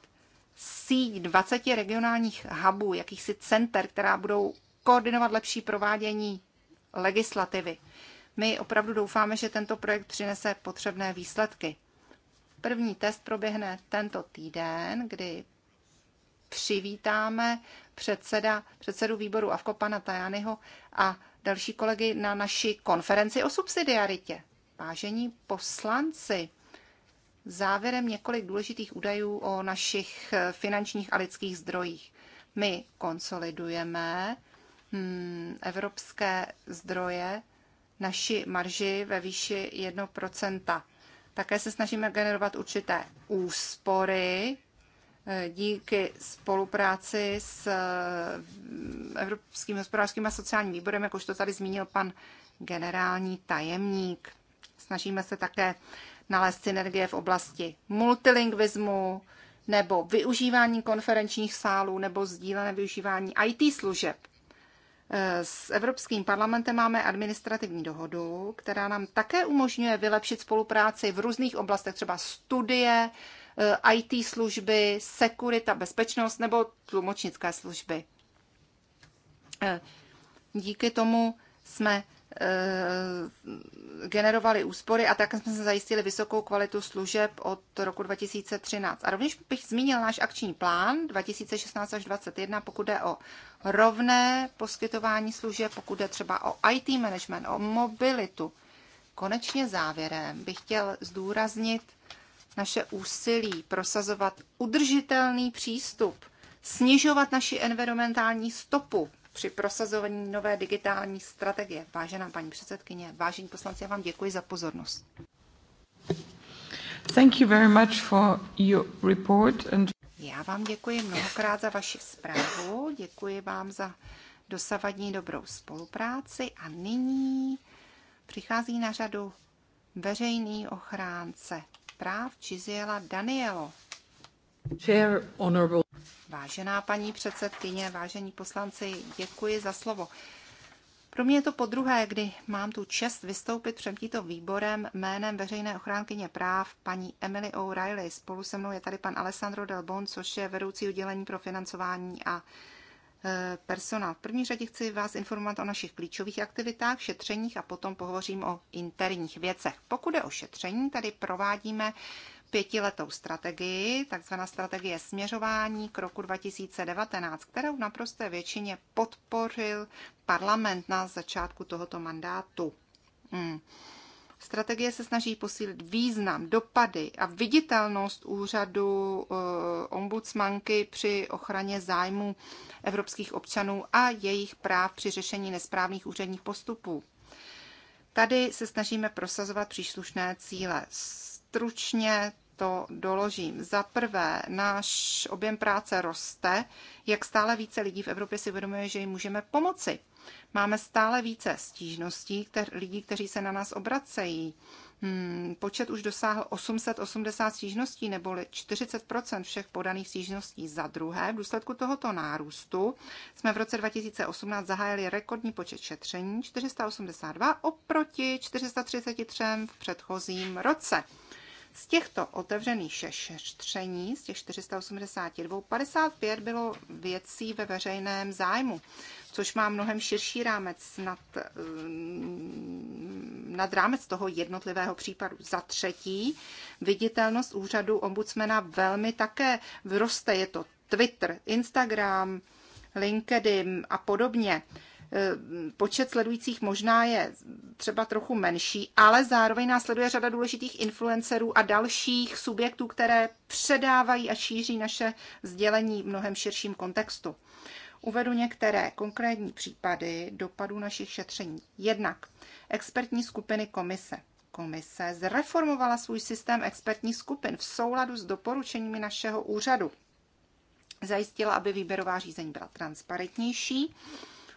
síť 20 regionálních hubů, jakýchsi center, která budou koordinovat lepší provádění legislativy. My opravdu doufáme, že tento projekt přinese potřebné výsledky. První test proběhne tento týden, kdy přivítáme předseda, předsedu výboru Avko pana Tajányho a další kolegy na naší konferenci o subsidiaritě. Vážení poslanci, závěrem několik důležitých údajů o našich finančních a lidských zdrojích. My konsolidujeme Hmm, evropské zdroje naši marži ve výši 1%. Také se snažíme generovat určité úspory eh, díky spolupráci s eh, Evropským hospodářským a sociálním výborem, jak už to tady zmínil pan generální tajemník. Snažíme se také nalézt synergie v oblasti multilingvismu nebo využívání konferenčních sálů nebo sdílené využívání IT služeb. S Evropským parlamentem máme administrativní dohodu, která nám také umožňuje vylepšit spolupráci v různých oblastech, třeba studie, eh, IT služby, sekurita, bezpečnost nebo tlumočnické služby. Eh, díky tomu jsme Eh, generovali úspory a tak jsme se zajistili vysokou kvalitu služeb od roku 2013. A rovněž bych zmínil náš akční plán 2016 až 2021, pokud jde o rovné poskytování služeb, pokud jde třeba o IT management, o mobilitu. Konečně závěrem bych chtěl zdůraznit naše úsilí prosazovat udržitelný přístup, snižovat naši environmentální stopu, při prosazování nové digitální strategie. Vážená paní předsedkyně, vážení poslanci, já vám děkuji za pozornost. Thank you very much for your report and... Já vám děkuji mnohokrát za vaši zprávu, děkuji vám za dosavadní dobrou spolupráci a nyní přichází na řadu veřejný ochránce práv Čiziela Danielo. Vážená paní předsedkyně, vážení poslanci, děkuji za slovo. Pro mě je to podruhé, kdy mám tu čest vystoupit před tímto výborem jménem veřejné ochránkyně práv paní Emily O'Reilly. Spolu se mnou je tady pan Alessandro Bon, což je vedoucí oddělení pro financování a e, personál. V první řadě chci vás informovat o našich klíčových aktivitách, šetřeních a potom pohovořím o interních věcech. Pokud je o šetření, tady provádíme pětiletou strategii, takzvaná strategie směřování k roku 2019, kterou naprosté většině podpořil parlament na začátku tohoto mandátu. Hmm. Strategie se snaží posílit význam, dopady a viditelnost úřadu eh, ombudsmanky při ochraně zájmu evropských občanů a jejich práv při řešení nesprávných úředních postupů. Tady se snažíme prosazovat příslušné cíle. Stručně to doložím. Za prvé, náš objem práce roste, jak stále více lidí v Evropě si uvědomuje, že jim můžeme pomoci. Máme stále více stížností kter- lidí, kteří se na nás obracejí. Hmm, počet už dosáhl 880 stížností, neboli 40 všech podaných stížností za druhé. V důsledku tohoto nárůstu jsme v roce 2018 zahájili rekordní počet šetření 482 oproti 433 v předchozím roce. Z těchto otevřených šetření, z těch 482, 55 bylo věcí ve veřejném zájmu, což má mnohem širší rámec nad, eh, nad rámec toho jednotlivého případu. Za třetí, viditelnost úřadu ombudsmana velmi také vroste. Je to Twitter, Instagram, LinkedIn a podobně. Eh, počet sledujících možná je třeba trochu menší, ale zároveň následuje řada důležitých influencerů a dalších subjektů, které předávají a šíří naše sdělení v mnohem širším kontextu. Uvedu některé konkrétní případy dopadů našich šetření. Jednak expertní skupiny komise. Komise zreformovala svůj systém expertních skupin v souladu s doporučeními našeho úřadu. Zajistila, aby výběrová řízení byla transparentnější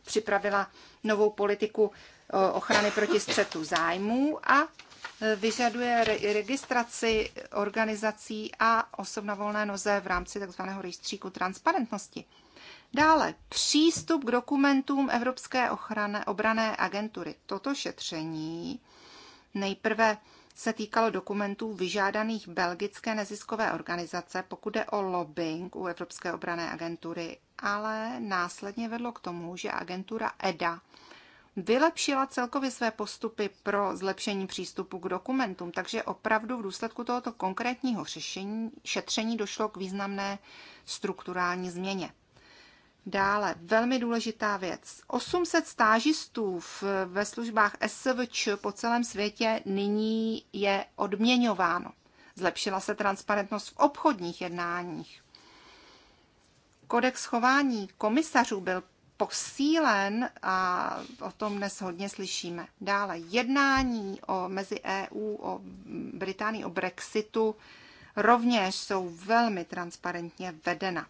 připravila novou politiku eh, ochrany proti střetu zájmů a eh, vyžaduje registraci organizací a osob na volné noze v rámci tzv. rejstříku transparentnosti. Dále přístup k dokumentům Evropské ochrany, obrané agentury. Toto šetření nejprve se týkalo dokumentů vyžádaných belgické neziskové organizace, pokud jde o lobbying u Evropské obrané agentury, ale následně vedlo k tomu, že agentura EDA vylepšila celkově své postupy pro zlepšení přístupu k dokumentům, takže opravdu v důsledku tohoto konkrétního řešení, šetření došlo k významné strukturální změně. Dále, velmi důležitá věc. 800 stážistů v, ve službách SVČ po celém světě nyní je odměňováno. Zlepšila se transparentnost v obchodních jednáních. Kodex chování komisařů byl posílen a o tom dnes hodně slyšíme. Dále jednání o, mezi EU, o Británii, o Brexitu rovněž jsou velmi transparentně vedena.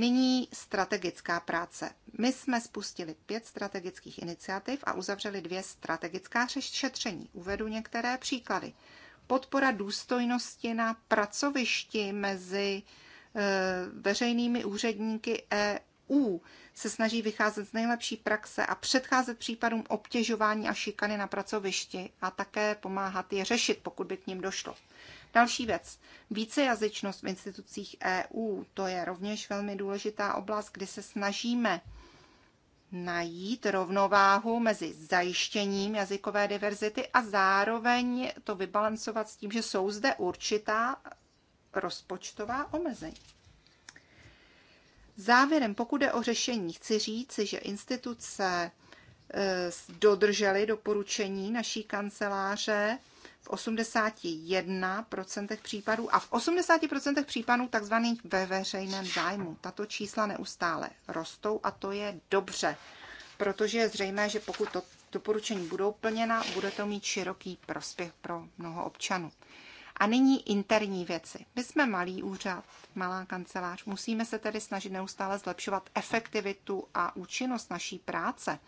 Nyní strategická práce. My jsme spustili pět strategických iniciativ a uzavřeli dvě strategická šetření. Uvedu některé příklady. Podpora důstojnosti na pracovišti mezi eh, veřejnými úředníky EU se snaží vycházet z nejlepší praxe a předcházet případům obtěžování a šikany na pracovišti a také pomáhat je řešit, pokud by k ním došlo. Další věc. Vícejazyčnost v institucích EU, to je rovněž velmi důležitá oblast, kdy se snažíme najít rovnováhu mezi zajištěním jazykové diverzity a zároveň to vybalancovat s tím, že jsou zde určitá rozpočtová omezení. Závěrem, pokud je o řešení, chci říct, že instituce eh, dodržely doporučení naší kanceláře v 81% případů a v 80% případů takzvaných ve veřejném zájmu. Tato čísla neustále rostou a to je dobře, protože je zřejmé, že pokud to doporučení budou plněna, bude to mít široký prospěch pro mnoho občanů. A nyní interní věci. My jsme malý úřad, malá kancelář. Musíme se tedy snažit neustále zlepšovat efektivitu a účinnost naší práce.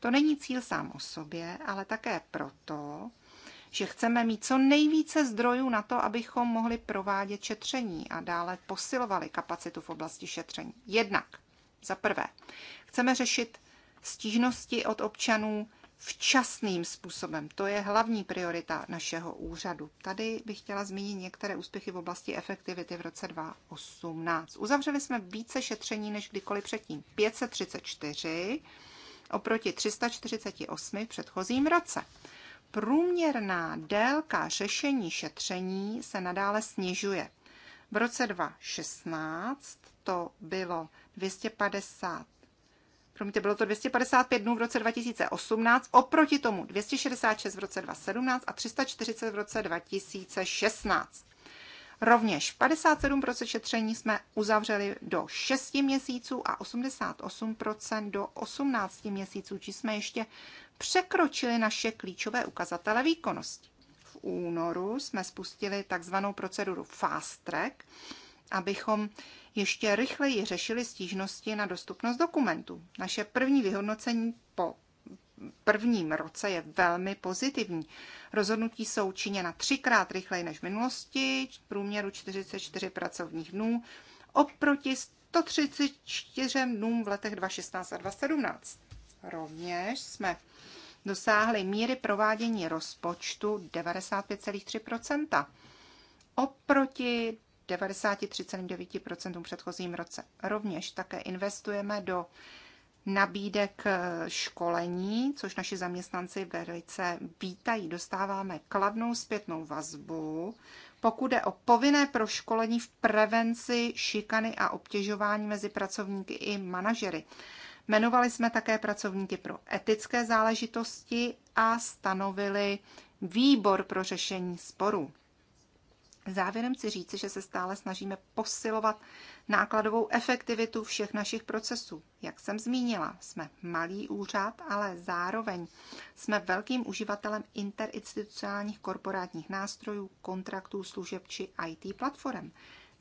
To není cíl sám o sobě, ale také proto, že chceme mít co nejvíce zdrojů na to, abychom mohli provádět šetření a dále posilovali kapacitu v oblasti šetření. Jednak, za prvé, chceme řešit stížnosti od občanů včasným způsobem. To je hlavní priorita našeho úřadu. Tady bych chtěla zmínit některé úspěchy v oblasti efektivity v roce 2018. Uzavřeli jsme více šetření než kdykoliv předtím. 534 oproti 348 v předchozím roce. Průměrná délka řešení šetření se nadále snižuje. V roce 2016 to bylo 250 promiňte, bylo to 255 dnů v roce 2018, oproti tomu 266 v roce 2017 a 340 v roce 2016. Rovněž 57% šetření jsme uzavřeli do 6 měsíců a 88% do 18 měsíců, či jsme ještě překročili naše klíčové ukazatele výkonnosti. V únoru jsme spustili takzvanou proceduru Fast Track, abychom ještě rychleji řešili stížnosti na dostupnost dokumentů. Naše první vyhodnocení po prvním roce je velmi pozitivní. Rozhodnutí jsou činěna třikrát rychleji než v minulosti, v průměru 44 pracovních dnů, oproti 134 dnům v letech 2016 a 2017. Rovněž jsme dosáhli míry provádění rozpočtu 95,3 oproti 93,9% předchozím roce. Rovněž také investujeme do nabídek eh, školení, což naši zaměstnanci velice vítají. Dostáváme kladnou zpětnou vazbu, pokud je o povinné proškolení v prevenci šikany a obtěžování mezi pracovníky i manažery. Jmenovali jsme také pracovníky pro etické záležitosti a stanovili výbor pro řešení sporů. Závěrem chci říci, že se stále snažíme posilovat nákladovou efektivitu všech našich procesů. Jak jsem zmínila, jsme malý úřad, ale zároveň jsme velkým uživatelem interinstitucionálních korporátních nástrojů, kontraktů, služeb či IT platform.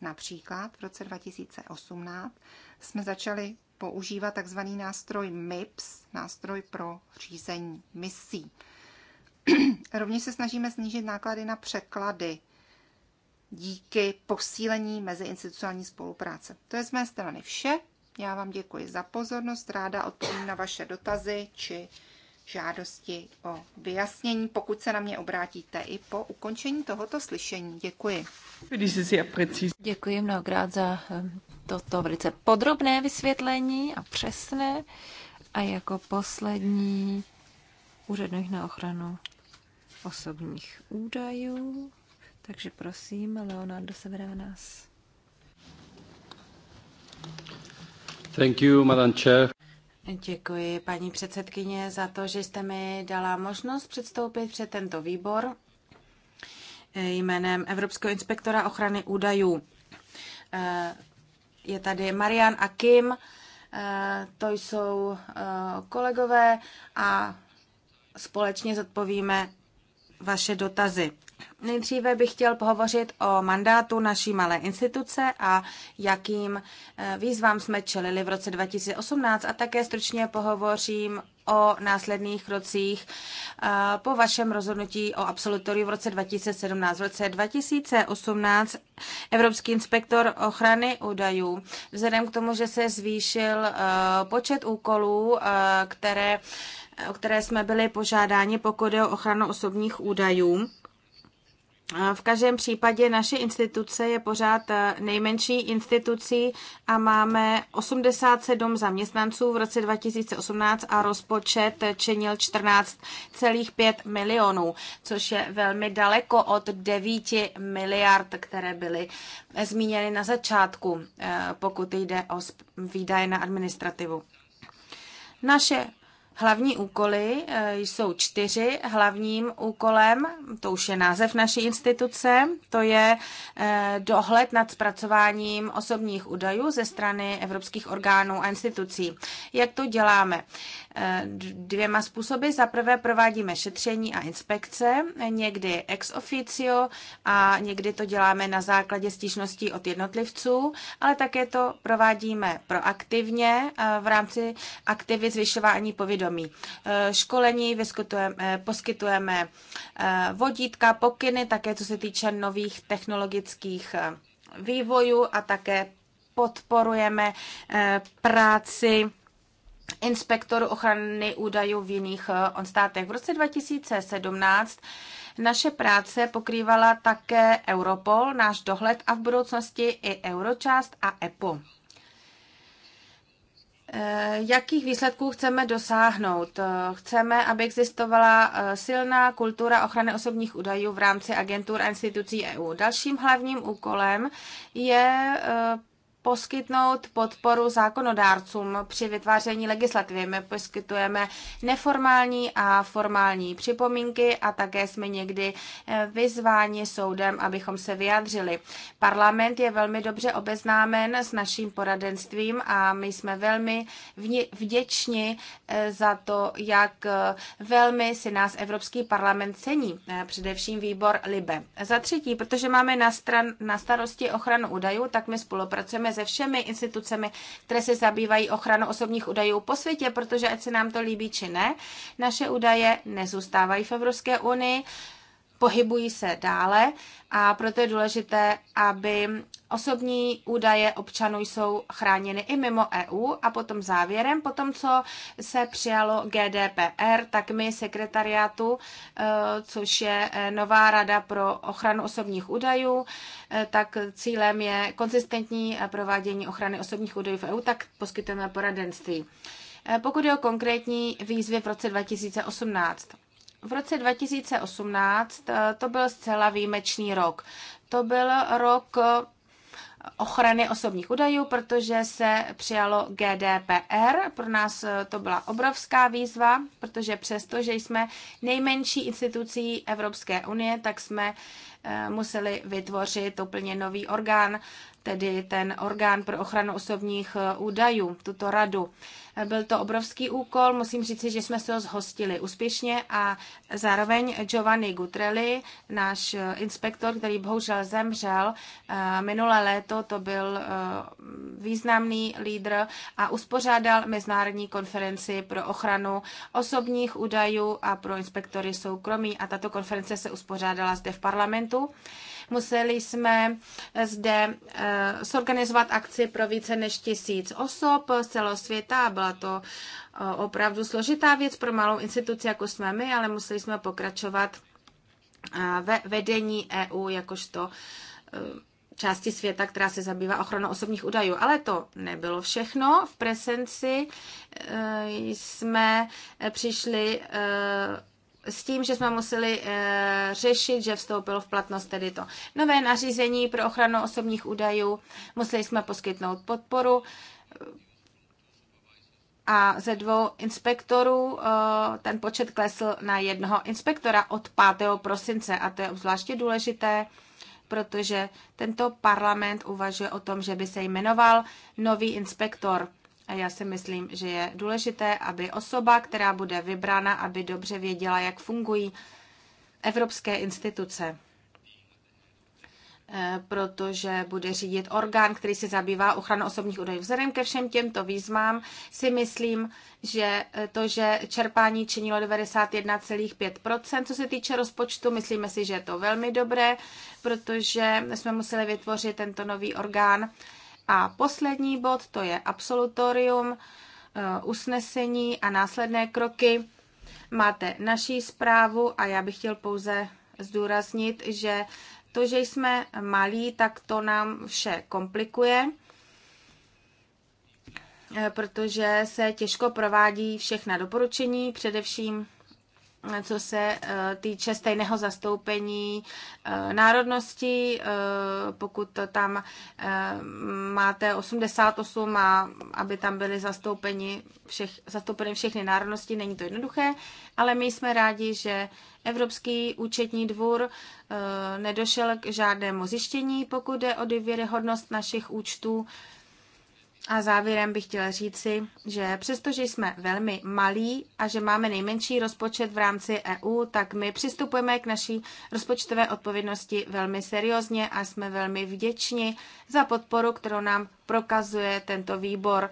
Například v roce 2018 jsme začali používat tzv. nástroj MIPS, nástroj pro řízení misí. Rovněž se snažíme snížit náklady na překlady díky posílení meziinstitucionální spolupráce. To je z mé strany vše. Já vám děkuji za pozornost, ráda odpovím na vaše dotazy či žádosti o vyjasnění, pokud se na mě obrátíte i po ukončení tohoto slyšení. Děkuji. Děkuji mnohokrát za eh, toto velice podrobné vysvětlení a přesné. A jako poslední úředných na ochranu osobních údajů. Takže prosím, Leonardo nás. Thank you, Madam Chair. Děkuji, paní předsedkyně, za to, že jste mi dala možnost předstoupit před tento výbor jménem Evropského inspektora ochrany údajů. Eh, je tady Marian a Kim, eh, to jsou eh, kolegové a společně zodpovíme vaše dotazy. Nejdříve bych chtěl pohovořit o mandátu naší malé instituce a jakým eh, výzvám jsme čelili v roce 2018 a také stručně pohovořím o následných rocích eh, po vašem rozhodnutí o absolutoriu v roce 2017. V roce 2018 Evropský inspektor ochrany údajů, vzhledem k tomu, že se zvýšil eh, počet úkolů, které o které jsme byli požádáni, pokud je o ochranu osobních údajů. V každém případě naše instituce je pořád eh, nejmenší institucí a máme 87 zaměstnanců v roce 2018 a rozpočet činil 14,5 milionů, což je velmi daleko od 9 miliard, které byly eh, zmíněny na začátku, eh, pokud jde o výdaje na administrativu. Naše Hlavní úkoly eh, jsou čtyři. Hlavním úkolem, to už je název naší instituce, to je eh, dohled nad zpracováním osobních údajů ze strany evropských orgánů a institucí. Jak to děláme? dvěma způsoby. Za prvé provádíme šetření a inspekce, někdy ex officio a někdy to děláme na základě stížností od jednotlivců, ale také to provádíme proaktivně eh, v rámci aktivit zvyšování povědomí. Eh, školení eh, poskytujeme vodítka, pokyny, také co se týče nových technologických vývojů a také podporujeme práci inspektor ochrany údajů v jiných eh, státech. V roce 2017 naše práce pokrývala také Europol, náš dohled a v budoucnosti i Euročást a EPO. Eh, jakých výsledků chceme dosáhnout? Eh, chceme, aby existovala silná kultura ochrany osobních údajů v rámci agentur a institucí EU. Dalším hlavním úkolem je poskytnout podporu zákonodárcům při vytváření legislativy. My poskytujeme neformální a formální připomínky a také jsme někdy eh, vyzváni soudem, abychom se vyjadřili. Parlament je velmi dobře obeznámen s naším poradenstvím a my jsme velmi vděční eh, za to, jak eh, velmi si nás Evropský parlament cení, především výbor LIBE. Za třetí, protože máme na, stran, na starosti ochranu údajů, tak my spolupracujeme spolupracujeme se všemi institucemi, které se zabývají ochranou osobních údajů po světě, protože ať se nám to líbí či ne, naše údaje nezůstávají v Evropské unii pohybují se dále a proto je důležité, aby osobní údaje občanů jsou chráněny i mimo EU a potom závěrem, potom co se přijalo GDPR, tak my sekretariátu, eh, což je eh, nová rada pro ochranu osobních údajů, eh, tak cílem je konzistentní provádění ochrany osobních údajů v EU, tak poskytujeme poradenství. Pokud je o konkrétní výzvy v roce 2018, v roce 2018 eh, to byl zcela výjimečný rok. To byl rok eh, ochrany osobních údajů, protože se přijalo GDPR. Pro nás eh, to byla obrovská výzva, protože přesto, že jsme nejmenší institucí Evropské unie, tak jsme museli vytvořit úplně nový orgán, tedy ten orgán pro ochranu osobních údajů, tuto radu. Byl to obrovský úkol, musím říci, že jsme se ho zhostili úspěšně a zároveň Giovanni Gutrelli, náš eh, inspektor, který bohužel zemřel eh, minulé léto, to byl eh, významný lídr a uspořádal mezinárodní konferenci pro ochranu osobních údajů a pro inspektory soukromí a tato konference se uspořádala zde v parlamentu. Museli jsme eh, zde sorganizovat eh, akci pro více než tisíc osob z celého světa a byla to eh, opravdu složitá věc pro malou instituci, jako jsme my, ale museli jsme pokračovat ve vedení EU jakožto části světa, která se zabývá ochranou osobních údajů. Ale to nebylo všechno. V presenci jsme přišli s tím, že jsme museli e, řešit, že vstoupilo v platnost tedy to nové nařízení pro ochranu osobních údajů. Museli jsme poskytnout podporu eh, a ze dvou inspektorů e, ten počet klesl na jednoho inspektora od 5. prosince a to je obzvláště důležité, protože tento parlament uvažuje o tom, že by se jmenoval nový inspektor já si myslím, že je důležité, aby osoba, která bude vybrána, aby dobře věděla, jak fungují evropské instituce eh, protože bude řídit orgán, který se zabývá ochranou osobních údajů. Vzhledem ke všem těmto výzvám si myslím, že eh, to, že čerpání činilo 91,5%, co se týče rozpočtu, myslíme si, že je to velmi dobré, protože jsme museli vytvořit tento nový orgán a poslední bod, to je absolutorium, eh, usnesení a následné kroky. Máte naší zprávu a já bych chtěl pouze zdůraznit, že to, že jsme malí, tak to nám vše komplikuje, eh, protože se těžko provádí všechna doporučení, především co se eh, týče stejného zastoupení eh, národností, eh, pokud tam máte 88 a aby tam byly zastoupeni všech, zastoupeny všechny národnosti, není to jednoduché, ale my jsme rádi, že Evropský účetní dvůr nedošel k žádnému zjištění, pokud jde o důvěryhodnost našich účtů a závěrem bych chtěla říci, že přestože jsme velmi malí a že máme nejmenší rozpočet v rámci EU, tak my přistupujeme k naší rozpočtové odpovědnosti velmi seriózně a jsme velmi vděční za podporu, kterou nám prokazuje tento výbor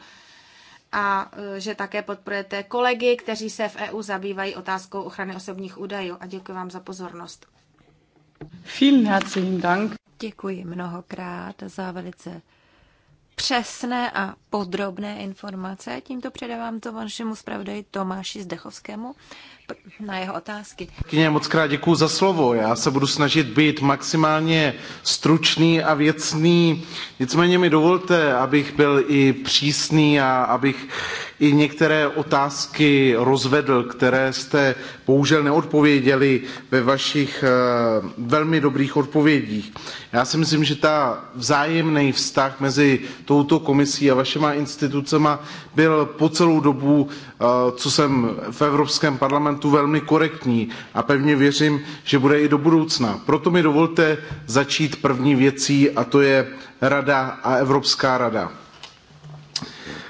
a e, že také podporujete kolegy, kteří se v EU zabývají otázkou ochrany osobních údajů. A děkuji vám za pozornost. Vielen herzlichen Dank. Děkuji mnohokrát za velice přesné a podrobné informace. Tímto předávám to vašemu zpravodaji Tomáši Zdechovskému, na jeho otázky. Kyně, moc krát děkuji za slovo. Já se budu snažit být maximálně stručný a věcný. Nicméně mi dovolte, abych byl i přísný a abych i některé otázky rozvedl, které jste bohužel neodpověděli ve vašich eh, velmi dobrých odpovědích. Já si myslím, že ta vzájemný vztah mezi touto komisí a vašima institucema byl po celou dobu, eh, co jsem v Evropském parlamentu parlamentu velmi korektní a pevně věřím, že bude i do budoucna. Proto mi dovolte začít první věcí a to je Rada a Evropská rada.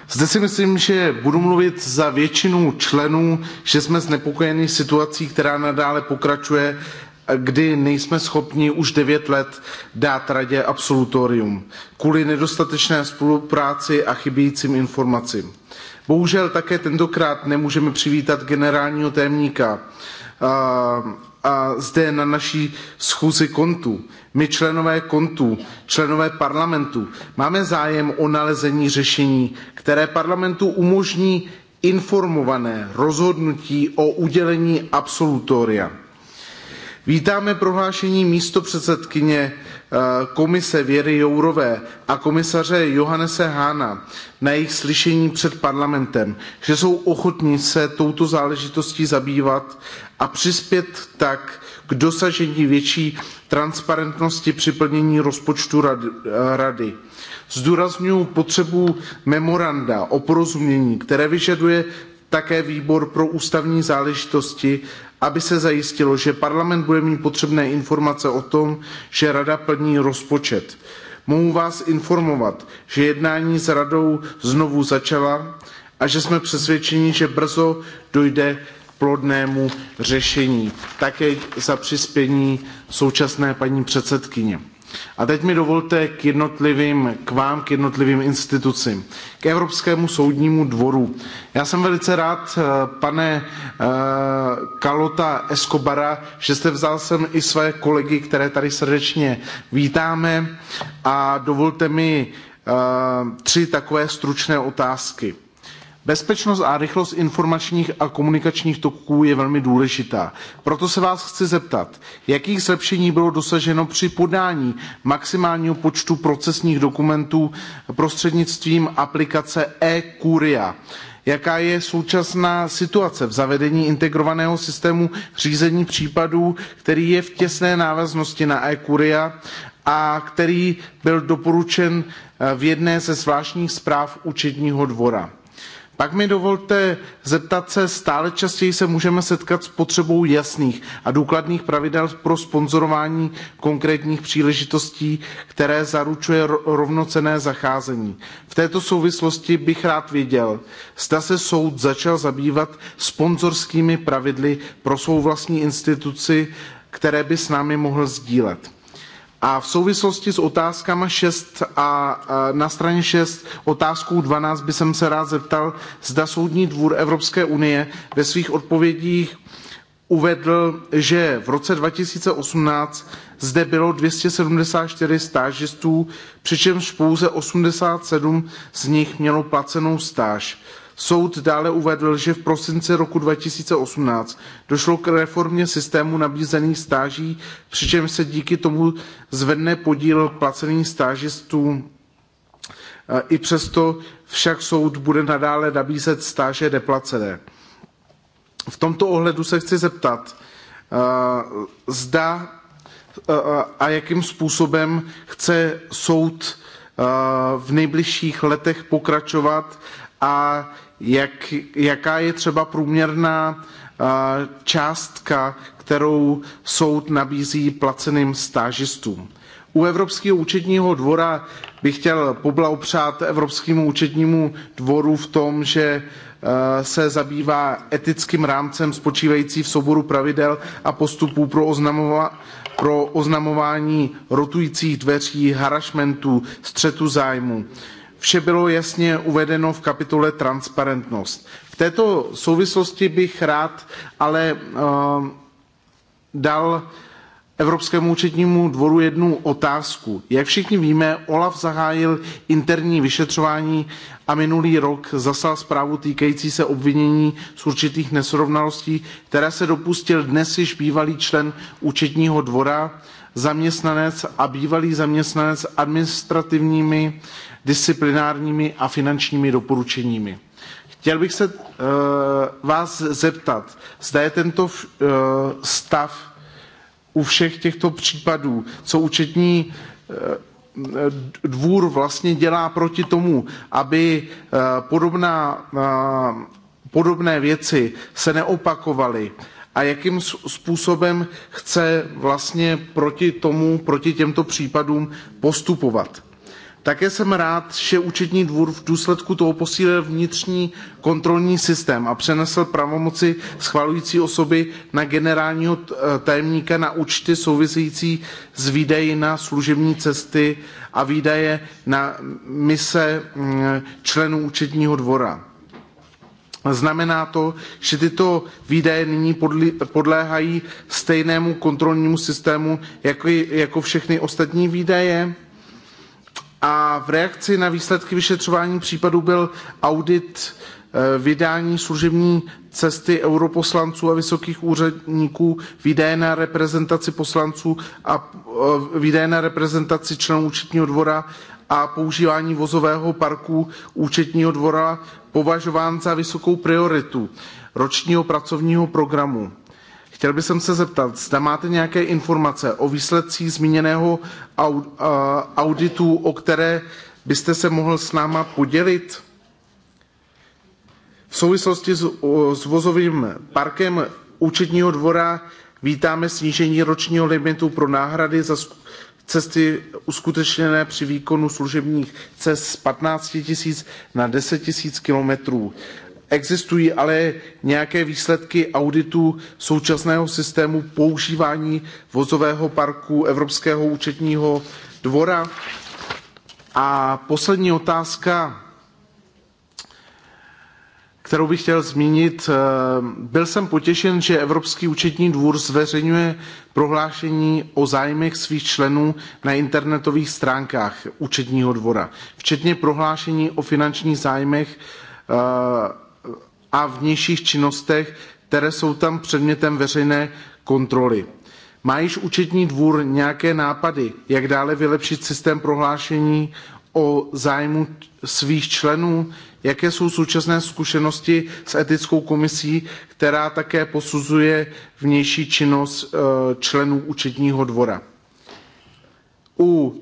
Zde si myslím, že budu mluvit za většinu členů, že jsme znepokojeni situací, která nadále pokračuje, kdy nejsme schopni už devět let dát radě absolutorium kvůli nedostatečné spolupráci a chybějícím informacím. Bohužel také tentokrát nemůžeme přivítat generálního témníka a, a zde na naší schůzi kontu. My členové kontu, členové parlamentu, máme zájem o nalezení řešení, které parlamentu umožní informované rozhodnutí o udělení absolutoria. Vítáme prohlášení místopředsedkyně předsedkyně Eh, komise Věry Jourové a komisaře Johannese Hahna na jejich slyšení před parlamentem, že jsou ochotni se touto záležitostí zabývat a přispět tak k dosažení větší transparentnosti při plnění rozpočtu Rady. Zdůrazňuji potřebu memoranda o porozumění, které vyžaduje také výbor pro ústavní záležitosti aby se zajistilo, že parlament bude mít potřebné informace o tom, že rada plní rozpočet. Mohu vás informovat, že jednání s radou znovu začala a že jsme přesvědčeni, že brzo dojde k plodnému řešení. Také za přispění současné paní předsedkyně. A teď mi dovolte k jednotlivým, k vám, k jednotlivým institucím, k Evropskému soudnímu dvoru. Já jsem velice rád, eh, pane eh, Kalota Escobara, že jste vzal sem i své kolegy, které tady srdečně vítáme a dovolte mi eh, tři takové stručné otázky bezpečnost a rychlost informačních a komunikačních toků je velmi důležitá proto se vás chci zeptat jakých zlepšení bylo dosaženo při podání maximálního počtu procesních dokumentů prostřednictvím aplikace e kuria jaká je současná situace v zavedení integrovaného systému řízení případů který je v těsné návaznosti na e kuria a který byl doporučen v jedné ze zvláštních zpráv účetního dvora pak mi dovolte zeptat se stále častěji se můžeme setkat s potřebou jasných a důkladných pravidel pro sponzorování konkrétních příležitostí které zaručuje rovnocenné zacházení. v této souvislosti bych rád věděl zda se soud začal zabývat sponzorskými pravidly pro svou vlastní instituci která by s námi mohl sdílet. A v souvislosti s otázkama 6 a na straně 6 otázkou 12 by jsem se rád zeptal, zda Soudní dvůr Evropské unie ve svých odpovědích uvedl, že v roce 2018 zde bylo 274 stážistů, přičemž pouze 87 z nich mělo placenou stáž. Soud dále uvedl, že v prosinci roku 2018 došlo k reformě systému nabízených stáží, přičemž se díky tomu zvedne podíl placených stážistů. E, I přesto však soud bude nadále nabízet stáže neplacené. V tomto ohledu se chci zeptat, e, zda e, a jakým způsobem chce soud v nejbližších letech pokračovat a jak, jaká je třeba průměrná částka, kterou soud nabízí placeným stážistům. U Evropského účetního dvora bych chtěl poblahopřát Evropskému účetnímu dvoru v tom, že se zabývá etickým rámcem spočívající v souboru pravidel a postupů pro, oznamova- pro oznamování rotujících dveří, harašmentů, střetu zájmu. Vše bylo jasně uvedeno v kapitole transparentnost. V této souvislosti bych rád ale eh, dal Evropskému účetnímu dvoru jednu otázku. Jak všichni víme, OLAF zahájil interní vyšetřování a minulý rok zaslal zprávu týkající se obvinění z určitých nesrovnalostí, které se dopustil dnes již bývalý člen účetního dvora, zaměstnanec a bývalý zaměstnanec administrativními disciplinárními a finančními doporučeními. Chtěl bych se eh, vás zeptat, zda je tento eh, stav u všech těchto případů, co účetní eh, dvůr vlastně dělá proti tomu, aby podobná, podobné věci se neopakovaly a jakým způsobem chce vlastně proti tomu, proti těmto případům postupovat. Také jsem rád, že účetní dvůr v důsledku toho posílil vnitřní kontrolní systém a přenesl pravomoci schvalující osoby na generálního eh, tajemníka na účty související s výdaji na služební cesty a výdaje na mise mm, členů účetního dvora. Znamená to, že tyto výdaje nyní podléhají stejnému kontrolnímu systému jako, jako všechny ostatní výdaje? a v reakci na výsledky vyšetřování případu byl audit eh, vydání služební cesty europoslanců a vysokých úředníků výdaje na reprezentaci poslanců a eh, výdaje na reprezentaci členů účetního dvora a používání vozového parku účetního dvora považován za vysokou prioritu ročního pracovního programu. Chtěl bych se zeptat, zda máte nějaké informace o výsledcích zmíněného auditu, o které byste se mohl s námi podělit? V souvislosti s, s vozovým parkem účetního dvora vítáme snížení ročního limitu pro náhrady za cesty uskutečněné při výkonu služebních cest z 15 000 na 10 000 kilometrů existují ale nějaké výsledky auditu současného systému používání vozového parku Evropského účetního dvora? A poslední otázka, kterou bych chtěl zmínit. Eh, byl jsem potěšen, že Evropský účetní dvůr zveřejňuje prohlášení o zájmech svých členů na internetových stránkách účetního dvora, včetně prohlášení o finančních zájmech eh, a vnějších činnostech, které jsou tam předmětem veřejné kontroly. Má již účetní dvůr nějaké nápady, jak dále vylepšit systém prohlášení o zájmu svých členů? Jaké jsou současné zkušenosti s etickou komisí, která také posuzuje vnější činnost eh, členů účetního dvora? U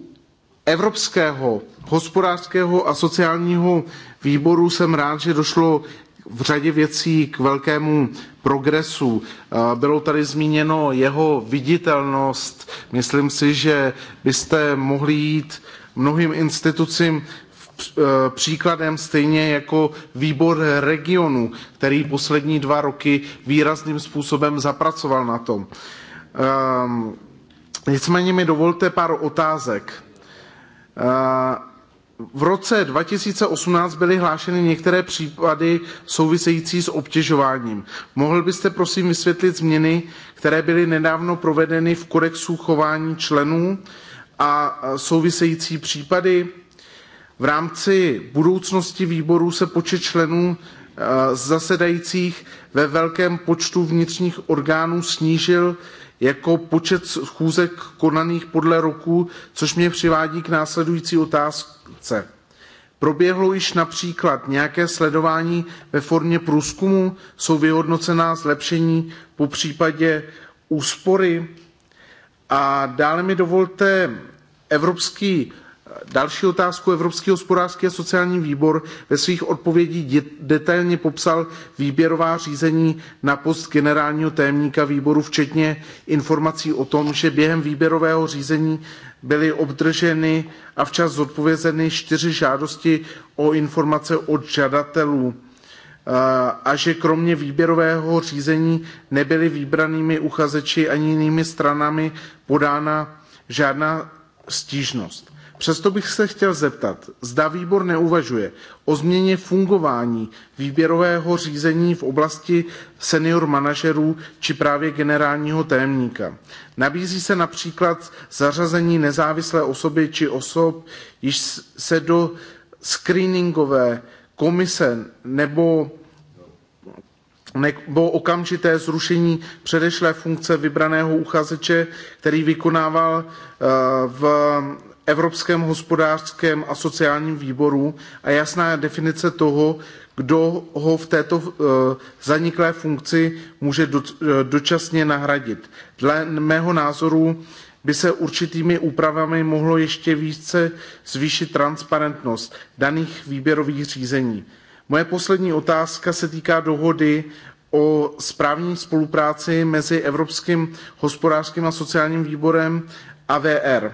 Evropského hospodářského a sociálního výboru jsem rád, že došlo v řadě věcí k velkému progresu. Eh, bylo tady zmíněno jeho viditelnost. Myslím si, že byste mohli jít mnohým institucím eh, příkladem stejně jako výbor regionů, který poslední dva roky výrazným způsobem zapracoval na tom. Ehm, nicméně mi dovolte pár otázek. Eh, v roce two thousand and eighteen byly hlášeny některé případy související s obtěžováním. mohl byste prosím vysvětlit změny které byly nedávno provedeny v kodexu chování členů a související případy? v rámci budoucnosti výboru se počet členů eh, zasedajících ve velkém počtu vnitřních orgánů snížil jako počet schůzek konaných podle roku což mě přivádí k následující otázce obce. Proběhlo již například nějaké sledování ve formě průzkumu, jsou vyhodnocená zlepšení, po případě úspory. A dále mi dovolte evropský Další otázku Evropský hospodářský a sociální výbor ve svých odpovědích detailně popsal výběrová řízení na post generálního tajemníka výboru, včetně informací o tom, že během výběrového řízení byly obdrženy a včas zodpovězeny čtyři žádosti o informace od žadatelů eh, a že kromě výběrového řízení nebyly vybranými uchazeči ani jinými stranami podána žádná stížnost. Přesto bych se chtěl zeptat, zda výbor neuvažuje o změně fungování výběrového řízení v oblasti senior manažerů či právě generálního tajemníka. Nabízí se například zařazení nezávislé osoby či osob, již se do screeningové komise nebo nebo okamžité zrušení předešlé funkce vybraného uchazeče, který vykonával eh, v Evropském hospodářském a sociálním výboru a jasná definice toho, kdo ho v této eh, zaniklé funkci může eh, dočasně nahradit. Dle mého názoru by se určitými úpravami mohlo ještě více zvýšit transparentnost daných výběrových řízení. Moje poslední otázka se týká dohody o správní spolupráci mezi Evropským hospodářským a sociálním výborem a VR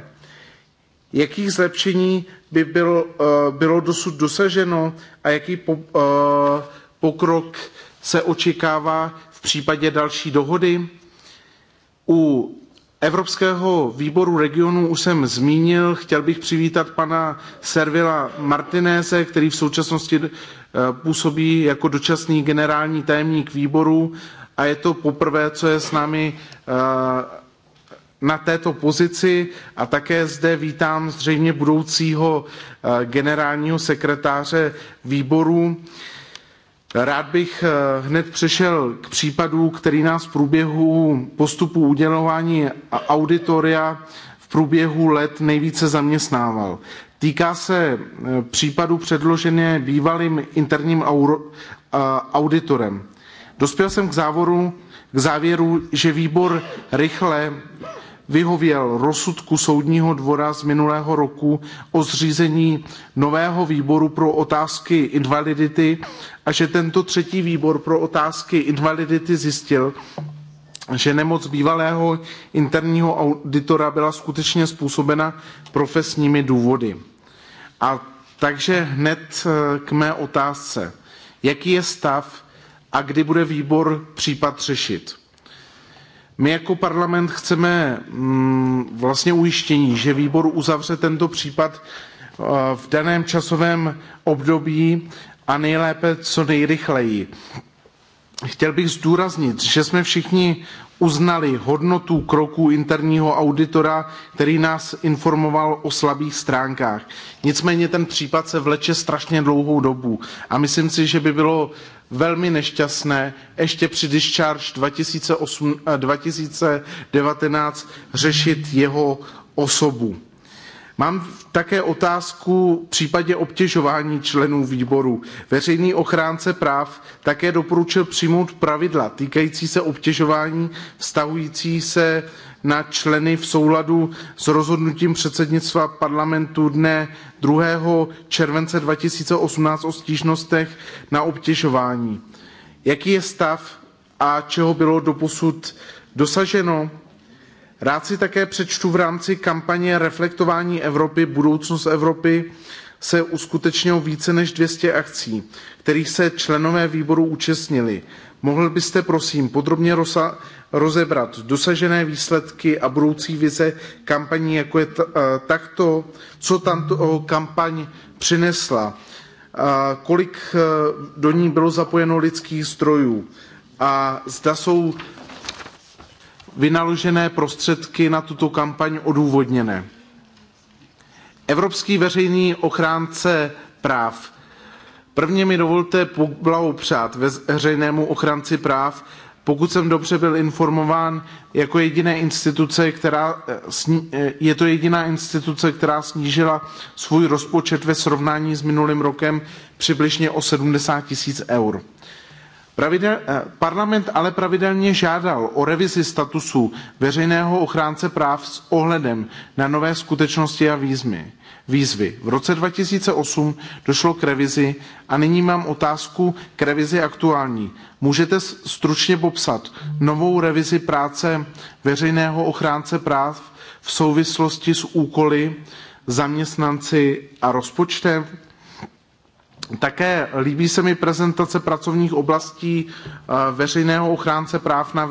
Jakých zlepšení by bylo, eh, bylo dosud dosaženo a jaký po, eh, pokrok se očekává v případě další dohody? U Evropského výboru regionů už jsem zmínil, chtěl bych přivítat pana Servila Martinéze, který v současnosti eh, působí jako dočasný generální tajemník výboru a je to poprvé, co je s námi na této pozici a také zde vítám zřejmě budoucího eh, generálního sekretáře výboru. Rád bych eh, hned přešel k případu, který nás v průběhu postupu udělování auditoria v průběhu let nejvíce zaměstnával. Týká se eh, případu předložené bývalým interním auditorem. Dospěl jsem k závěru, k závěru že výbor rychle vyhověl rozsudku soudního dvora z minulého roku o zřízení nového výboru pro otázky invalidity a že tento třetí výbor pro otázky invalidity zjistil, že nemoc bývalého interního auditora byla skutečně způsobena profesními důvody. A takže hned eh, k mé otázce. Jaký je stav a kdy bude výbor případ řešit? My jako parlament chceme mm, vlastně ujištění, že výbor uzavře tento případ eh, v daném časovém období a nejlépe co nejrychleji. Chtěl bych zdůraznit, že jsme všichni uznali hodnotu kroků interního auditora, který nás informoval o slabých stránkách. Nicméně ten případ se vleče strašně dlouhou dobu a myslím si, že by bylo velmi nešťastné ještě při discharge 2008, 2019 eh, řešit jeho osobu. Mám také otázku v případě obtěžování členů výboru. Veřejný ochránce práv také doporučil přijmout pravidla týkající se obtěžování vztahující se na členy v souladu s rozhodnutím předsednictva parlamentu dne 2. července 2018 o stížnostech na obtěžování. Jaký je stav a čeho bylo doposud dosaženo? Rád si také přečtu v rámci kampaně Reflektování Evropy, budoucnost Evropy se uskutečnilo více než 200 akcí, kterých se členové výboru účastnili. Mohl byste prosím podrobně rozebrat dosažené výsledky a budoucí vize kampaní, jako je eh, takto, co tato kampaň přinesla, kolik eh, do ní bylo zapojeno lidských zdrojů a zda jsou vynaložené prostředky na tuto kampaň odůvodněné. Evropský veřejný ochránce práv. Prvně mi dovolte poblahopřát veřejnému ochránci práv, pokud jsem dobře byl informován, jako jediné instituce, která, eh, eh, je to jediná instituce, která snížila svůj rozpočet ve srovnání s minulým rokem přibližně o 70 tisíc eur. Pravidel, eh, parlament ale pravidelně žádal o revizi statusu veřejného ochránce práv s ohledem na nové skutečnosti a výzmy. výzvy. V roce 2008 došlo k revizi a nyní mám otázku k revizi aktuální. Můžete stručně popsat novou revizi práce veřejného ochránce práv v souvislosti s úkoly, zaměstnanci a rozpočtem? Také líbí se mi prezentace pracovních oblastí eh, veřejného ochránce práv na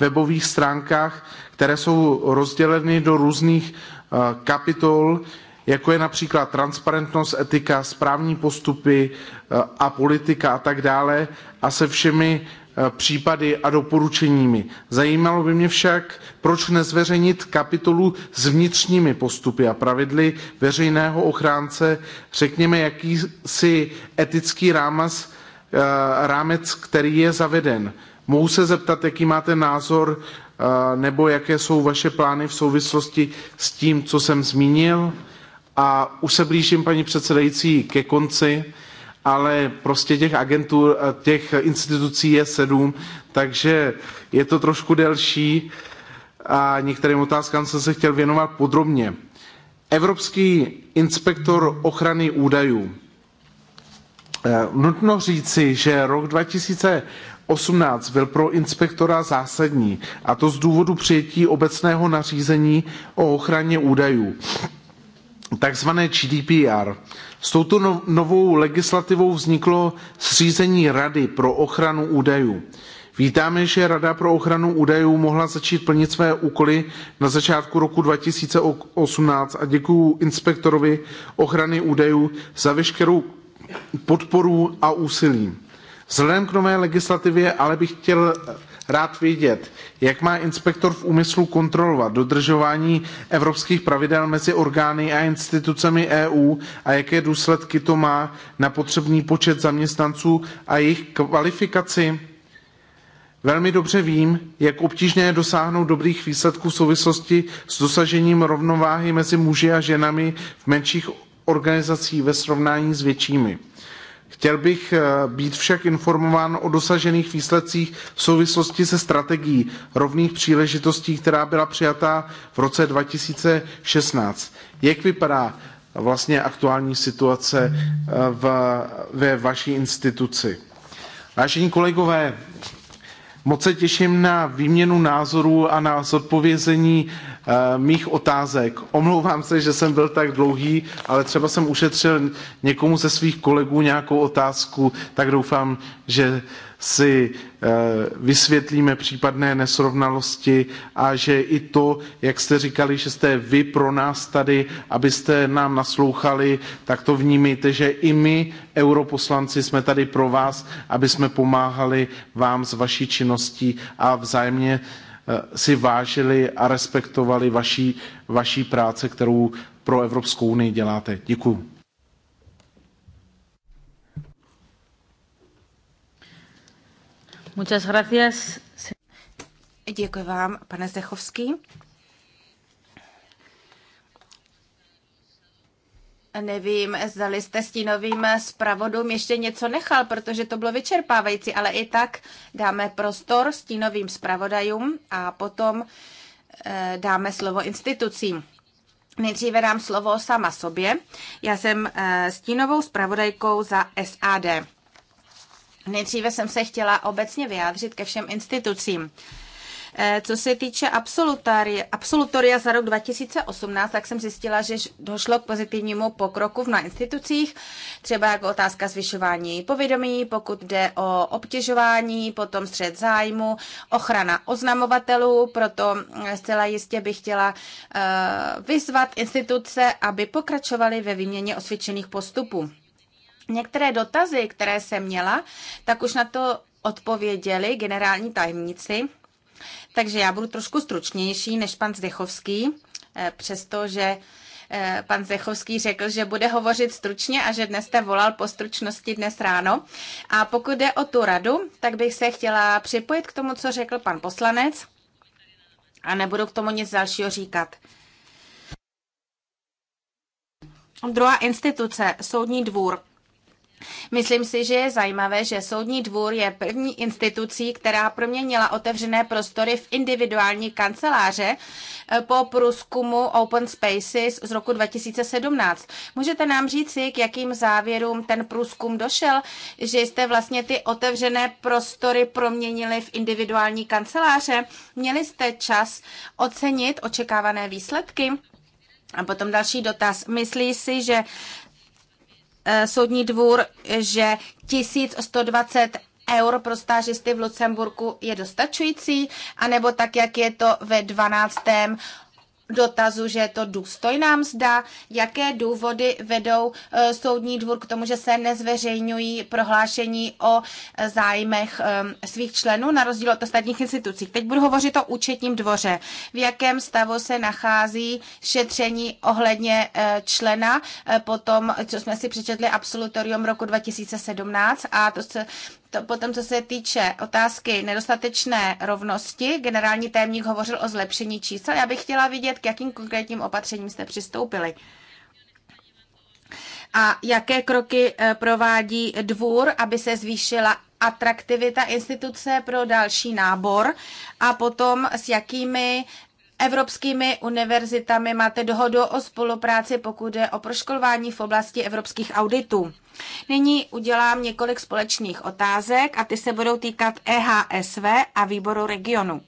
webových stránkách, které jsou rozděleny do různých eh, kapitol, jako je například transparentnost, etika, správní postupy eh, a politika a tak dále a se všemi Eh, případy a doporučeními. Zajímalo by mě však, proč nezveřejnit kapitolu s vnitřními postupy a pravidly veřejného ochránce, řekněme jakýsi etický rámec, eh, rámec který je zaveden. Mohu se zeptat, jaký máte názor eh, nebo jaké jsou vaše plány v souvislosti s tím, co jsem zmínil? A už se blížím, paní předsedající, ke konci ale prostě těch agentů, eh, těch institucí je sedm, takže je to trošku delší a některým otázkám jsem se chtěl věnovat podrobně. Evropský inspektor ochrany údajů. Eh, nutno říci, že rok 2018 byl pro inspektora zásadní, a to z důvodu přijetí obecného nařízení o ochraně údajů takzvané GDPR. S touto no, novou legislativou vzniklo zřízení Rady pro ochranu údajů. Vítáme, že Rada pro ochranu údajů mohla začít plnit své úkoly na začátku roku 2018 a děkuji inspektorovi ochrany údajů za veškerou podporu a úsilí. Vzhledem k nové legislativě ale bych chtěl rád vědět, jak má inspektor v úmyslu kontrolovat dodržování evropských pravidel mezi orgány a institucemi EU a jaké důsledky to má na potřebný počet zaměstnanců a jejich kvalifikaci. Velmi dobře vím, jak obtížné je dosáhnout dobrých výsledků v souvislosti s dosažením rovnováhy mezi muži a ženami v menších organizacích ve srovnání s většími Chtěl bych eh, být však informován o dosažených výsledcích v souvislosti se strategií rovných příležitostí, která byla přijata v roce 2016. Jak vypadá vlastně aktuální situace eh, v, ve vaší instituci? Vážení kolegové, moc se těším na výměnu názorů a na zodpovězení Eh, mých otázek. Omlouvám se, že jsem byl tak dlouhý, ale třeba jsem ušetřil někomu ze svých kolegů nějakou otázku, tak doufám, že si eh, vysvětlíme případné nesrovnalosti a že i to, jak jste říkali, že jste vy pro nás tady, abyste nám naslouchali, tak to vnímejte, že i my, europoslanci, jsme tady pro vás, aby jsme pomáhali vám s vaší činností a vzájemně Eh, si vážili a respektovali vaší, vaší práce, kterou pro Evropskou unii děláte. Děkuji. Muchas gracias. Děkuji vám, pane Zdechovský. Nevím, zdali jste stínovým zpravodům ještě něco nechal, protože to bylo vyčerpávající, ale i tak dáme prostor stínovým zpravodajům a potom eh, dáme slovo institucím. Nejdříve dám slovo sama sobě. Já jsem eh, stínovou zpravodajkou za SAD. Nejdříve jsem se chtěla obecně vyjádřit ke všem institucím. Eh, co se týče absolutoria za rok 2018, tak jsem zjistila, že došlo k pozitivnímu pokroku na institucích, třeba jako otázka zvyšování povědomí, pokud jde o obtěžování, potom střed zájmu, ochrana oznamovatelů, proto mm, zcela jistě bych chtěla eh, vyzvat instituce, aby pokračovaly ve výměně osvědčených postupů. Některé dotazy, které jsem měla, tak už na to odpověděli generální tajemníci takže já budu trošku stručnější než pan Zdechovský, eh, přestože eh, pan Zdechovský řekl, že bude hovořit stručně a že dnes jste volal po stručnosti dnes ráno. A pokud jde o tu radu, tak bych se chtěla připojit k tomu, co řekl pan poslanec a nebudu k tomu nic dalšího říkat. Druhá instituce, soudní dvůr. Myslím si, že je zajímavé, že Soudní dvůr je první institucí, která proměnila otevřené prostory v individuální kanceláře eh, po průzkumu Open Spaces z roku 2017. Můžete nám říci, k jakým závěrům ten průzkum došel, že jste vlastně ty otevřené prostory proměnili v individuální kanceláře? Měli jste čas ocenit očekávané výsledky? A potom další dotaz. Myslí si, že Eh, soudní dvůr, že 1120 eur pro stážisty v Lucemburku je dostačující, anebo tak, jak je to ve 12 dotazu, že je to důstojná mzda, jaké důvody vedou e, soudní dvůr k tomu, že se nezveřejňují prohlášení o e, zájmech e, svých členů na rozdíl od ostatních institucí. Teď budu hovořit o účetním dvoře. V jakém stavu se nachází šetření ohledně člena, potom, co jsme si přečetli, absolutorium roku 2017 a to se to potom, co se týče otázky nedostatečné rovnosti, generální témník hovořil o zlepšení čísel. Já bych chtěla vidět, k jakým konkrétním opatřením jste přistoupili. A jaké kroky eh, provádí dvůr, aby se zvýšila atraktivita instituce pro další nábor a potom s jakými evropskými univerzitami máte dohodu o spolupráci, pokud je o proškolování v oblasti evropských auditů. Nyní udělám několik společných otázek a ty se budou týkat EHSV a výboru regionu.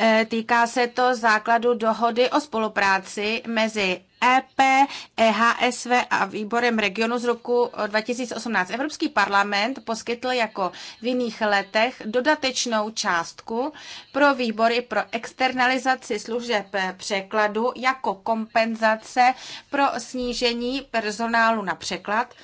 E, týká se to základu dohody o spolupráci mezi EP, EHSV a výborem regionu z roku 2018. Eh, Evropský parlament poskytl jako v jiných letech dodatečnou částku pro výbory pro externalizaci služeb eh, překladu jako kompenzace pro snížení personálu na překlad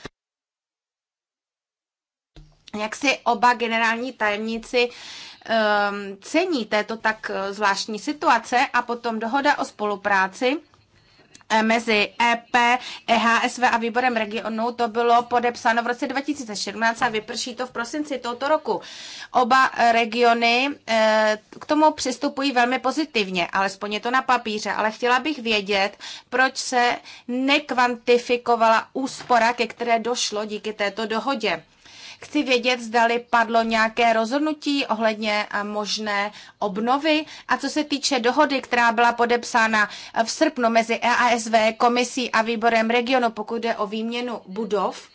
jak si oba generální tajemníci um, cení této tak eh, zvláštní situace a potom dohoda o spolupráci E, mezi EP, EHSV a výborem regionu. To bylo podepsáno v roce 2017 a vyprší to v prosinci tohoto roku. Oba regiony e, k tomu přistupují velmi pozitivně, alespoň je to na papíře, ale chtěla bych vědět, proč se nekvantifikovala úspora, ke které došlo díky této dohodě. Chci vědět, zdali padlo nějaké rozhodnutí ohledně eh, možné obnovy. A co se týče dohody, která byla podepsána eh, v srpnu mezi EASV, komisí a výborem regionu, pokud jde o výměnu budov,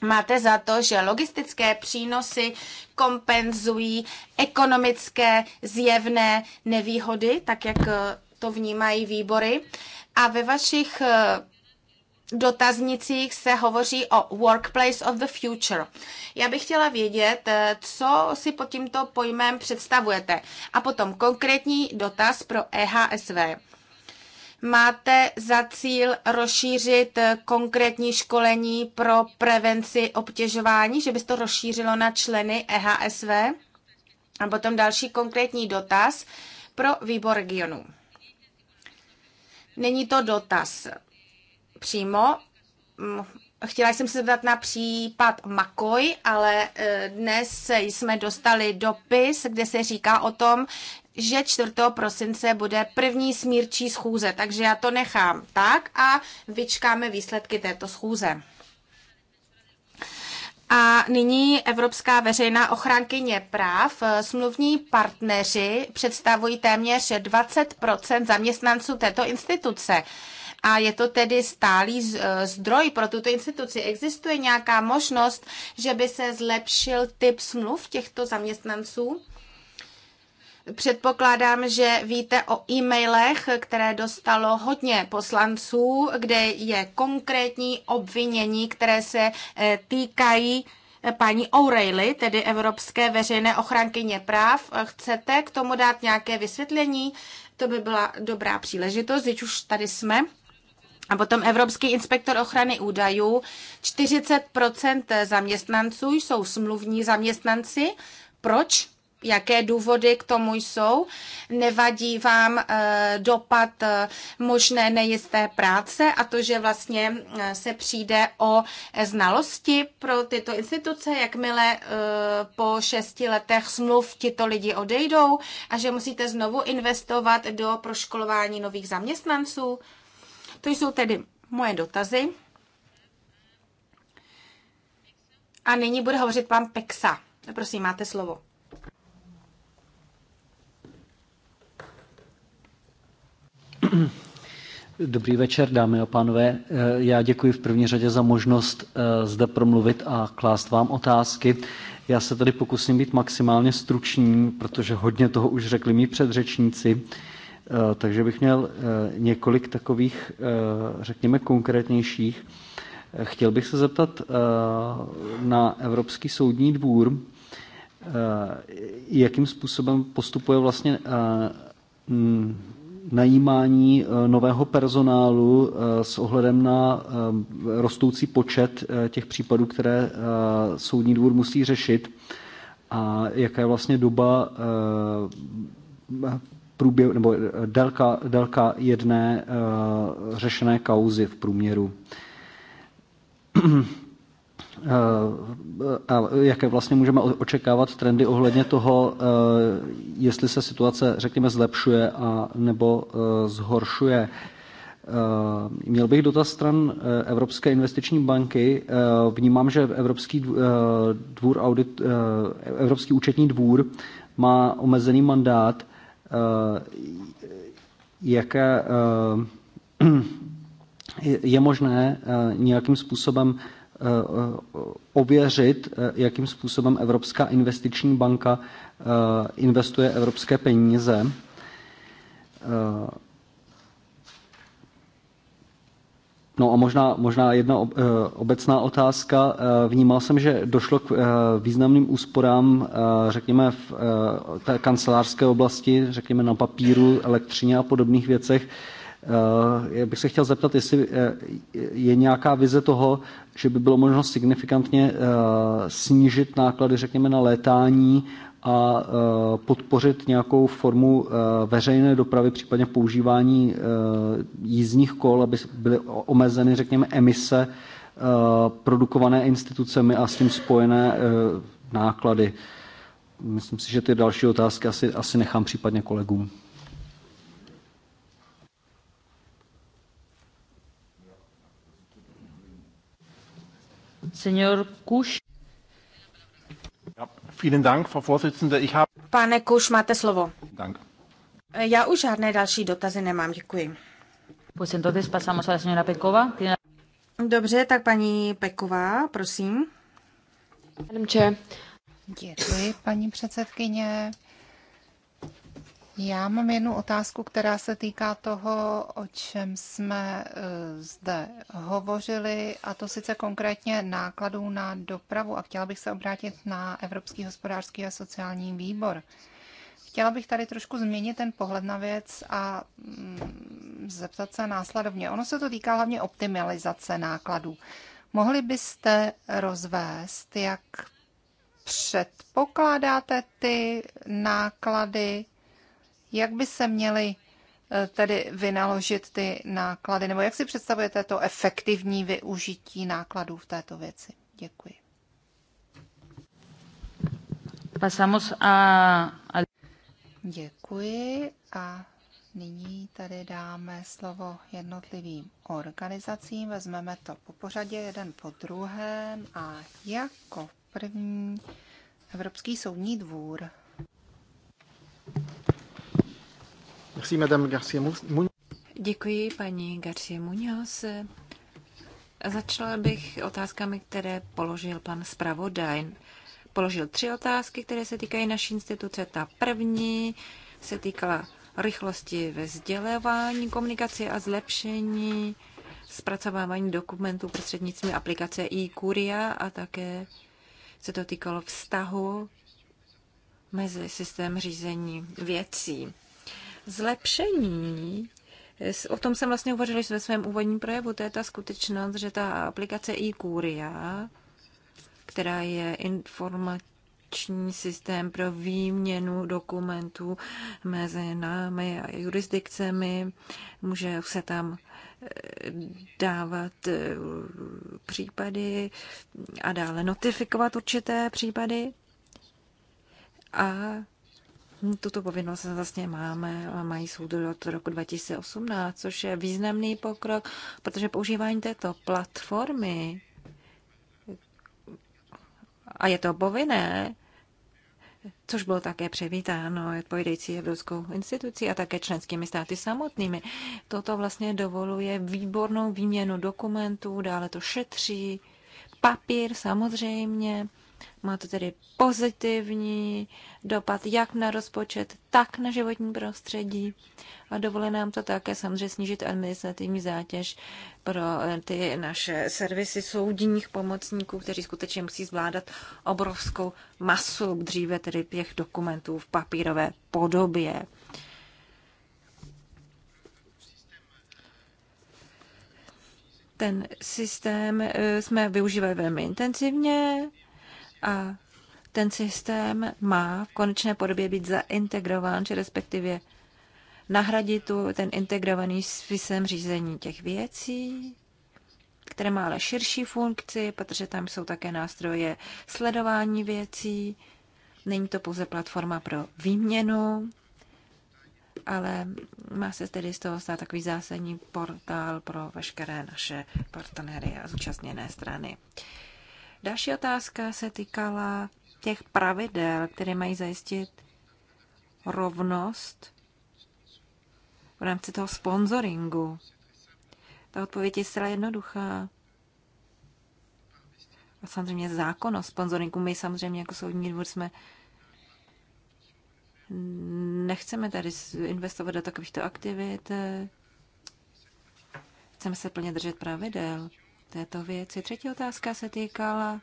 Máte za to, že logistické přínosy kompenzují ekonomické zjevné nevýhody, tak jak eh, to vnímají výbory. A ve vašich dotaznicích se hovoří o workplace of the future. Já bych chtěla vědět, eh, co si pod tímto pojmem představujete. A potom konkrétní dotaz pro EHSV. Máte za cíl rozšířit eh, konkrétní školení pro prevenci obtěžování, že by to rozšířilo na členy EHSV? A potom další konkrétní dotaz pro výbor regionu. Není to dotaz přímo. Mm, chtěla jsem se zeptat na případ Makoj, ale e, dnes jsme dostali dopis, kde se říká o tom, že 4. prosince bude první smírčí schůze, takže já to nechám tak a vyčkáme výsledky této schůze. A nyní Evropská veřejná ochránkyně práv. E, smluvní partneři představují téměř 20 zaměstnanců této instituce a je to tedy stálý eh, zdroj pro tuto instituci. Existuje nějaká možnost, že by se zlepšil typ smluv těchto zaměstnanců? Předpokládám, že víte o e-mailech, které dostalo hodně poslanců, kde je konkrétní obvinění, které se eh, týkají eh, paní O'Reilly, tedy Evropské veřejné ochránkyně práv. Chcete k tomu dát nějaké vysvětlení? To by byla dobrá příležitost, když už tady jsme. A potom Evropský inspektor ochrany údajů. 40 zaměstnanců jsou smluvní zaměstnanci. Proč? Jaké důvody k tomu jsou? Nevadí vám eh, dopad eh, možné nejisté práce a to, že vlastně eh, se přijde o znalosti pro tyto instituce, jakmile po šesti letech smluv tito lidi odejdou a že musíte znovu investovat do proškolování nových zaměstnanců? To jsou tedy moje dotazy. A nyní bude hovořit pan Pexa. Prosím, máte slovo. Dobrý večer, dámy a pánové. Já děkuji v první řadě za možnost eh, zde promluvit a klást vám otázky. Já se tady pokusím být maximálně stručný, protože hodně toho už řekli mý předřečníci. Eh, takže bych měl eh, několik takových, eh, řekněme, konkrétnějších. Chtěl bych se zeptat na Evropský soudní dvůr, jakým způsobem postupuje vlastně najímání nového personálu s ohledem na rostoucí počet těch případů, které soudní dvůr musí řešit a jaká je vlastně doba průběhu, nebo eh, délka, délka jedné uh, řešené kauzy v průměru. Eh, a jaké vlastně můžeme očekávat trendy ohledně toho, jestli se situace, řekněme, zlepšuje a nebo zhoršuje. Měl bych dotaz stran Evropské investiční banky. Vnímám, že Evropský dvůr audit, Evropský účetní dvůr má omezený mandát. Eh, jaké eh, je možné eh, nějakým způsobem ověřit, jakým způsobem Evropská investiční banka investuje evropské peníze. No a možná, možná jedna eh, obecná otázka. Eh, vnímal jsem, že došlo k eh, významným úsporám, řekněme, v té kancelářské oblasti, řekněme na papíru, elektřině a podobných věcech. Já bych se chtěl zeptat, jestli je nějaká vize toho, že by bylo možno signifikantně snížit náklady, řekněme, na létání a e, podpořit nějakou formu e, veřejné dopravy, případně používání e, jízdních kol, aby byly omezeny, řekněme, emise produkované institucemi a s tím spojené náklady. Myslím si, že ty další otázky asi, asi nechám případně kolegům. Senior Kuš. Pane Kuš, máte slovo. Dank. Já už žádné další dotazy nemám, děkuji. Pues entonces pasamos a la señora Pekova. Dobře, tak paní Peková, prosím. Děkuji, paní předsedkyně. Já mám jednu otázku, která se týká toho, o čem jsme eh, zde hovořili, a to sice konkrétně nákladů na dopravu. A chtěla bych se obrátit na Evropský hospodářský a sociální výbor. Chtěla bych tady trošku změnit ten pohled na věc a mm, zeptat se následovně. Ono se to týká hlavně optimalizace nákladů. Mohli byste rozvést, jak předpokládáte ty náklady jak by se měly eh, tedy vynaložit ty náklady, nebo jak si představujete to efektivní využití nákladů v této věci? Děkuji. Pasamos a... Děkuji a nyní tady dáme slovo jednotlivým organizacím. Vezmeme to po pořadě jeden po druhém a jako první Evropský soudní dvůr. Merci, Madame Garcia Děkuji, paní Garcia Munoz. Začala bych otázkami, které položil pan zpravodaj. Položil tři otázky, které se týkají naší instituce. Ta první se týkala rychlosti ve sdělování, komunikaci a zlepšení zpracovávání dokumentů prostřednictvím aplikace e a také se to týkalo vztahu mezi systém řízení věcí zlepšení o tom jsem vlastně uvařila ve svém úvodním projevu, to je ta skutečnost, že ta aplikace e která je informační systém pro výměnu dokumentů mezi námi a jurisdikcemi, může se tam eh, dávat eh, případy a dále notifikovat určité případy. A tuto povinnost vlastně máme, mají soudy od roku 2018, což je významný pokrok, protože používání této platformy a je to povinné, což bylo také převítáno odpovídající Evropskou institucí a také členskými státy samotnými. Toto vlastně dovoluje výbornou výměnu dokumentů, dále to šetří, papír samozřejmě, má to tedy pozitivní dopad jak na rozpočet, tak na životní prostředí a dovolí nám to také samozřejmě snížit administrativní zátěž pro eh, ty naše servisy soudních pomocníků, kteří skutečně musí zvládat obrovskou masu dříve tedy těch dokumentů v papírové podobě. Ten systém eh, jsme využívali velmi intenzivně, a ten systém má v konečné podobě být zaintegrován, či respektive nahradit tu, ten integrovaný systém řízení těch věcí, které má ale širší funkci, protože tam jsou také nástroje sledování věcí. Není to pouze platforma pro výměnu, ale má se tedy z toho stát takový zásadní portál pro veškeré naše partnery a zúčastněné strany. Další otázka se týkala těch pravidel, které mají zajistit rovnost v rámci toho sponsoringu. Ta odpověď je zcela jednoduchá. A samozřejmě zákon o sponsoringu. My samozřejmě jako soudní dvůr jsme nechceme tady investovat do takovýchto aktivit. Chceme se plně držet pravidel této věci. Třetí otázka se týkala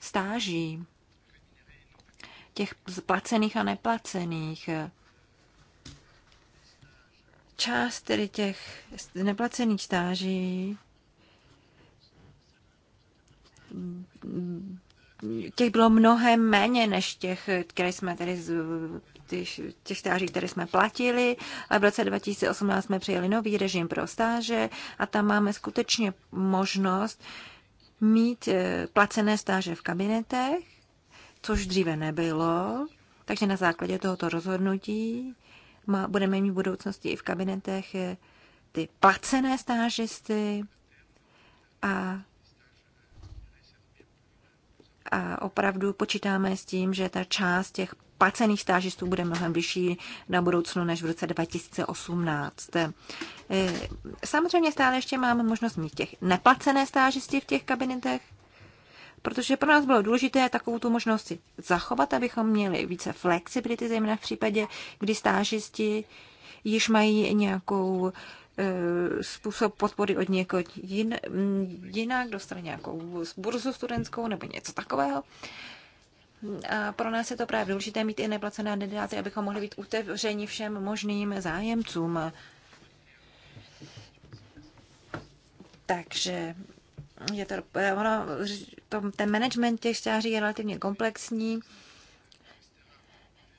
stáží, těch placených a neplacených. Část tedy těch neplacených stáží těch bylo mnohem méně než těch, které jsme tedy těch, těch stáží, které jsme platili, ale v roce 2018 jsme přijeli nový režim pro stáže a tam máme skutečně možnost mít eh, placené stáže v kabinetech, což dříve nebylo. Takže na základě tohoto rozhodnutí má, budeme mít v budoucnosti i v kabinetech eh, ty placené stážisty a a opravdu počítáme s tím, že ta část těch placených stážistů bude mnohem vyšší na budoucnu než v roce 2018. Eh, samozřejmě stále ještě máme možnost mít těch neplacené stážisty v těch kabinetech, protože pro nás bylo důležité takovou tu možnost si zachovat, abychom měli více flexibility, zejména v případě, kdy stážisti již mají nějakou eh, způsob podpory od někoho jin, jinak, dostane nějakou burzu studentskou nebo něco takového. A pro nás je to právě důležité mít i neplacené kandidáty, abychom mohli být otevřeni všem možným zájemcům. Takže je to, ono, to, ten management těch stáří je relativně komplexní.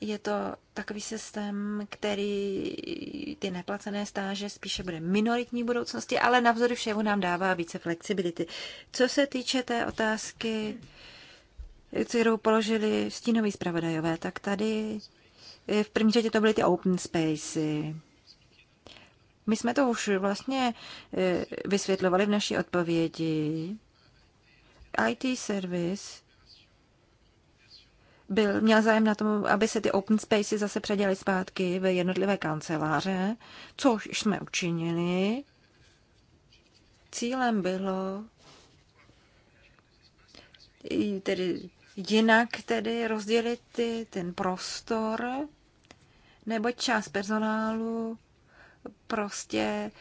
Je to takový systém, který ty neplacené stáže spíše bude minoritní v budoucnosti, ale navzory všemu nám dává více flexibility. Co se týče té otázky, kterou položili stínoví zpravodajové, tak tady eh, v první řadě to byly ty open spacey. My jsme to už vlastně eh, vysvětlovali v naší odpovědi. IT service byl, měl zájem na tom, aby se ty open spacey zase předěly zpátky ve jednotlivé kanceláře, což jsme učinili. Cílem bylo tedy jinak tedy rozdělit ty, ten prostor, nebo část personálu prostě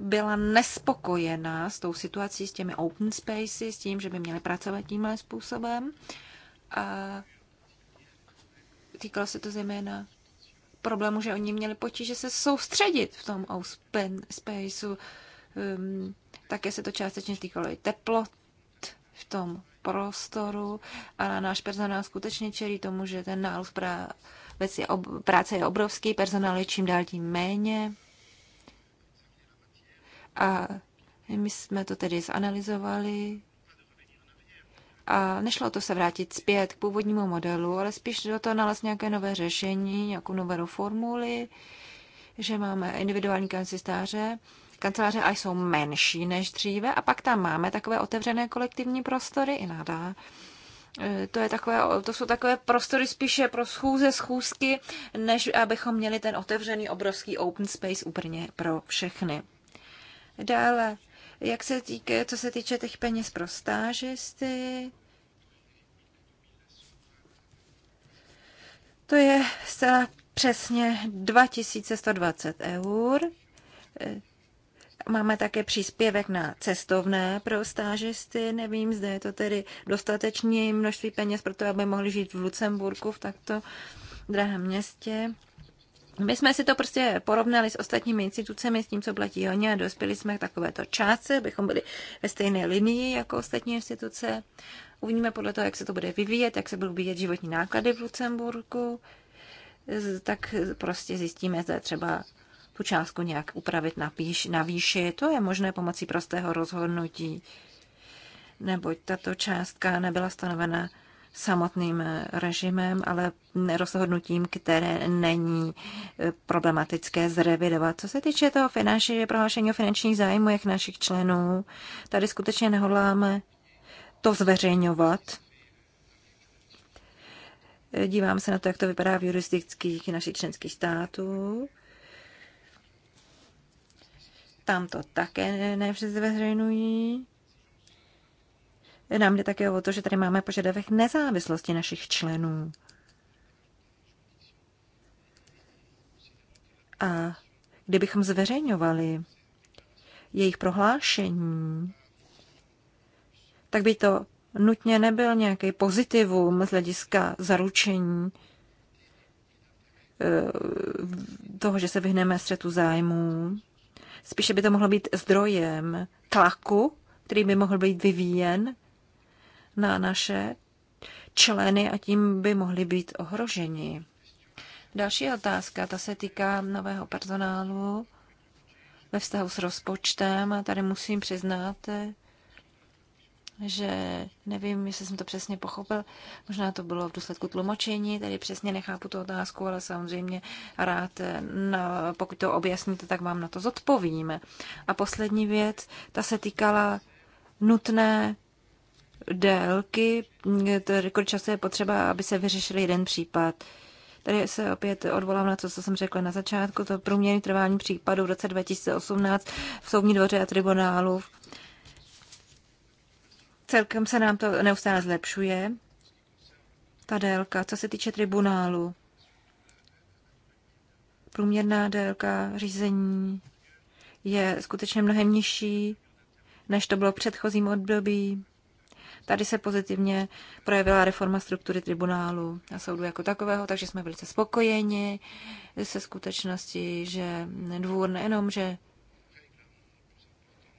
byla nespokojená s tou situací, s těmi open spaces, s tím, že by měli pracovat tímhle způsobem. A týkalo se to zejména problému, že oni měli potíže se soustředit v tom open spaceu. Um, také se to částečně týkalo i teplot v tom prostoru a náš personál skutečně čelí tomu, že ten nárůst prá- je ob- práce je obrovský, personál je čím dál tím méně. A my jsme to tedy zanalizovali a nešlo to se vrátit zpět k původnímu modelu, ale spíš do toho nalézt nějaké nové řešení, nějakou novou formuli, že máme individuální kancistáře, kanceláře a jsou menší než dříve a pak tam máme takové otevřené kolektivní prostory i nadá. E, to, je takové, to jsou takové prostory spíše pro schůze, schůzky, než abychom měli ten otevřený obrovský open space úplně pro všechny. Dále, jak se týká, co se týče těch peněz pro stážisty, to je zcela přesně 2120 eur. E, Máme také příspěvek na cestovné pro stážisty. Nevím, zda je to tedy dostatečné množství peněz pro to, aby mohli žít v Lucemburku, v takto drahém městě. My jsme si to prostě porovnali s ostatními institucemi, s tím, co platí oni a dospěli jsme k takovéto částce, abychom byli ve stejné linii jako ostatní instituce. Uvidíme podle toho, jak se to bude vyvíjet, jak se budou vyvíjet životní náklady v Lucemburku, tak prostě zjistíme, zda třeba tu částku nějak upravit na, píš, na výši. To je možné pomocí prostého rozhodnutí, neboť tato částka nebyla stanovena samotným eh, režimem, ale rozhodnutím, které není eh, problematické zrevidovat. Co se týče toho finanční, prohlášení o finančních zájmu jak našich členů, tady skutečně nehodláme to zveřejňovat. Eh, Dívám se na to, jak to vypadá v juristických našich členských států tam to také ne zveřejnují. Nám jde také o to, že tady máme požadavek nezávislosti našich členů. A kdybychom zveřejňovali jejich prohlášení, tak by to nutně nebyl nějaký pozitivum z hlediska zaručení eh, toho, že se vyhneme střetu zájmů Spíše by to mohlo být zdrojem tlaku, který by mohl být vyvíjen na naše členy a tím by mohli být ohroženi. Další otázka, ta se týká nového personálu ve vztahu s rozpočtem. A tady musím přiznat, že nevím, jestli jsem to přesně pochopil, možná to bylo v důsledku tlumočení, tady přesně nechápu tu otázku, ale samozřejmě rád, no, pokud to objasníte, tak vám na to zodpovíme. A poslední věc, ta se týkala nutné délky, mm, tedy kolik času je potřeba, aby se vyřešil jeden případ. Tady se opět odvolám na to, co jsem řekla na začátku, to průměrný trvání případu v roce 2018 v soudní dvoře a tribunálu celkem se nám to neustále zlepšuje, ta délka, co se týče tribunálu. Průměrná délka řízení je skutečně mnohem nižší, než to bylo v předchozím období. Tady se pozitivně projevila reforma struktury tribunálu a soudu jako takového, takže jsme velice spokojeni se skutečností, že dvůr nejenom, že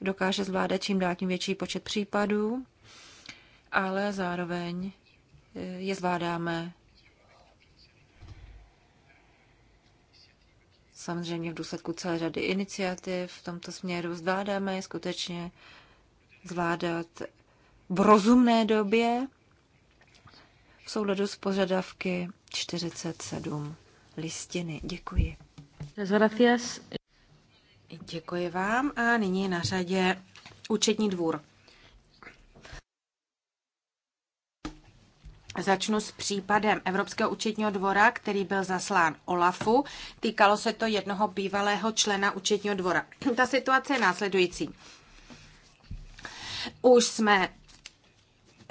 dokáže zvládat čím dál tím větší počet případů, ale zároveň eh, je zvládáme samozřejmě v důsledku celé řady iniciativ v tomto směru. Zvládáme je skutečně zvládat v rozumné době v souladu s požadavky 47 listiny. Děkuji. Gracias. Děkuji vám a nyní na řadě účetní dvůr. Začnu s případem Evropského účetního dvora, který byl zaslán Olafu. Týkalo se to jednoho bývalého člena účetního dvora. Ta situace je následující. Už jsme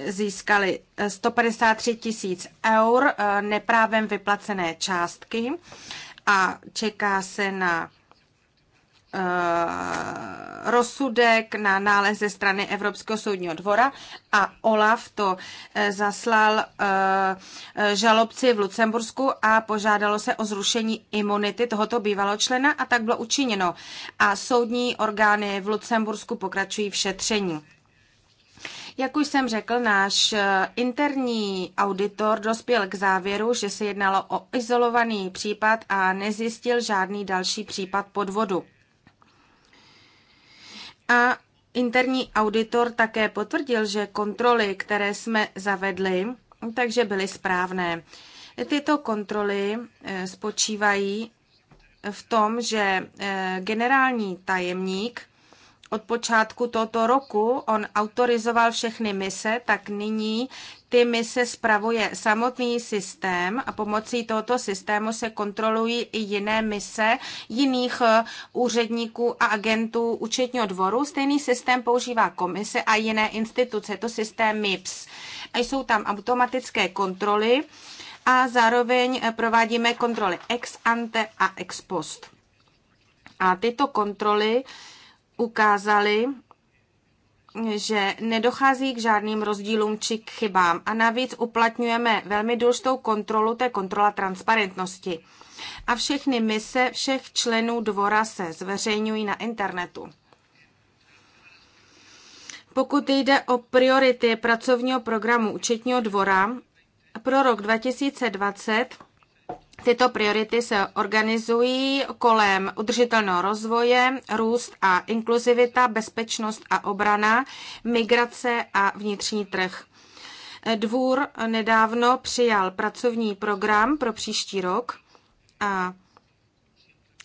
získali 153 eh, tisíc eur eh, neprávem vyplacené částky a čeká se na Eh, rozsudek na nález ze strany Evropského soudního dvora a Olaf to eh, zaslal eh, žalobci v Lucembursku a požádalo se o zrušení imunity tohoto bývalého člena a tak bylo učiněno. A soudní orgány v Lucembursku pokračují v šetření. Jak už jsem řekl, náš interní auditor dospěl k závěru, že se jednalo o izolovaný případ a nezjistil žádný další případ podvodu. A interní auditor také potvrdil, že kontroly, které jsme zavedli, takže byly správné. Tyto kontroly eh, spočívají v tom, že eh, generální tajemník od počátku tohoto roku on autorizoval všechny mise, tak nyní ty mise spravuje samotný systém a pomocí tohoto systému se kontrolují i jiné mise jiných eh, úředníků a agentů účetního dvoru. Stejný systém používá komise a jiné instituce, to systém MIPS. A jsou tam automatické kontroly a zároveň eh, provádíme kontroly ex ante a ex post. A tyto kontroly ukázaly, že nedochází k žádným rozdílům či k chybám. A navíc uplatňujeme velmi důležitou kontrolu, to je kontrola transparentnosti. A všechny mise všech členů dvora se zveřejňují na internetu. Pokud jde o priority pracovního programu účetního dvora pro rok 2020, tyto priority se organizují kolem udržitelného rozvoje, růst a inkluzivita, bezpečnost a obrana, migrace a vnitřní trh. Dvůr nedávno přijal pracovní program pro příští rok a,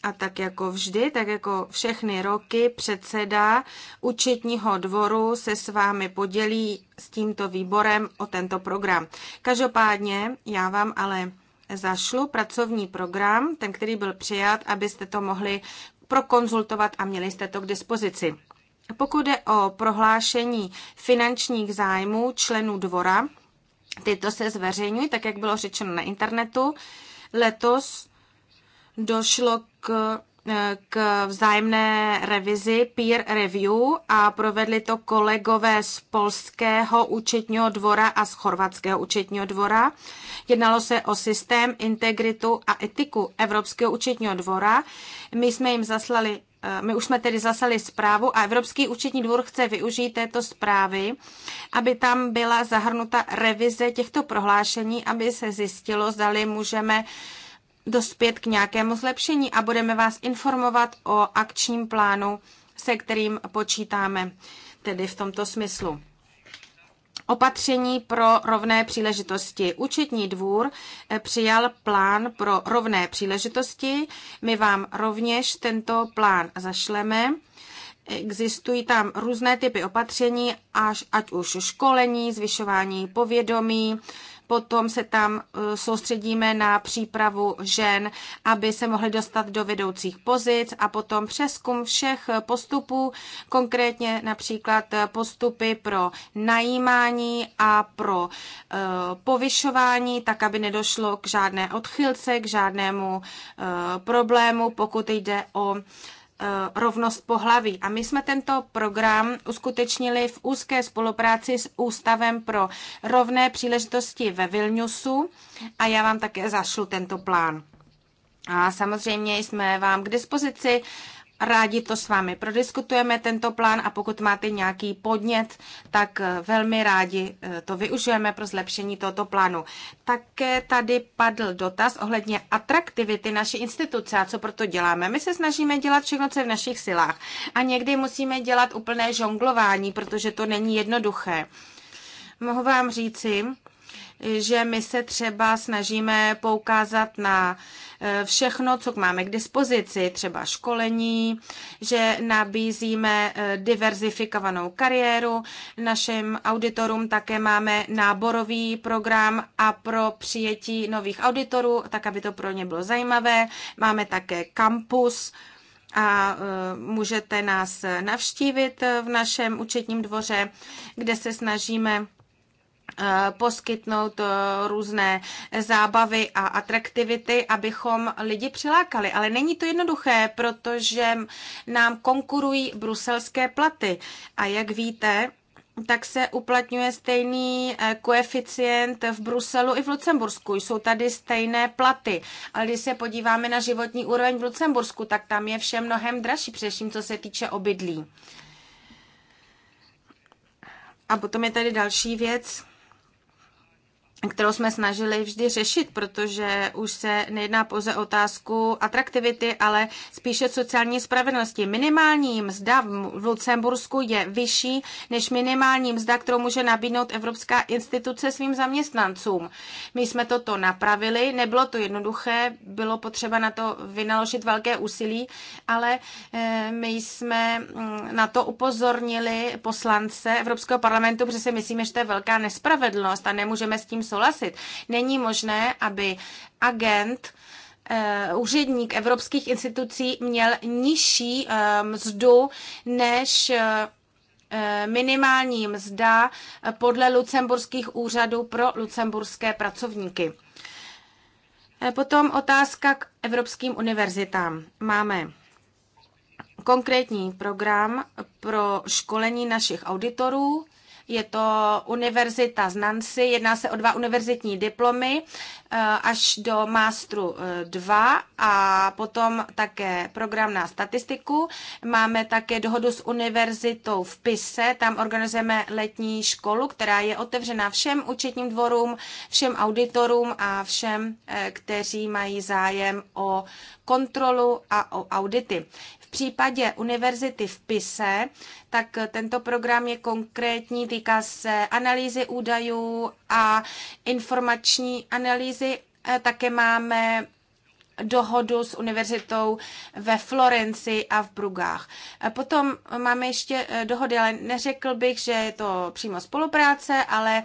a tak jako vždy, tak jako všechny roky, předseda účetního dvoru se s vámi podělí s tímto výborem o tento program. Každopádně já vám ale zašlu pracovní program, ten, který byl přijat, abyste to mohli prokonzultovat a měli jste to k dispozici. Pokud je o prohlášení finančních zájmů členů dvora, tyto se zveřejňují, tak jak bylo řečeno na internetu. Letos došlo k k vzájemné revizi peer review a provedli to kolegové z polského účetního dvora a z chorvatského účetního dvora. Jednalo se o systém, integritu a etiku Evropského účetního dvora. My jsme jim zaslali eh, my už jsme tedy zaslali zprávu a Evropský účetní dvůr chce využít této zprávy, aby tam byla zahrnuta revize těchto prohlášení, aby se zjistilo, zda můžeme uh, dospět k nějakému zlepšení a budeme vás informovat o akčním plánu, se kterým počítáme, tedy v tomto smyslu. Opatření pro rovné příležitosti. Účetní dvůr eh, přijal plán pro rovné příležitosti. My vám rovněž tento plán zašleme. Existují tam různé typy opatření, až, ať už školení, zvyšování povědomí, Potom se tam eh, soustředíme na přípravu žen, aby se mohly dostat do vedoucích pozic a potom přeskum všech postupů, konkrétně například postupy pro najímání a pro eh, povyšování, tak aby nedošlo k žádné odchylce, k žádnému eh, problému, pokud jde o Eh, rovnost pohlaví. A my jsme tento program uskutečnili v úzké spolupráci s Ústavem pro rovné příležitosti ve Vilniusu a já vám také zašlu tento plán. A samozřejmě jsme vám k dispozici rádi to s vámi prodiskutujeme, tento plán, a pokud máte nějaký podnět, tak eh, velmi rádi eh, to využijeme pro zlepšení tohoto plánu. Také tady padl dotaz ohledně atraktivity naší instituce a co proto děláme. My se snažíme dělat všechno, co je v našich silách a někdy musíme dělat úplné žonglování, protože to není jednoduché. Mohu vám říci, že my se třeba snažíme poukázat na e, všechno, co máme k dispozici, třeba školení, že nabízíme e, diverzifikovanou kariéru. Našim auditorům také máme náborový program a pro přijetí nových auditorů, tak aby to pro ně bylo zajímavé. Máme také kampus, a e, můžete nás navštívit v našem účetním dvoře, kde se snažíme Eh, poskytnout eh, různé zábavy a atraktivity, abychom lidi přilákali. Ale není to jednoduché, protože nám konkurují bruselské platy. A jak víte, tak se uplatňuje stejný eh, koeficient v Bruselu i v Lucembursku. Jsou tady stejné platy. Ale když se podíváme na životní úroveň v Lucembursku, tak tam je vše mnohem dražší, především co se týče obydlí. A potom je tady další věc kterou jsme snažili vždy řešit, protože už se nejedná pouze o otázku atraktivity, ale spíše sociální spravedlnosti. Minimální mzda v Lucembursku je vyšší než minimální mzda, kterou může nabídnout Evropská instituce svým zaměstnancům. My jsme toto napravili, nebylo to jednoduché, bylo potřeba na to vynaložit velké úsilí, ale eh, my jsme mm, na to upozornili poslance Evropského parlamentu, protože si myslíme, že to je velká nespravedlnost a nemůžeme s tím souhlasit. Není možné, aby agent eh, úředník evropských institucí měl nižší eh, mzdu než eh, minimální mzda podle lucemburských úřadů pro lucemburské pracovníky. Potom otázka k evropským univerzitám. Máme konkrétní program pro školení našich auditorů je to univerzita z Nancy, jedná se o dva univerzitní diplomy eh, až do mástru 2 eh, a potom také program na statistiku. Máme také dohodu s univerzitou v Pise, tam organizujeme letní školu, která je otevřena všem účetním dvorům, všem auditorům a všem, eh, kteří mají zájem o kontrolu a o audity případě univerzity v Pise, tak tento program je konkrétní, týká se analýzy údajů a informační analýzy. Eh, také máme dohodu s univerzitou ve Florenci a v Brugách. Eh, potom máme ještě eh, dohody, ale neřekl bych, že je to přímo spolupráce, ale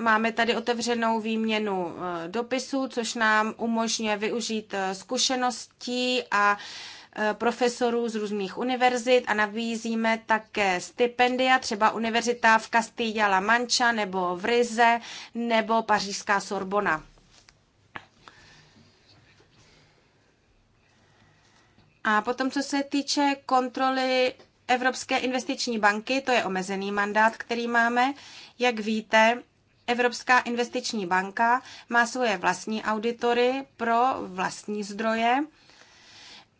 Máme tady otevřenou výměnu eh, dopisů, což nám umožňuje využít eh, zkušeností a eh, profesorů z různých univerzit a nabízíme také stipendia, třeba univerzita v Castilla La Mancha nebo v Rize nebo pařížská Sorbona. A potom, co se týče kontroly Evropské investiční banky, to je omezený mandát, který máme. Jak víte, Evropská investiční banka má svoje vlastní auditory pro vlastní zdroje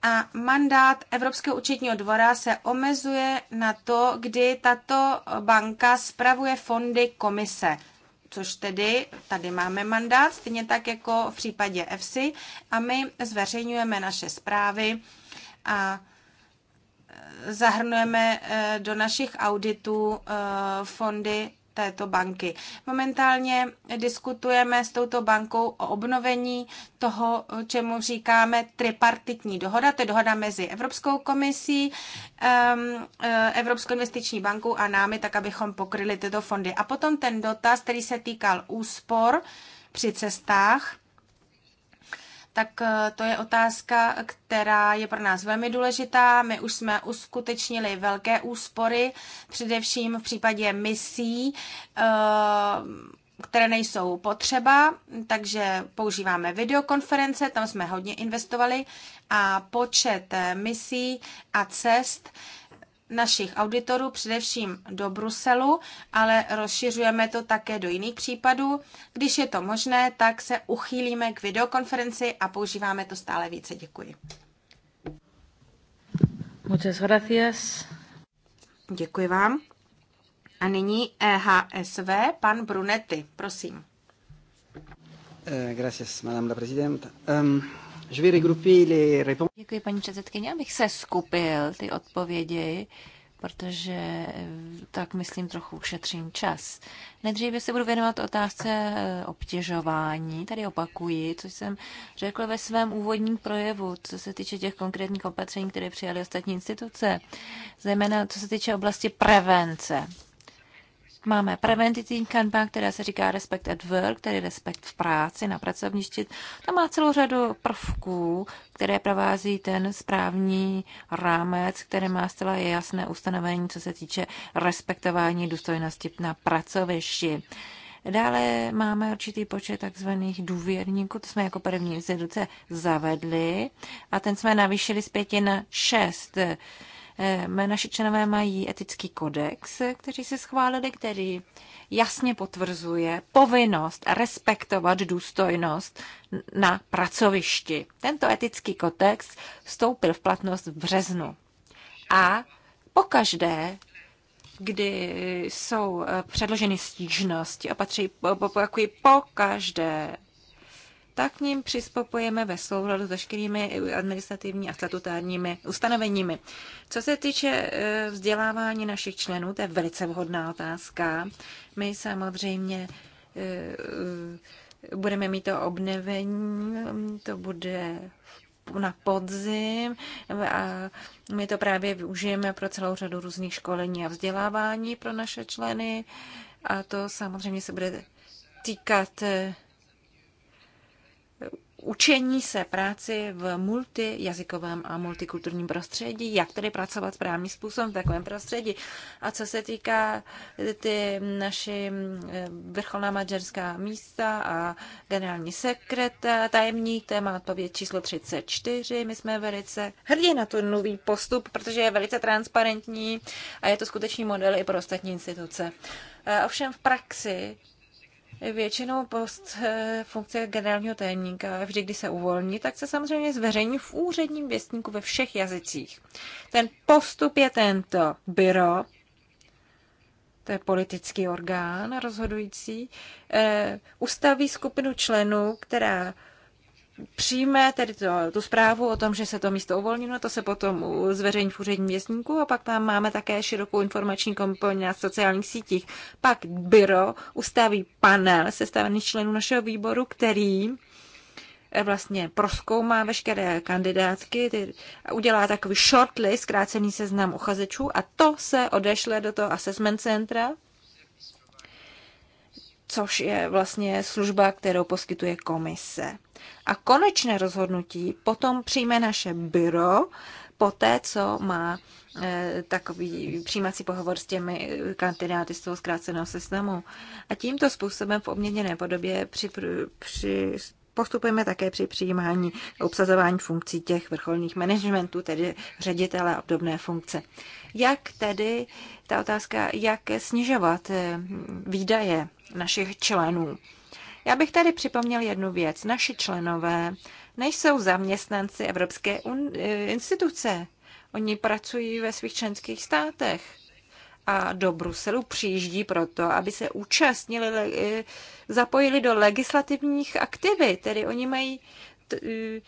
a mandát Evropského účetního dvora se omezuje na to, kdy tato banka spravuje fondy komise což tedy tady máme mandát, stejně tak jako v případě EFSI a my zveřejňujeme naše zprávy a e, zahrnujeme e, do našich auditů e, fondy této banky. Momentálně diskutujeme s touto bankou o obnovení toho, čemu říkáme tripartitní dohoda, to je dohoda mezi Evropskou komisí, eh, Evropskou investiční bankou a námi, tak abychom pokryli tyto fondy. A potom ten dotaz, který se týkal úspor při cestách, tak eh, to je otázka, která je pro nás velmi důležitá. My už jsme uskutečnili velké úspory, především v případě misí, eh, které nejsou potřeba, takže používáme videokonference, tam jsme hodně investovali a počet misí a cest našich auditorů, především do Bruselu, ale rozšiřujeme to také do jiných případů. Když je to možné, tak se uchýlíme k videokonferenci a používáme to stále více. Děkuji. Muchas gracias. Děkuji vám. A nyní EHSV, pan Brunetti, prosím. Eh, gracias, madame la presidenta. Um... Děkuji, paní předsedkyně. Abych se skupil ty odpovědi, protože eh, tak myslím trochu ušetřím čas. Nejdříve se budu věnovat otázce eh, obtěžování. Tady opakuji, co jsem řekl, ve svém úvodním projevu, co se týče těch konkrétních opatření, které přijaly ostatní instituce, zejména co se týče oblasti prevence. Máme preventivní kanban, která se říká Respect at Work, tedy respekt v práci, na pracovništi. Tam má celou řadu prvků, které provází ten správní rámec, který má zcela jasné ustanovení, co se týče respektování důstojnosti na pracovišti. Dále máme určitý počet takzvaných důvěrníků, to jsme jako první instituce zavedli a ten jsme navýšili z pěti na šest. Naši členové mají etický kodex, který se schválili, který jasně potvrzuje povinnost respektovat důstojnost na pracovišti. Tento etický kodex vstoupil v platnost v březnu. A pokaždé, kdy jsou předloženy stížnosti, opatří, opakují po každé tak k ním přispopujeme ve souhladu s veškerými administrativní a statutárními ustanoveními. Co se týče e, vzdělávání našich členů, to je velice vhodná otázka. My samozřejmě e, budeme mít to obnevení, to bude na podzim a my to právě využijeme pro celou řadu různých školení a vzdělávání pro naše členy a to samozřejmě se bude týkat e, učení se práci v multijazykovém a multikulturním prostředí, jak tedy pracovat správným způsobem v takovém prostředí. A co se týká eh, ty naši eh, vrcholná maďarská místa a generální sekret eh, tajemní, téma má odpověď číslo 34. My jsme velice hrdí na ten nový postup, protože je velice transparentní a je to skutečný model i pro ostatní instituce. Ovšem v praxi Většinou post eh, funkce generálního tajemníka, vždy, když se uvolní, tak se samozřejmě zveřejní v úředním věstníku ve všech jazycích. Ten postup je tento. Byro, to je politický orgán rozhodující, eh, ustaví skupinu členů, která přijme tedy to, tu zprávu o tom, že se to místo uvolnilo, to se potom zveřejní v úředním věstníku a pak tam máme také širokou informační komponent na sociálních sítích. Pak byro ustaví panel sestavený členů našeho výboru, který eh, vlastně proskoumá veškeré kandidátky ty, a udělá takový shortlist, zkrácený seznam uchazečů a to se odešle do toho assessment centra což je vlastně služba, kterou poskytuje komise. A konečné rozhodnutí potom přijme naše byro, poté, co má eh, takový přijímací pohovor s těmi kandidáty z toho zkráceného systému. A tímto způsobem v obměněné podobě při, při, postupujeme také při přijímání obsazování funkcí těch vrcholných managementů, tedy ředitele a obdobné funkce. Jak tedy ta otázka, jak snižovat eh, výdaje našich členů. Já bych tady připomněl jednu věc. Naši členové nejsou zaměstnanci Evropské eh, instituce. Oni pracují ve svých členských státech a do Bruselu přijíždí proto, aby se účastnili, eh, zapojili do legislativních aktivit. Tedy oni mají eh,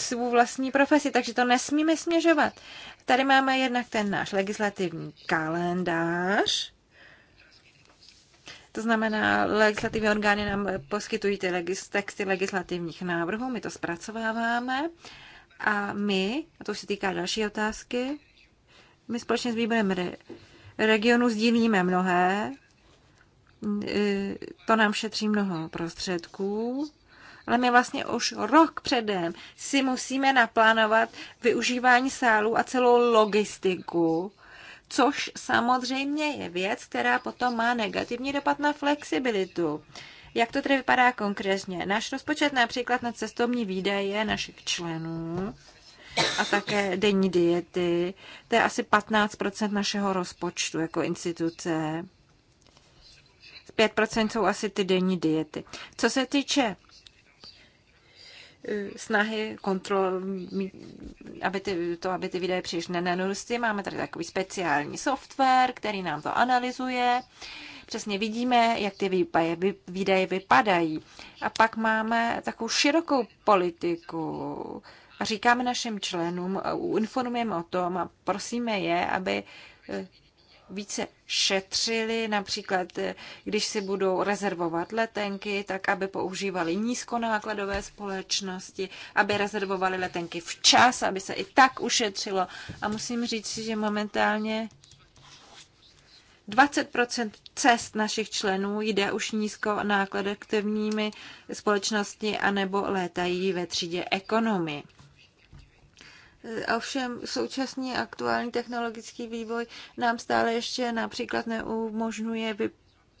svou vlastní profesi, takže to nesmíme směžovat. Tady máme jednak ten náš legislativní kalendář, to znamená, legislativní orgány nám poskytují ty legis, texty legislativních návrhů, my to zpracováváme a my, a to už se týká další otázky, my společně s výborem re, regionu sdílíme mnohé, e, to nám šetří mnoho prostředků, ale my vlastně už rok předem si musíme naplánovat využívání sálů a celou logistiku, což samozřejmě je věc, která potom má negativní dopad na flexibilitu. Jak to tedy vypadá konkrétně? Náš rozpočet například na cestovní výdaje našich členů a také denní diety, to je asi 15 našeho rozpočtu jako instituce. 5% jsou asi ty denní diety. Co se týče Eh, snahy kontrol, aby ty, to, aby ty videa příliš nenarostly. Máme tady takový speciální software, který nám to analyzuje. Přesně vidíme, jak ty výpaje, výdaje vypadají. A pak máme takovou širokou politiku a říkáme našim členům, informujeme o tom a prosíme je, aby eh, více šetřili, například eh, když si budou rezervovat letenky, tak aby používali nízkonákladové společnosti, aby rezervovali letenky včas, aby se i tak ušetřilo. A musím říct, že momentálně 20 cest našich členů jde už nízko nákladaktivními společnosti anebo létají ve třídě ekonomii. Ovšem současný aktuální technologický vývoj nám stále ještě například neumožňuje vyp-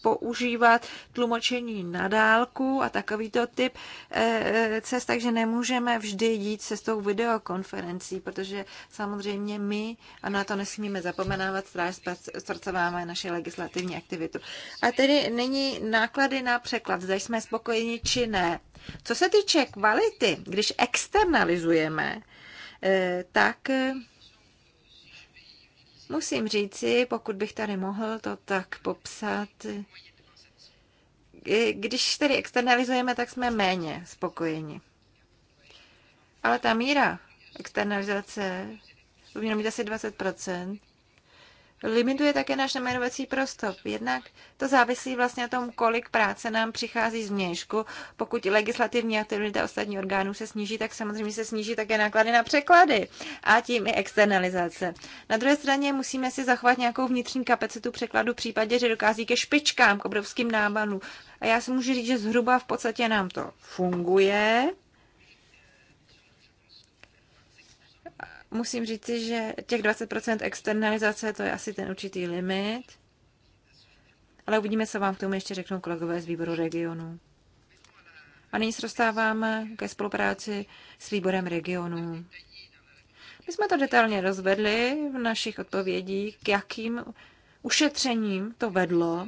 používat tlumočení na dálku a takovýto typ eh, eh, cest, takže nemůžeme vždy jít tou videokonferencí, protože samozřejmě my, a na to nesmíme zapomenávat, zpracováváme naši legislativní aktivitu. A tedy není náklady na překlad, zda jsme spokojeni či ne. Co se týče kvality, když externalizujeme Eh, tak eh, musím říci, pokud bych tady mohl to tak popsat, eh, když tedy externalizujeme, tak jsme méně spokojeni. Ale ta míra externalizace by měla mít asi 20%, limituje také náš jmenovací prostor. Jednak to závisí vlastně na tom, kolik práce nám přichází z měžku. Pokud legislativní aktivita ostatních orgánů se sníží, tak samozřejmě se sníží také náklady na překlady a tím i externalizace. Na druhé straně musíme si zachovat nějakou vnitřní kapacitu překladu v případě, že dokází ke špičkám, k obrovským nábanům. A já si můžu říct, že zhruba v podstatě nám to funguje. musím říci, že těch 20% externalizace, to je asi ten určitý limit. Ale uvidíme, co vám k tomu ještě řeknou kolegové z výboru regionu. A nyní se dostáváme ke spolupráci s výborem regionu. My jsme to detailně rozvedli v našich odpovědích, k jakým ušetřením to vedlo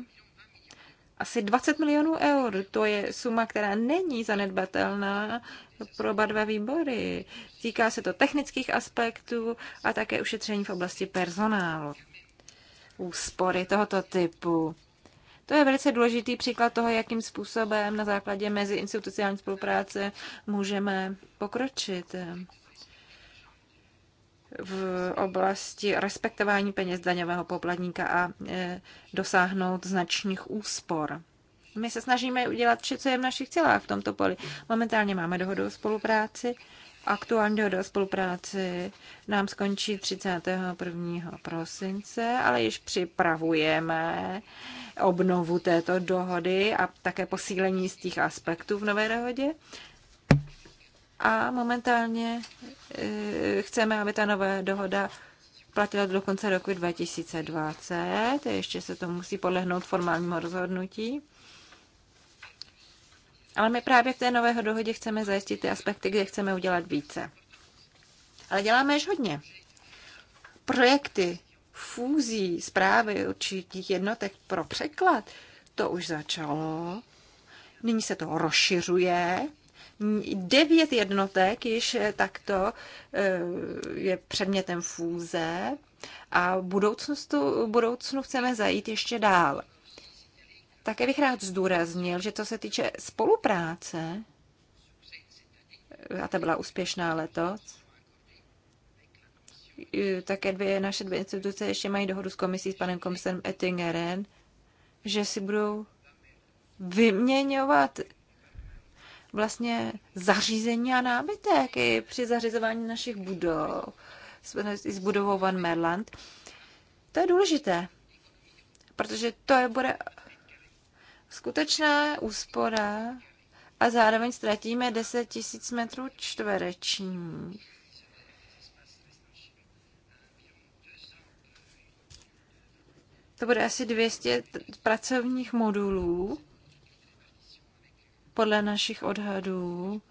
asi 20 milionů eur. To je suma, která není zanedbatelná pro oba dva výbory. Týká se to technických aspektů a také ušetření v oblasti personálu. Úspory tohoto typu. To je velice důležitý příklad toho, jakým způsobem na základě meziinstitucionální spolupráce můžeme pokročit v oblasti respektování peněz daňového poplatníka a e, dosáhnout značných úspor. My se snažíme udělat vše, co je v našich cílách v tomto poli. Momentálně máme dohodu o spolupráci. Aktuální dohoda o spolupráci nám skončí 31. prosince, ale již připravujeme obnovu této dohody a také posílení z těch aspektů v nové dohodě a momentálně eh, chceme, aby ta nová dohoda platila do konce roku 2020. Ještě se to musí podlehnout formálnímu rozhodnutí. Ale my právě v té nové dohodě chceme zajistit ty aspekty, kde chceme udělat více. Ale děláme již hodně. Projekty, fúzí, zprávy určitých jednotek pro překlad, to už začalo. Nyní se to rozšiřuje Devět jednotek již takto eh, je předmětem fůze a budoucnu, budoucnu chceme zajít ještě dál. Také bych rád zdůraznil, že co se týče spolupráce, a ta byla úspěšná letos, také dvě naše dvě instituce ještě mají dohodu s komisí s panem komisem Ettingerem, že si budou vyměňovat vlastně zařízení a nábytek i při zařizování našich budov. I s budovou Van Merland. To je důležité, protože to je bude skutečná úspora a zároveň ztratíme 10 tisíc metrů čtverečních. To bude asi 200 pracovních modulů podle našich odhadů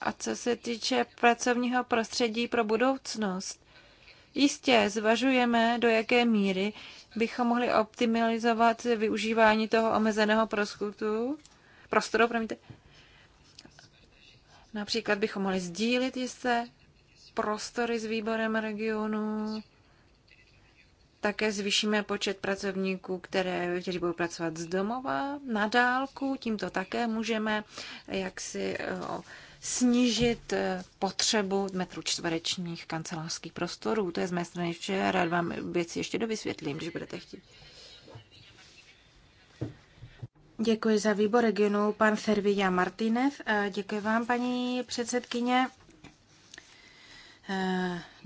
A co se týče pracovního prostředí pro budoucnost, jistě zvažujeme, do jaké míry bychom mohli optimalizovat využívání toho omezeného proskutu, prostoru. Promiňte. Například bychom mohli sdílit jisté prostory s výborem regionu, také zvýšíme počet pracovníků, které, kteří budou pracovat z domova na dálku. Tímto také můžeme eh, jaksi eh, snížit eh, potřebu metrů čtverečních kancelářských prostorů. To je z mé strany vše. Rád vám věci ještě dovysvětlím, když budete chtít. Děkuji za výbor regionu, pan Servilla Martinez. Děkuji vám, paní předsedkyně.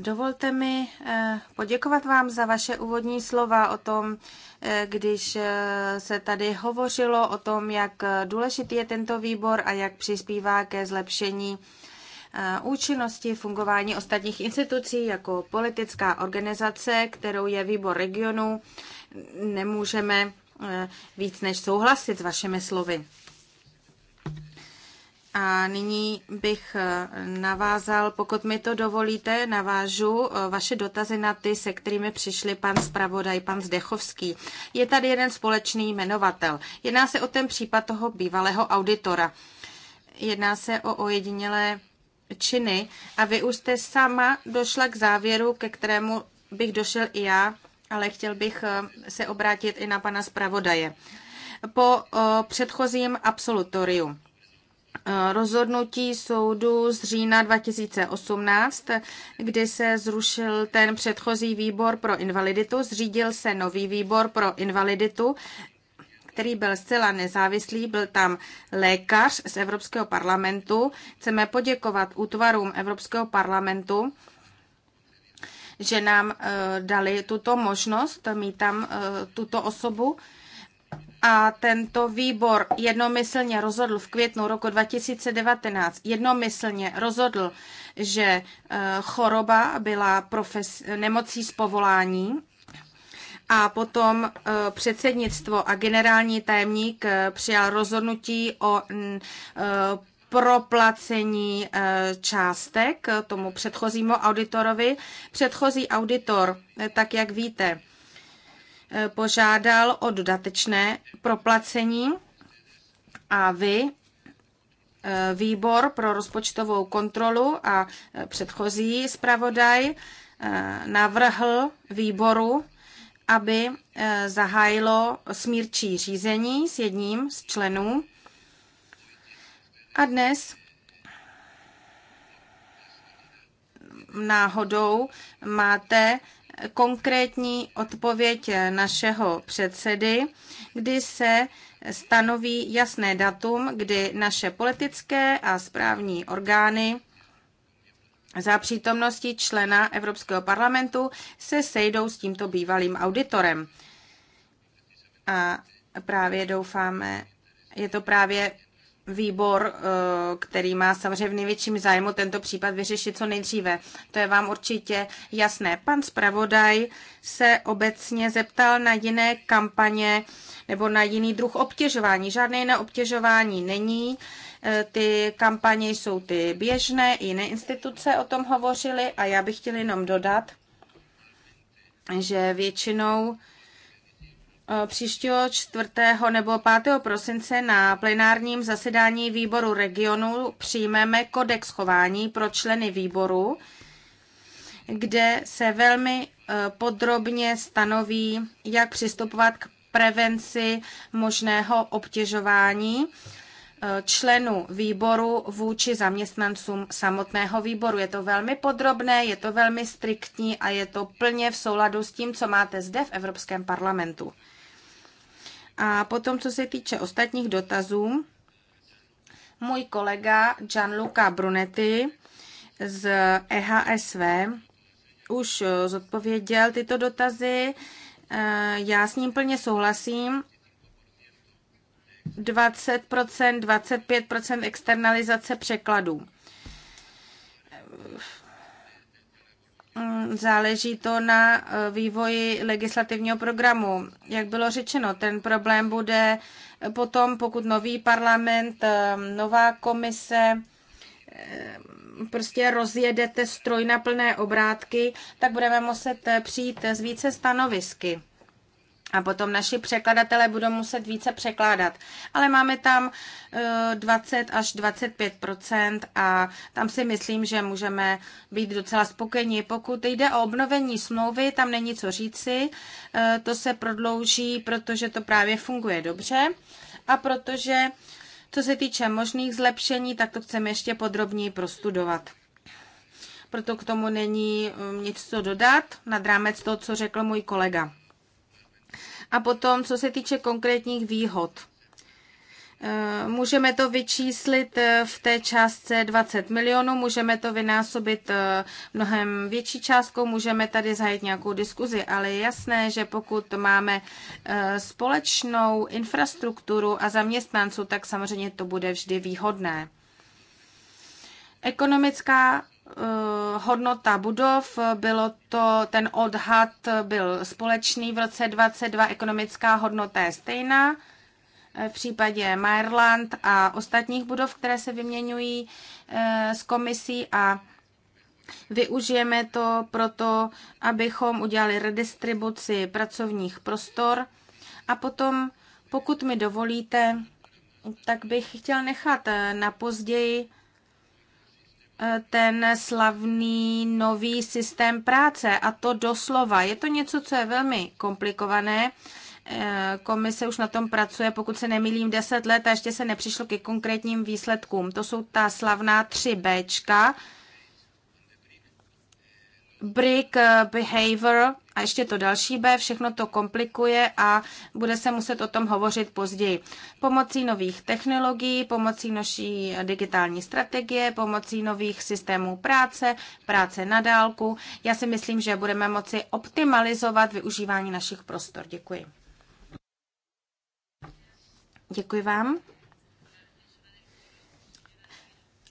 Dovolte mi eh, poděkovat vám za vaše úvodní slova o tom, eh, když eh, se tady hovořilo o tom, jak důležitý je tento výbor a jak přispívá ke zlepšení účinnosti fungování ostatních institucí jako politická organizace, kterou je výbor regionu. Nemůžeme víc než souhlasit s vašimi slovy. A nyní bych eh, navázal, pokud mi to dovolíte, navážu eh, vaše dotazy na ty, se kterými přišli pan zpravodaj, pan Zdechovský. Je tady jeden společný jmenovatel. Jedná se o ten případ toho bývalého auditora. Jedná se o ojedinělé činy a vy už jste sama došla k závěru, ke kterému bych došel i já, ale chtěl bych eh, se obrátit i na pana zpravodaje. Po předchozím absolutoriu Eh, rozhodnutí soudu z října 2018, kdy se zrušil ten předchozí výbor pro invaliditu, zřídil se nový výbor pro invaliditu, který byl zcela nezávislý, byl tam lékař z Evropského parlamentu. Chceme poděkovat útvarům Evropského parlamentu, že nám eh, dali tuto možnost mít tam eh, tuto osobu a tento výbor jednomyslně rozhodl v květnu roku 2019, jednomyslně rozhodl, že eh, choroba byla profes, nemocí z povolání a potom eh, předsednictvo a generální tajemník eh, přijal rozhodnutí o proplacení částek tomu předchozímu auditorovi. Předchozí auditor, tak jak víte, Eh, požádal o dodatečné proplacení a vy, eh, výbor pro rozpočtovou kontrolu a eh, předchozí zpravodaj, navrhl výboru, aby zahájilo smírčí řízení s jedním z členů. A dnes náhodou máte konkrétní odpověď našeho předsedy, kdy se stanoví jasné datum, kdy naše politické a správní orgány za přítomnosti člena Evropského parlamentu se sejdou s tímto bývalým auditorem. A právě doufáme, je to právě výbor, eh, který má samozřejmě v největším zájmu tento případ vyřešit co nejdříve. To je vám určitě jasné. Pan zpravodaj se obecně zeptal na jiné kampaně nebo na jiný druh obtěžování. Žádné jiné obtěžování není. Eh, ty kampaně jsou ty běžné, jiné instituce o tom hovořily a já bych chtěla jenom dodat, že většinou Eh, příštího 4. nebo 5. prosince na plenárním zasedání výboru regionu přijmeme kodex chování pro členy výboru, kde se velmi eh, podrobně stanoví, jak přistupovat k prevenci možného obtěžování eh, členů výboru vůči zaměstnancům samotného výboru. Je to velmi podrobné, je to velmi striktní a je to plně v souladu s tím, co máte zde v Evropském parlamentu. A potom, co se týče ostatních dotazů, můj kolega Gianluca Brunetti z EHSV už eh, zodpověděl tyto dotazy. Eh, já s ním plně souhlasím. 20%, 25% externalizace překladů Mm, záleží to na e, vývoji legislativního programu. Jak bylo řečeno, ten problém bude potom, pokud nový parlament, e, nová komise e, prostě rozjedete stroj na plné obrátky, tak budeme muset přijít s více stanovisky. A potom naši překladatelé budou muset více překládat. Ale máme tam 20 e, až 25 a tam si myslím, že můžeme být docela spokojeni. Pokud jde o obnovení smlouvy, tam není co říci. E, to se prodlouží, protože to právě funguje dobře a protože, co se týče možných zlepšení, tak to chceme ještě podrobněji prostudovat proto k tomu není e, nic co dodat nad rámec toho, co řekl můj kolega. A potom, co se týče konkrétních výhod. Eh, můžeme to vyčíslit eh, v té částce 20 milionů, můžeme to vynásobit eh, mnohem větší částkou, můžeme tady zajít nějakou diskuzi, ale je jasné, že pokud máme společnou infrastrukturu a zaměstnanců, tak samozřejmě to bude vždy výhodné. Ekonomická Eh, hodnota budov, bylo to, ten odhad byl společný v roce 2022, ekonomická hodnota je stejná. Eh, v případě Maryland a ostatních budov, které se vyměňují eh, s komisí a využijeme to proto, abychom udělali redistribuci pracovních prostor a potom, pokud mi dovolíte, tak bych chtěl nechat na později ten slavný nový systém práce a to doslova. Je to něco, co je velmi komplikované. Eh, komise už na tom pracuje, pokud se nemýlím, 10 let a ještě se nepřišlo ke konkrétním výsledkům. To jsou ta slavná 3Bčka, Brick eh, Behavior a ještě to další B, všechno to komplikuje a bude se muset o tom hovořit později. Pomocí nových technologií, pomocí naší digitální strategie, pomocí nových systémů práce, práce na dálku. Já si myslím, že budeme moci optimalizovat využívání našich prostor. Děkuji. Děkuji vám.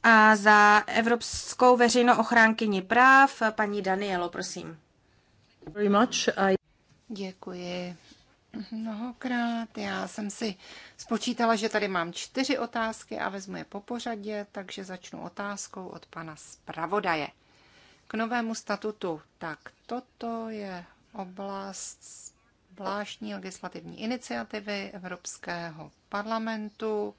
A za Evropskou veřejnou ochránkyni práv, paní Danielo, prosím. Very much. Děkuji mnohokrát. Já jsem si spočítala, že tady mám čtyři otázky a vezmu je po pořadě, takže začnu otázkou od pana zpravodaje. K novému statutu. Tak toto je oblast zvláštní legislativní iniciativy Evropského parlamentu.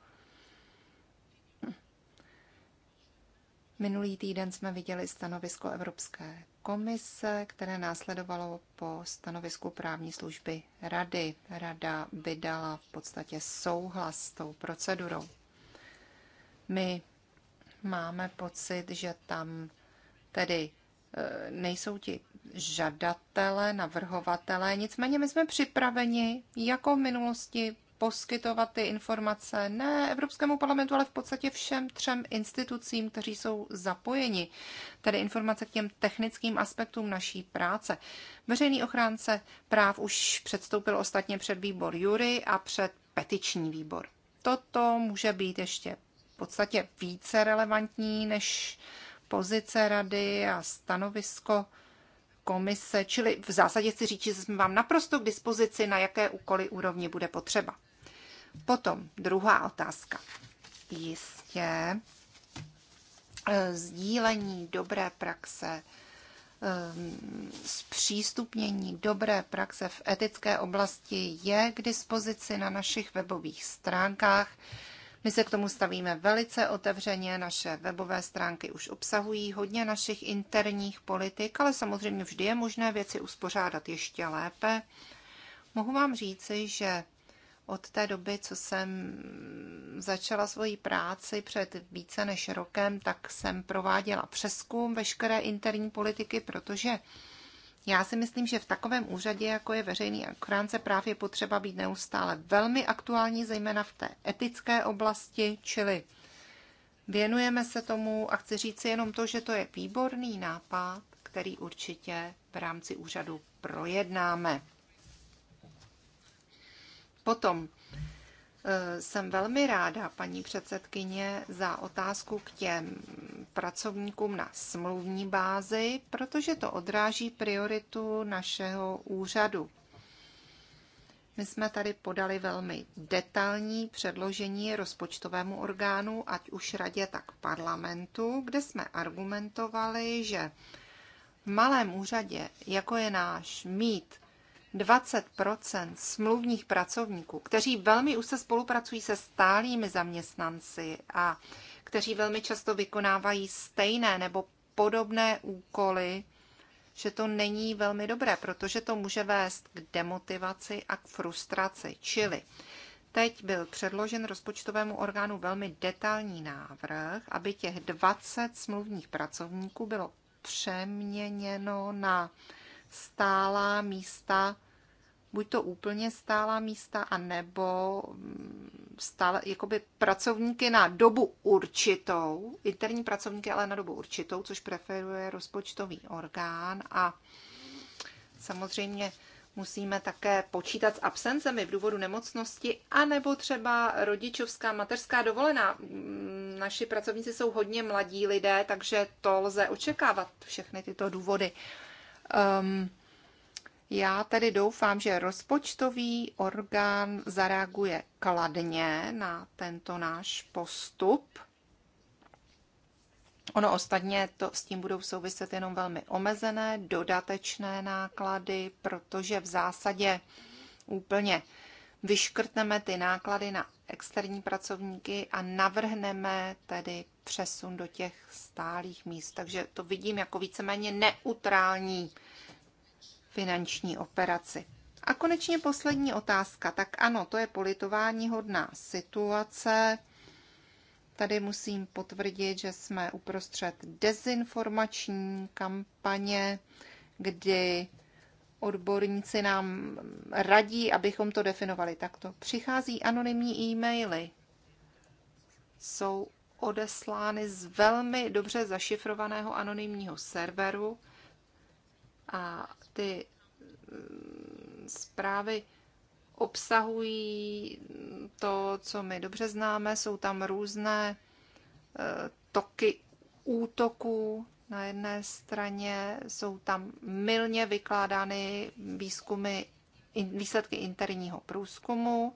Minulý týden jsme viděli stanovisko Evropské komise, které následovalo po stanovisku právní služby rady. Rada vydala v podstatě souhlas s tou procedurou. My máme pocit, že tam tedy e, nejsou ti žadatele, navrhovatele, nicméně my jsme připraveni jako v minulosti poskytovat ty informace ne Evropskému parlamentu, ale v podstatě všem třem institucím, kteří jsou zapojeni, tedy informace k těm technickým aspektům naší práce. Veřejný ochránce práv už předstoupil ostatně před výbor Jury a před petiční výbor. Toto může být ještě v podstatě více relevantní než pozice rady a stanovisko komise, čili v zásadě chci říct, že jsme vám naprosto k dispozici, na jaké úkoly úrovni bude potřeba. Potom druhá otázka. Jistě eh, sdílení dobré praxe, eh, zpřístupnění dobré praxe v etické oblasti je k dispozici na našich webových stránkách. My se k tomu stavíme velice otevřeně, naše webové stránky už obsahují hodně našich interních politik, ale samozřejmě vždy je možné věci uspořádat ještě lépe. Mohu vám říci, že od té doby, co jsem začala svoji práci před více než rokem, tak jsem prováděla přeskum veškeré interní politiky, protože já si myslím, že v takovém úřadě, jako je veřejný ochránce práv, je potřeba být neustále velmi aktuální, zejména v té etické oblasti, čili věnujeme se tomu a chci říct si jenom to, že to je výborný nápad, který určitě v rámci úřadu projednáme. Potom eh, jsem velmi ráda, paní předsedkyně, za otázku k těm pracovníkům na smluvní bázi, protože to odráží prioritu našeho úřadu. My jsme tady podali velmi detailní předložení rozpočtovému orgánu, ať už radě, tak parlamentu, kde jsme argumentovali, že v malém úřadě, jako je náš, mít 20 smluvních pracovníků, kteří velmi už se spolupracují se stálými zaměstnanci a kteří velmi často vykonávají stejné nebo podobné úkoly, že to není velmi dobré, protože to může vést k demotivaci a k frustraci. Čili teď byl předložen rozpočtovému orgánu velmi detailní návrh, aby těch 20 smluvních pracovníků bylo přeměněno na stálá místa, buď to úplně stálá místa, anebo mm, stále jakoby pracovníky na dobu určitou, interní pracovníky ale na dobu určitou, což preferuje rozpočtový orgán a samozřejmě musíme také počítat s absencemi v důvodu nemocnosti, anebo třeba rodičovská mateřská dovolená. Mm, naši pracovníci jsou hodně mladí lidé, takže to lze očekávat všechny tyto důvody. Um, já tedy doufám, že rozpočtový orgán zareaguje kladně na tento náš postup. Ono ostatně to s tím budou souviset jenom velmi omezené dodatečné náklady, protože v zásadě úplně vyškrtneme ty náklady na externí pracovníky a navrhneme tedy přesun do těch stálých míst. Takže to vidím jako víceméně neutrální finanční operaci. A konečně poslední otázka. Tak ano, to je politování hodná situace. Tady musím potvrdit, že jsme uprostřed dezinformační kampaně, kdy odborníci nám radí, abychom to definovali takto. Přichází anonymní e-maily. Jsou odeslány z velmi dobře zašifrovaného anonymního serveru a ty mm, zprávy obsahují to, co my dobře známe. Jsou tam různé eh, toky útoků, na jedné straně jsou tam milně vykládány výzkumy, výsledky interního průzkumu,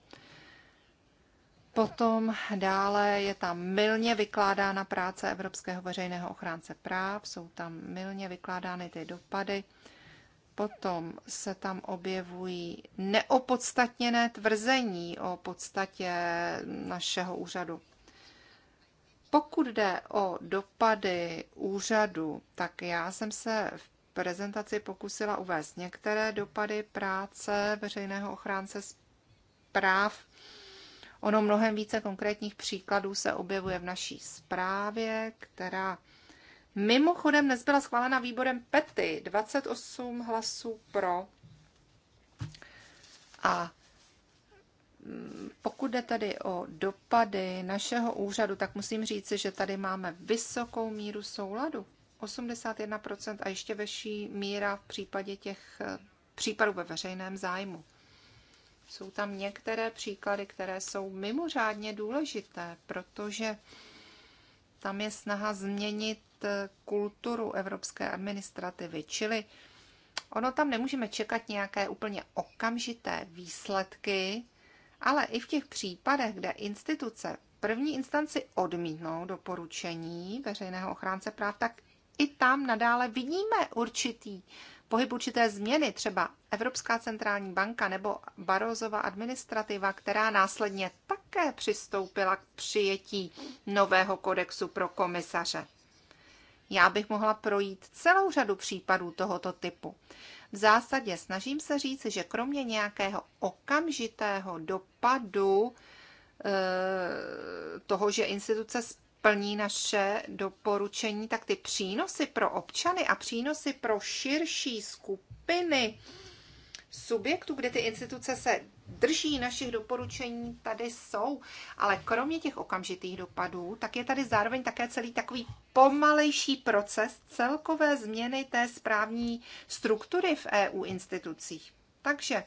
Potom dále je tam milně vykládána práce Evropského veřejného ochránce práv, jsou tam milně vykládány ty dopady. Potom se tam objevují neopodstatněné tvrzení o podstatě našeho úřadu. Pokud jde o dopady úřadu, tak já jsem se v prezentaci pokusila uvést některé dopady práce veřejného ochránce práv. Ono mnohem více konkrétních příkladů se objevuje v naší zprávě, která mimochodem nezbyla schválena výborem PETY 28 hlasů pro. A pokud jde tedy o dopady našeho úřadu, tak musím říci, že tady máme vysokou míru souladu. 81% a ještě vyšší míra v případě těch eh, případů ve veřejném zájmu. Jsou tam některé příklady, které jsou mimořádně důležité, protože tam je snaha změnit eh, kulturu evropské administrativy, čili ono tam nemůžeme čekat nějaké úplně okamžité výsledky, ale i v těch případech, kde instituce první instanci odmítnou doporučení veřejného ochránce práv, tak i tam nadále vidíme určitý pohyb určité změny, třeba Evropská centrální banka nebo Barozova administrativa, která následně také přistoupila k přijetí nového kodexu pro komisaře. Já bych mohla projít celou řadu případů tohoto typu. V zásadě snažím se říct, že kromě nějakého okamžitého dopadu eh, toho, že instituce plní naše doporučení, tak ty přínosy pro občany a přínosy pro širší skupiny subjektů, kde ty instituce se drží našich doporučení, tady jsou. Ale kromě těch okamžitých dopadů, tak je tady zároveň také celý takový pomalejší proces celkové změny té správní struktury v EU institucích. Takže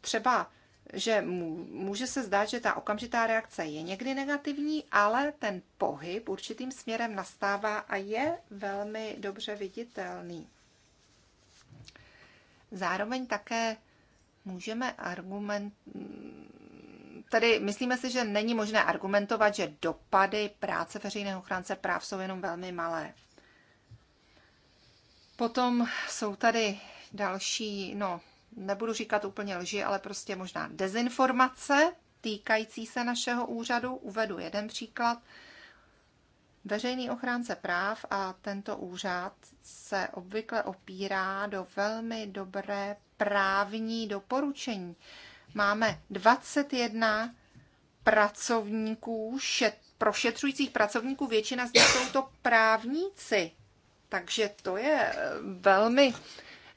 třeba že může se zdát, že ta okamžitá reakce je někdy negativní, ale ten pohyb určitým směrem nastává a je velmi dobře viditelný. Zároveň také můžeme argument... Tady myslíme si, že není možné argumentovat, že dopady práce veřejného ochránce práv jsou jenom velmi malé. Potom jsou tady další, no, nebudu říkat úplně lži, ale prostě možná dezinformace týkající se našeho úřadu. Uvedu jeden příklad. Veřejný ochránce práv a tento úřad se obvykle opírá do velmi dobré právní doporučení. Máme 21 pracovníků, šet, prošetřujících pracovníků, většina z nich jsou to právníci. Takže to je eh, velmi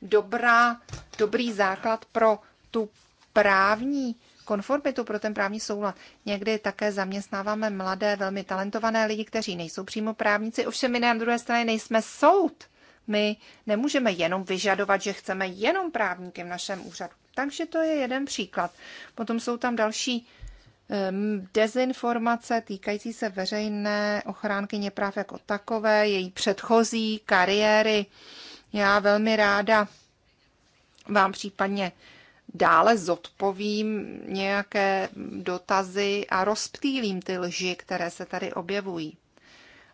dobrá, dobrý základ pro tu právní konformitu, pro ten právní soulad. Někdy také zaměstnáváme mladé, velmi talentované lidi, kteří nejsou přímo právníci, ovšem my na druhé straně nejsme soud. My nemůžeme jenom vyžadovat, že chceme jenom právníky v našem úřadu. Takže to je jeden příklad. Potom jsou tam další ehm, dezinformace týkající se veřejné ochránkyně práv jako takové, její předchozí kariéry. Já velmi ráda vám případně dále zodpovím nějaké dotazy a rozptýlím ty lži, které se tady objevují.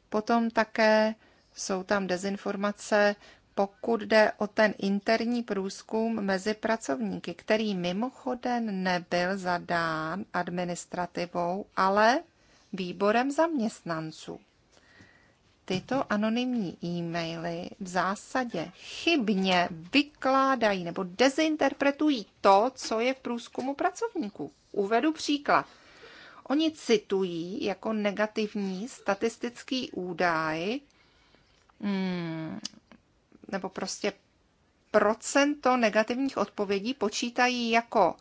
Potom také jsou tam dezinformace, pokud jde o ten interní průzkum mezi pracovníky, který mimochodem nebyl zadán administrativou, ale výborem zaměstnanců tyto anonymní e-maily v zásadě chybně vykládají nebo dezinterpretují to, co je v průzkumu pracovníků. Uvedu příklad. Oni citují jako negativní statistický údaj hmm, nebo prostě procento negativních odpovědí počítají jako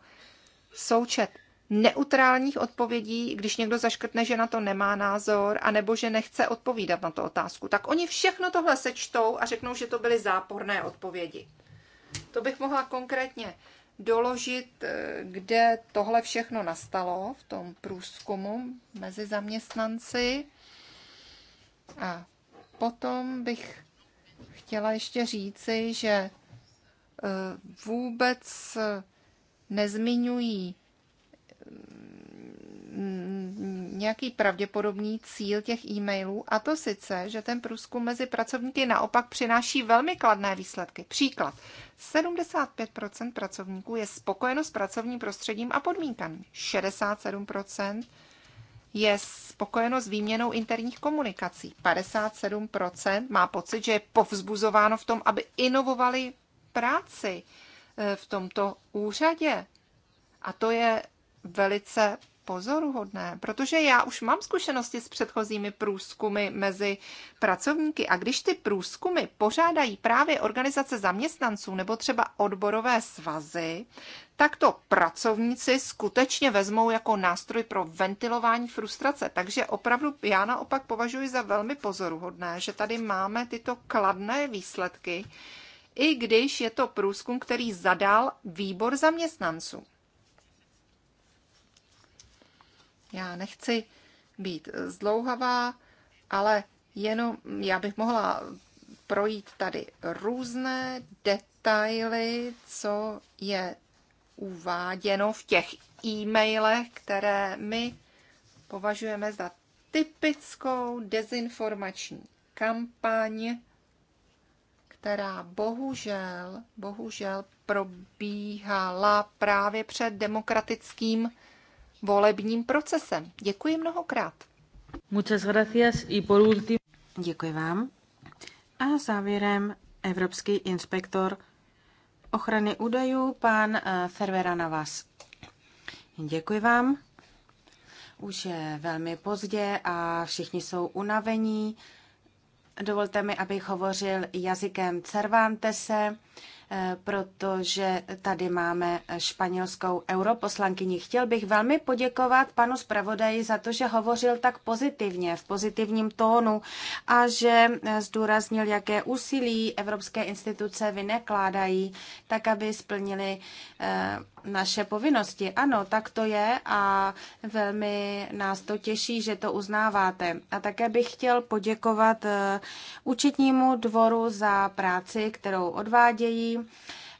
součet neutrálních odpovědí, když někdo zaškrtne, že na to nemá názor, anebo že nechce odpovídat na to otázku. Tak oni všechno tohle sečtou a řeknou, že to byly záporné odpovědi. To bych mohla konkrétně doložit, eh, kde tohle všechno nastalo v tom průzkumu mezi zaměstnanci. A potom bych chtěla ještě říci, že eh, vůbec eh, nezmiňují Mm, nějaký pravděpodobný cíl těch e-mailů, a to sice, že ten průzkum mezi pracovníky naopak přináší velmi kladné výsledky. Příklad. 75% pracovníků je spokojeno s pracovním prostředím a podmínkami. 67% je spokojeno s výměnou interních komunikací. 57% má pocit, že je povzbuzováno v tom, aby inovovali práci eh, v tomto úřadě. A to je velice pozoruhodné, protože já už mám zkušenosti s předchozími průzkumy mezi pracovníky a když ty průzkumy pořádají právě organizace zaměstnanců nebo třeba odborové svazy, tak to pracovníci skutečně vezmou jako nástroj pro ventilování frustrace. Takže opravdu já naopak považuji za velmi pozoruhodné, že tady máme tyto kladné výsledky, i když je to průzkum, který zadal výbor zaměstnanců. Já nechci být zdlouhavá, ale jenom já bych mohla projít tady různé detaily, co je uváděno v těch e-mailech, které my považujeme za typickou dezinformační kampaň, která bohužel, bohužel probíhala právě před demokratickým volebním procesem. Děkuji mnohokrát. Muchas gracias y por último... Děkuji vám. A závěrem Evropský inspektor ochrany údajů, pan eh, Fervera na vás. Děkuji vám. Už je velmi pozdě a všichni jsou unavení. Dovolte mi, abych hovořil jazykem Cervantese Eh, protože tady máme španělskou europoslankyni. Chtěl bych velmi poděkovat panu zpravodaji za to, že hovořil tak pozitivně, v pozitivním tónu a že eh, zdůraznil, jaké úsilí evropské instituce vynekládají, tak aby splnili eh, naše povinnosti. Ano, tak to je a velmi nás to těší, že to uznáváte. A také bych chtěl poděkovat eh, účetnímu dvoru za práci, kterou odvádějí.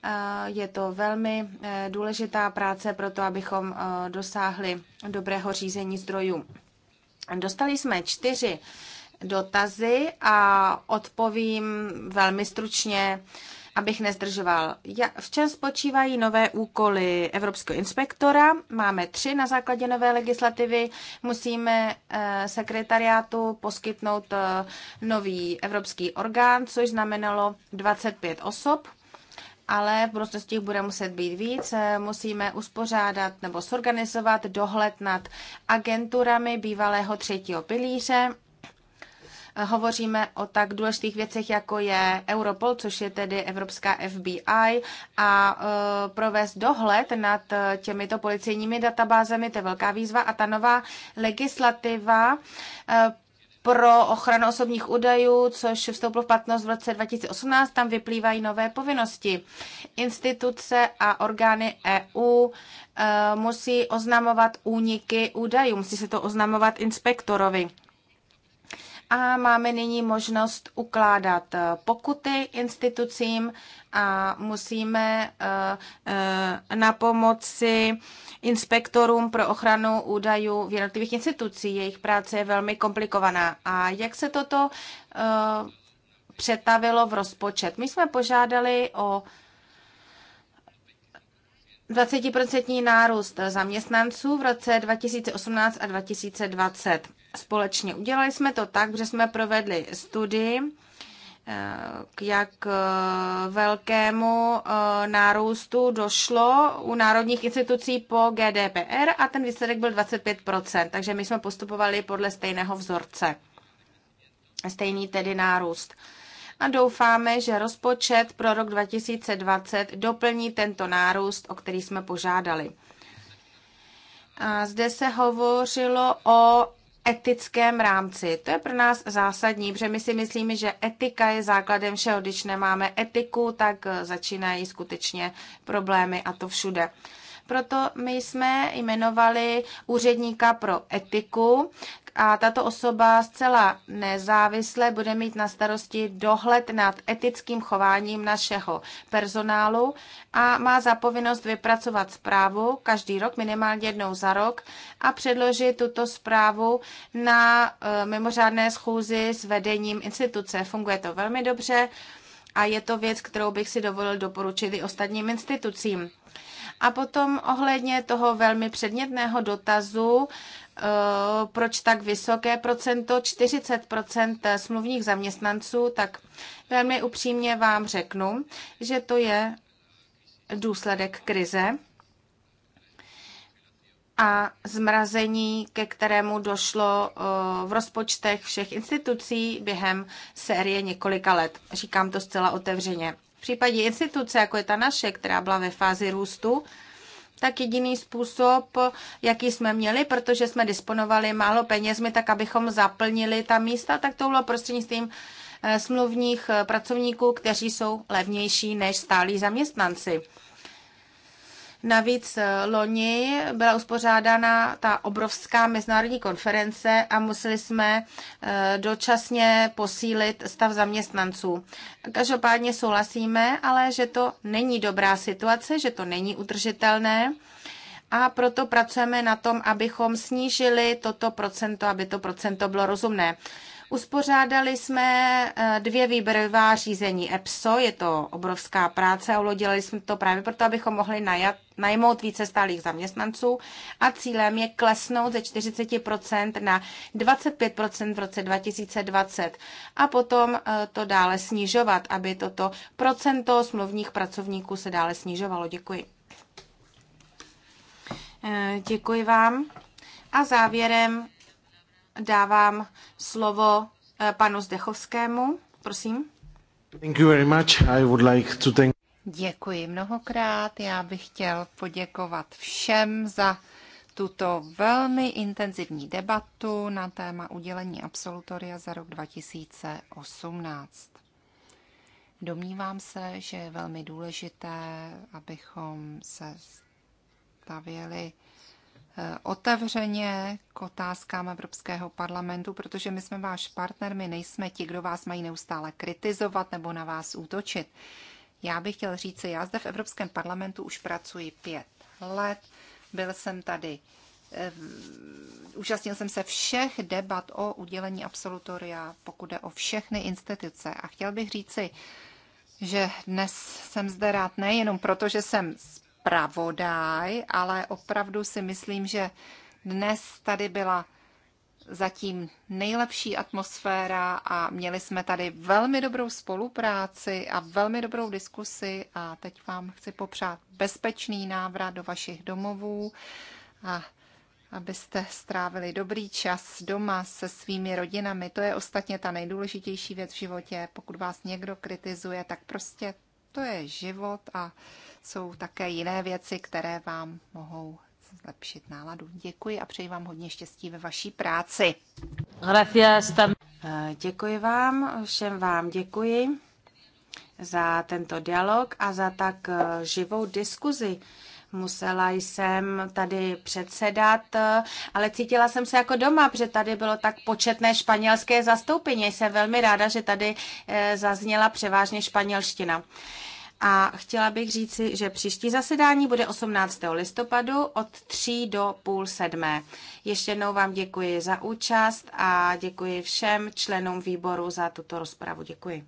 Eh, je to velmi eh, důležitá práce pro to, abychom dosáhli dobrého řízení zdrojů. Dostali jsme čtyři dotazy a odpovím velmi stručně abych nezdržoval. V čem spočívají nové úkoly Evropského inspektora? Máme tři na základě nové legislativy. Musíme eh, sekretariátu poskytnout eh, nový evropský orgán, což znamenalo 25 osob ale v budoucnosti bude muset být víc. Eh, musíme uspořádat nebo sorganizovat dohled nad agenturami bývalého třetího pilíře hovoříme o tak důležitých věcech, jako je Europol, což je tedy Evropská FBI, a e, provést dohled nad e, těmito policejními databázemi, to je velká výzva a ta nová legislativa e, pro ochranu osobních údajů, což vstoupilo v platnost v roce 2018, tam vyplývají nové povinnosti. Instituce a orgány EU musí oznamovat úniky údajů, musí se to oznamovat inspektorovi a máme nyní možnost ukládat eh, pokuty institucím a musíme eh, eh, na pomoci inspektorům pro ochranu údajů v jednotlivých institucí. Jejich práce je velmi komplikovaná. A jak se toto přetavilo v rozpočet? My jsme požádali o 20% nárůst zaměstnanců v roce 2018 a 2020 společně. Udělali jsme to tak, že jsme provedli studii, eh, k jak eh, velkému eh, nárůstu došlo u národních institucí po GDPR a ten výsledek byl 25%, takže my jsme postupovali podle stejného vzorce. Stejný tedy nárůst. A doufáme, že rozpočet pro rok 2020 doplní tento nárůst, o který jsme požádali. A zde se hovořilo o etickém rámci. To je pro nás zásadní, protože my si myslíme, že etika je základem všeho. Když nemáme etiku, tak eh, začínají skutečně problémy a to všude. Proto my jsme jmenovali úředníka pro etiku, a tato osoba zcela nezávisle bude mít na starosti dohled nad etickým chováním našeho personálu a má za povinnost vypracovat zprávu každý rok, minimálně jednou za rok a předložit tuto zprávu na e, mimořádné schůzi s vedením instituce. Funguje to velmi dobře a je to věc, kterou bych si dovolil doporučit i ostatním institucím. A potom ohledně toho velmi předmětného dotazu Eh, proč tak vysoké procento, 40% smluvních zaměstnanců, tak velmi upřímně vám řeknu, že to je důsledek krize a zmrazení, ke kterému došlo eh, v rozpočtech všech institucí během série několika let. Říkám to zcela otevřeně. V případě instituce, jako je ta naše, která byla ve fázi růstu, tak jediný způsob, jaký jsme měli, protože jsme disponovali málo penězmi, tak abychom zaplnili ta místa, tak to bylo prostřednictvím eh, smluvních eh, pracovníků, kteří jsou levnější než stálí zaměstnanci. Navíc eh, loni byla uspořádána ta obrovská mezinárodní konference a museli jsme eh, dočasně posílit stav zaměstnanců. Každopádně souhlasíme, ale že to není dobrá situace, že to není udržitelné a proto pracujeme na tom, abychom snížili toto procento, aby to procento bylo rozumné. Uspořádali jsme eh, dvě výběrová řízení EPSO, je to obrovská práce a udělali jsme to právě proto, abychom mohli najat, najmout více stálých zaměstnanců a cílem je klesnout ze 40% na 25% v roce 2020 a potom eh, to dále snižovat, aby toto procento smluvních pracovníků se dále snižovalo. Děkuji. Eh, děkuji vám. A závěrem dávám slovo eh, panu Zdechovskému. Prosím. Thank you very much. I would like to thank... Děkuji mnohokrát. Já bych chtěl poděkovat všem za tuto velmi intenzivní debatu na téma udělení absolutoria za rok 2018. Domnívám se, že je velmi důležité, abychom se stavěli Eh, otevřeně k otázkám Evropského parlamentu, protože my jsme váš partner, my nejsme ti, kdo vás mají neustále kritizovat nebo na vás útočit. Já bych chtěl říct, já zde v Evropském parlamentu už pracuji pět let, byl jsem tady, eh, účastnil jsem se všech debat o udělení absolutoria, pokud jde o všechny instituce. A chtěl bych říci, že dnes jsem zde rád nejenom proto, že jsem z zpravodaj, ale opravdu si myslím, že dnes tady byla zatím nejlepší atmosféra a měli jsme tady velmi dobrou spolupráci a velmi dobrou diskusi a teď vám chci popřát bezpečný návrat do vašich domovů a abyste strávili dobrý čas doma se svými rodinami. To je ostatně ta nejdůležitější věc v životě. Pokud vás někdo kritizuje, tak prostě to je život a jsou také jiné věci, které vám mohou zlepšit náladu. Děkuji a přeji vám hodně štěstí ve vaší práci. Gracias. Eh, děkuji vám, všem vám děkuji za tento dialog a za tak eh, živou diskuzi. Musela jsem tady předsedat, eh, ale cítila jsem se jako doma, protože tady bylo tak početné španělské zastoupení. Jsem velmi ráda, že tady zazněla převážně španělština. A chtěla bych říci, že příští zasedání bude 18. listopadu od 3 do půl sedmé. Ještě jednou vám děkuji za účast a děkuji všem členům výboru za tuto rozpravu. Děkuji.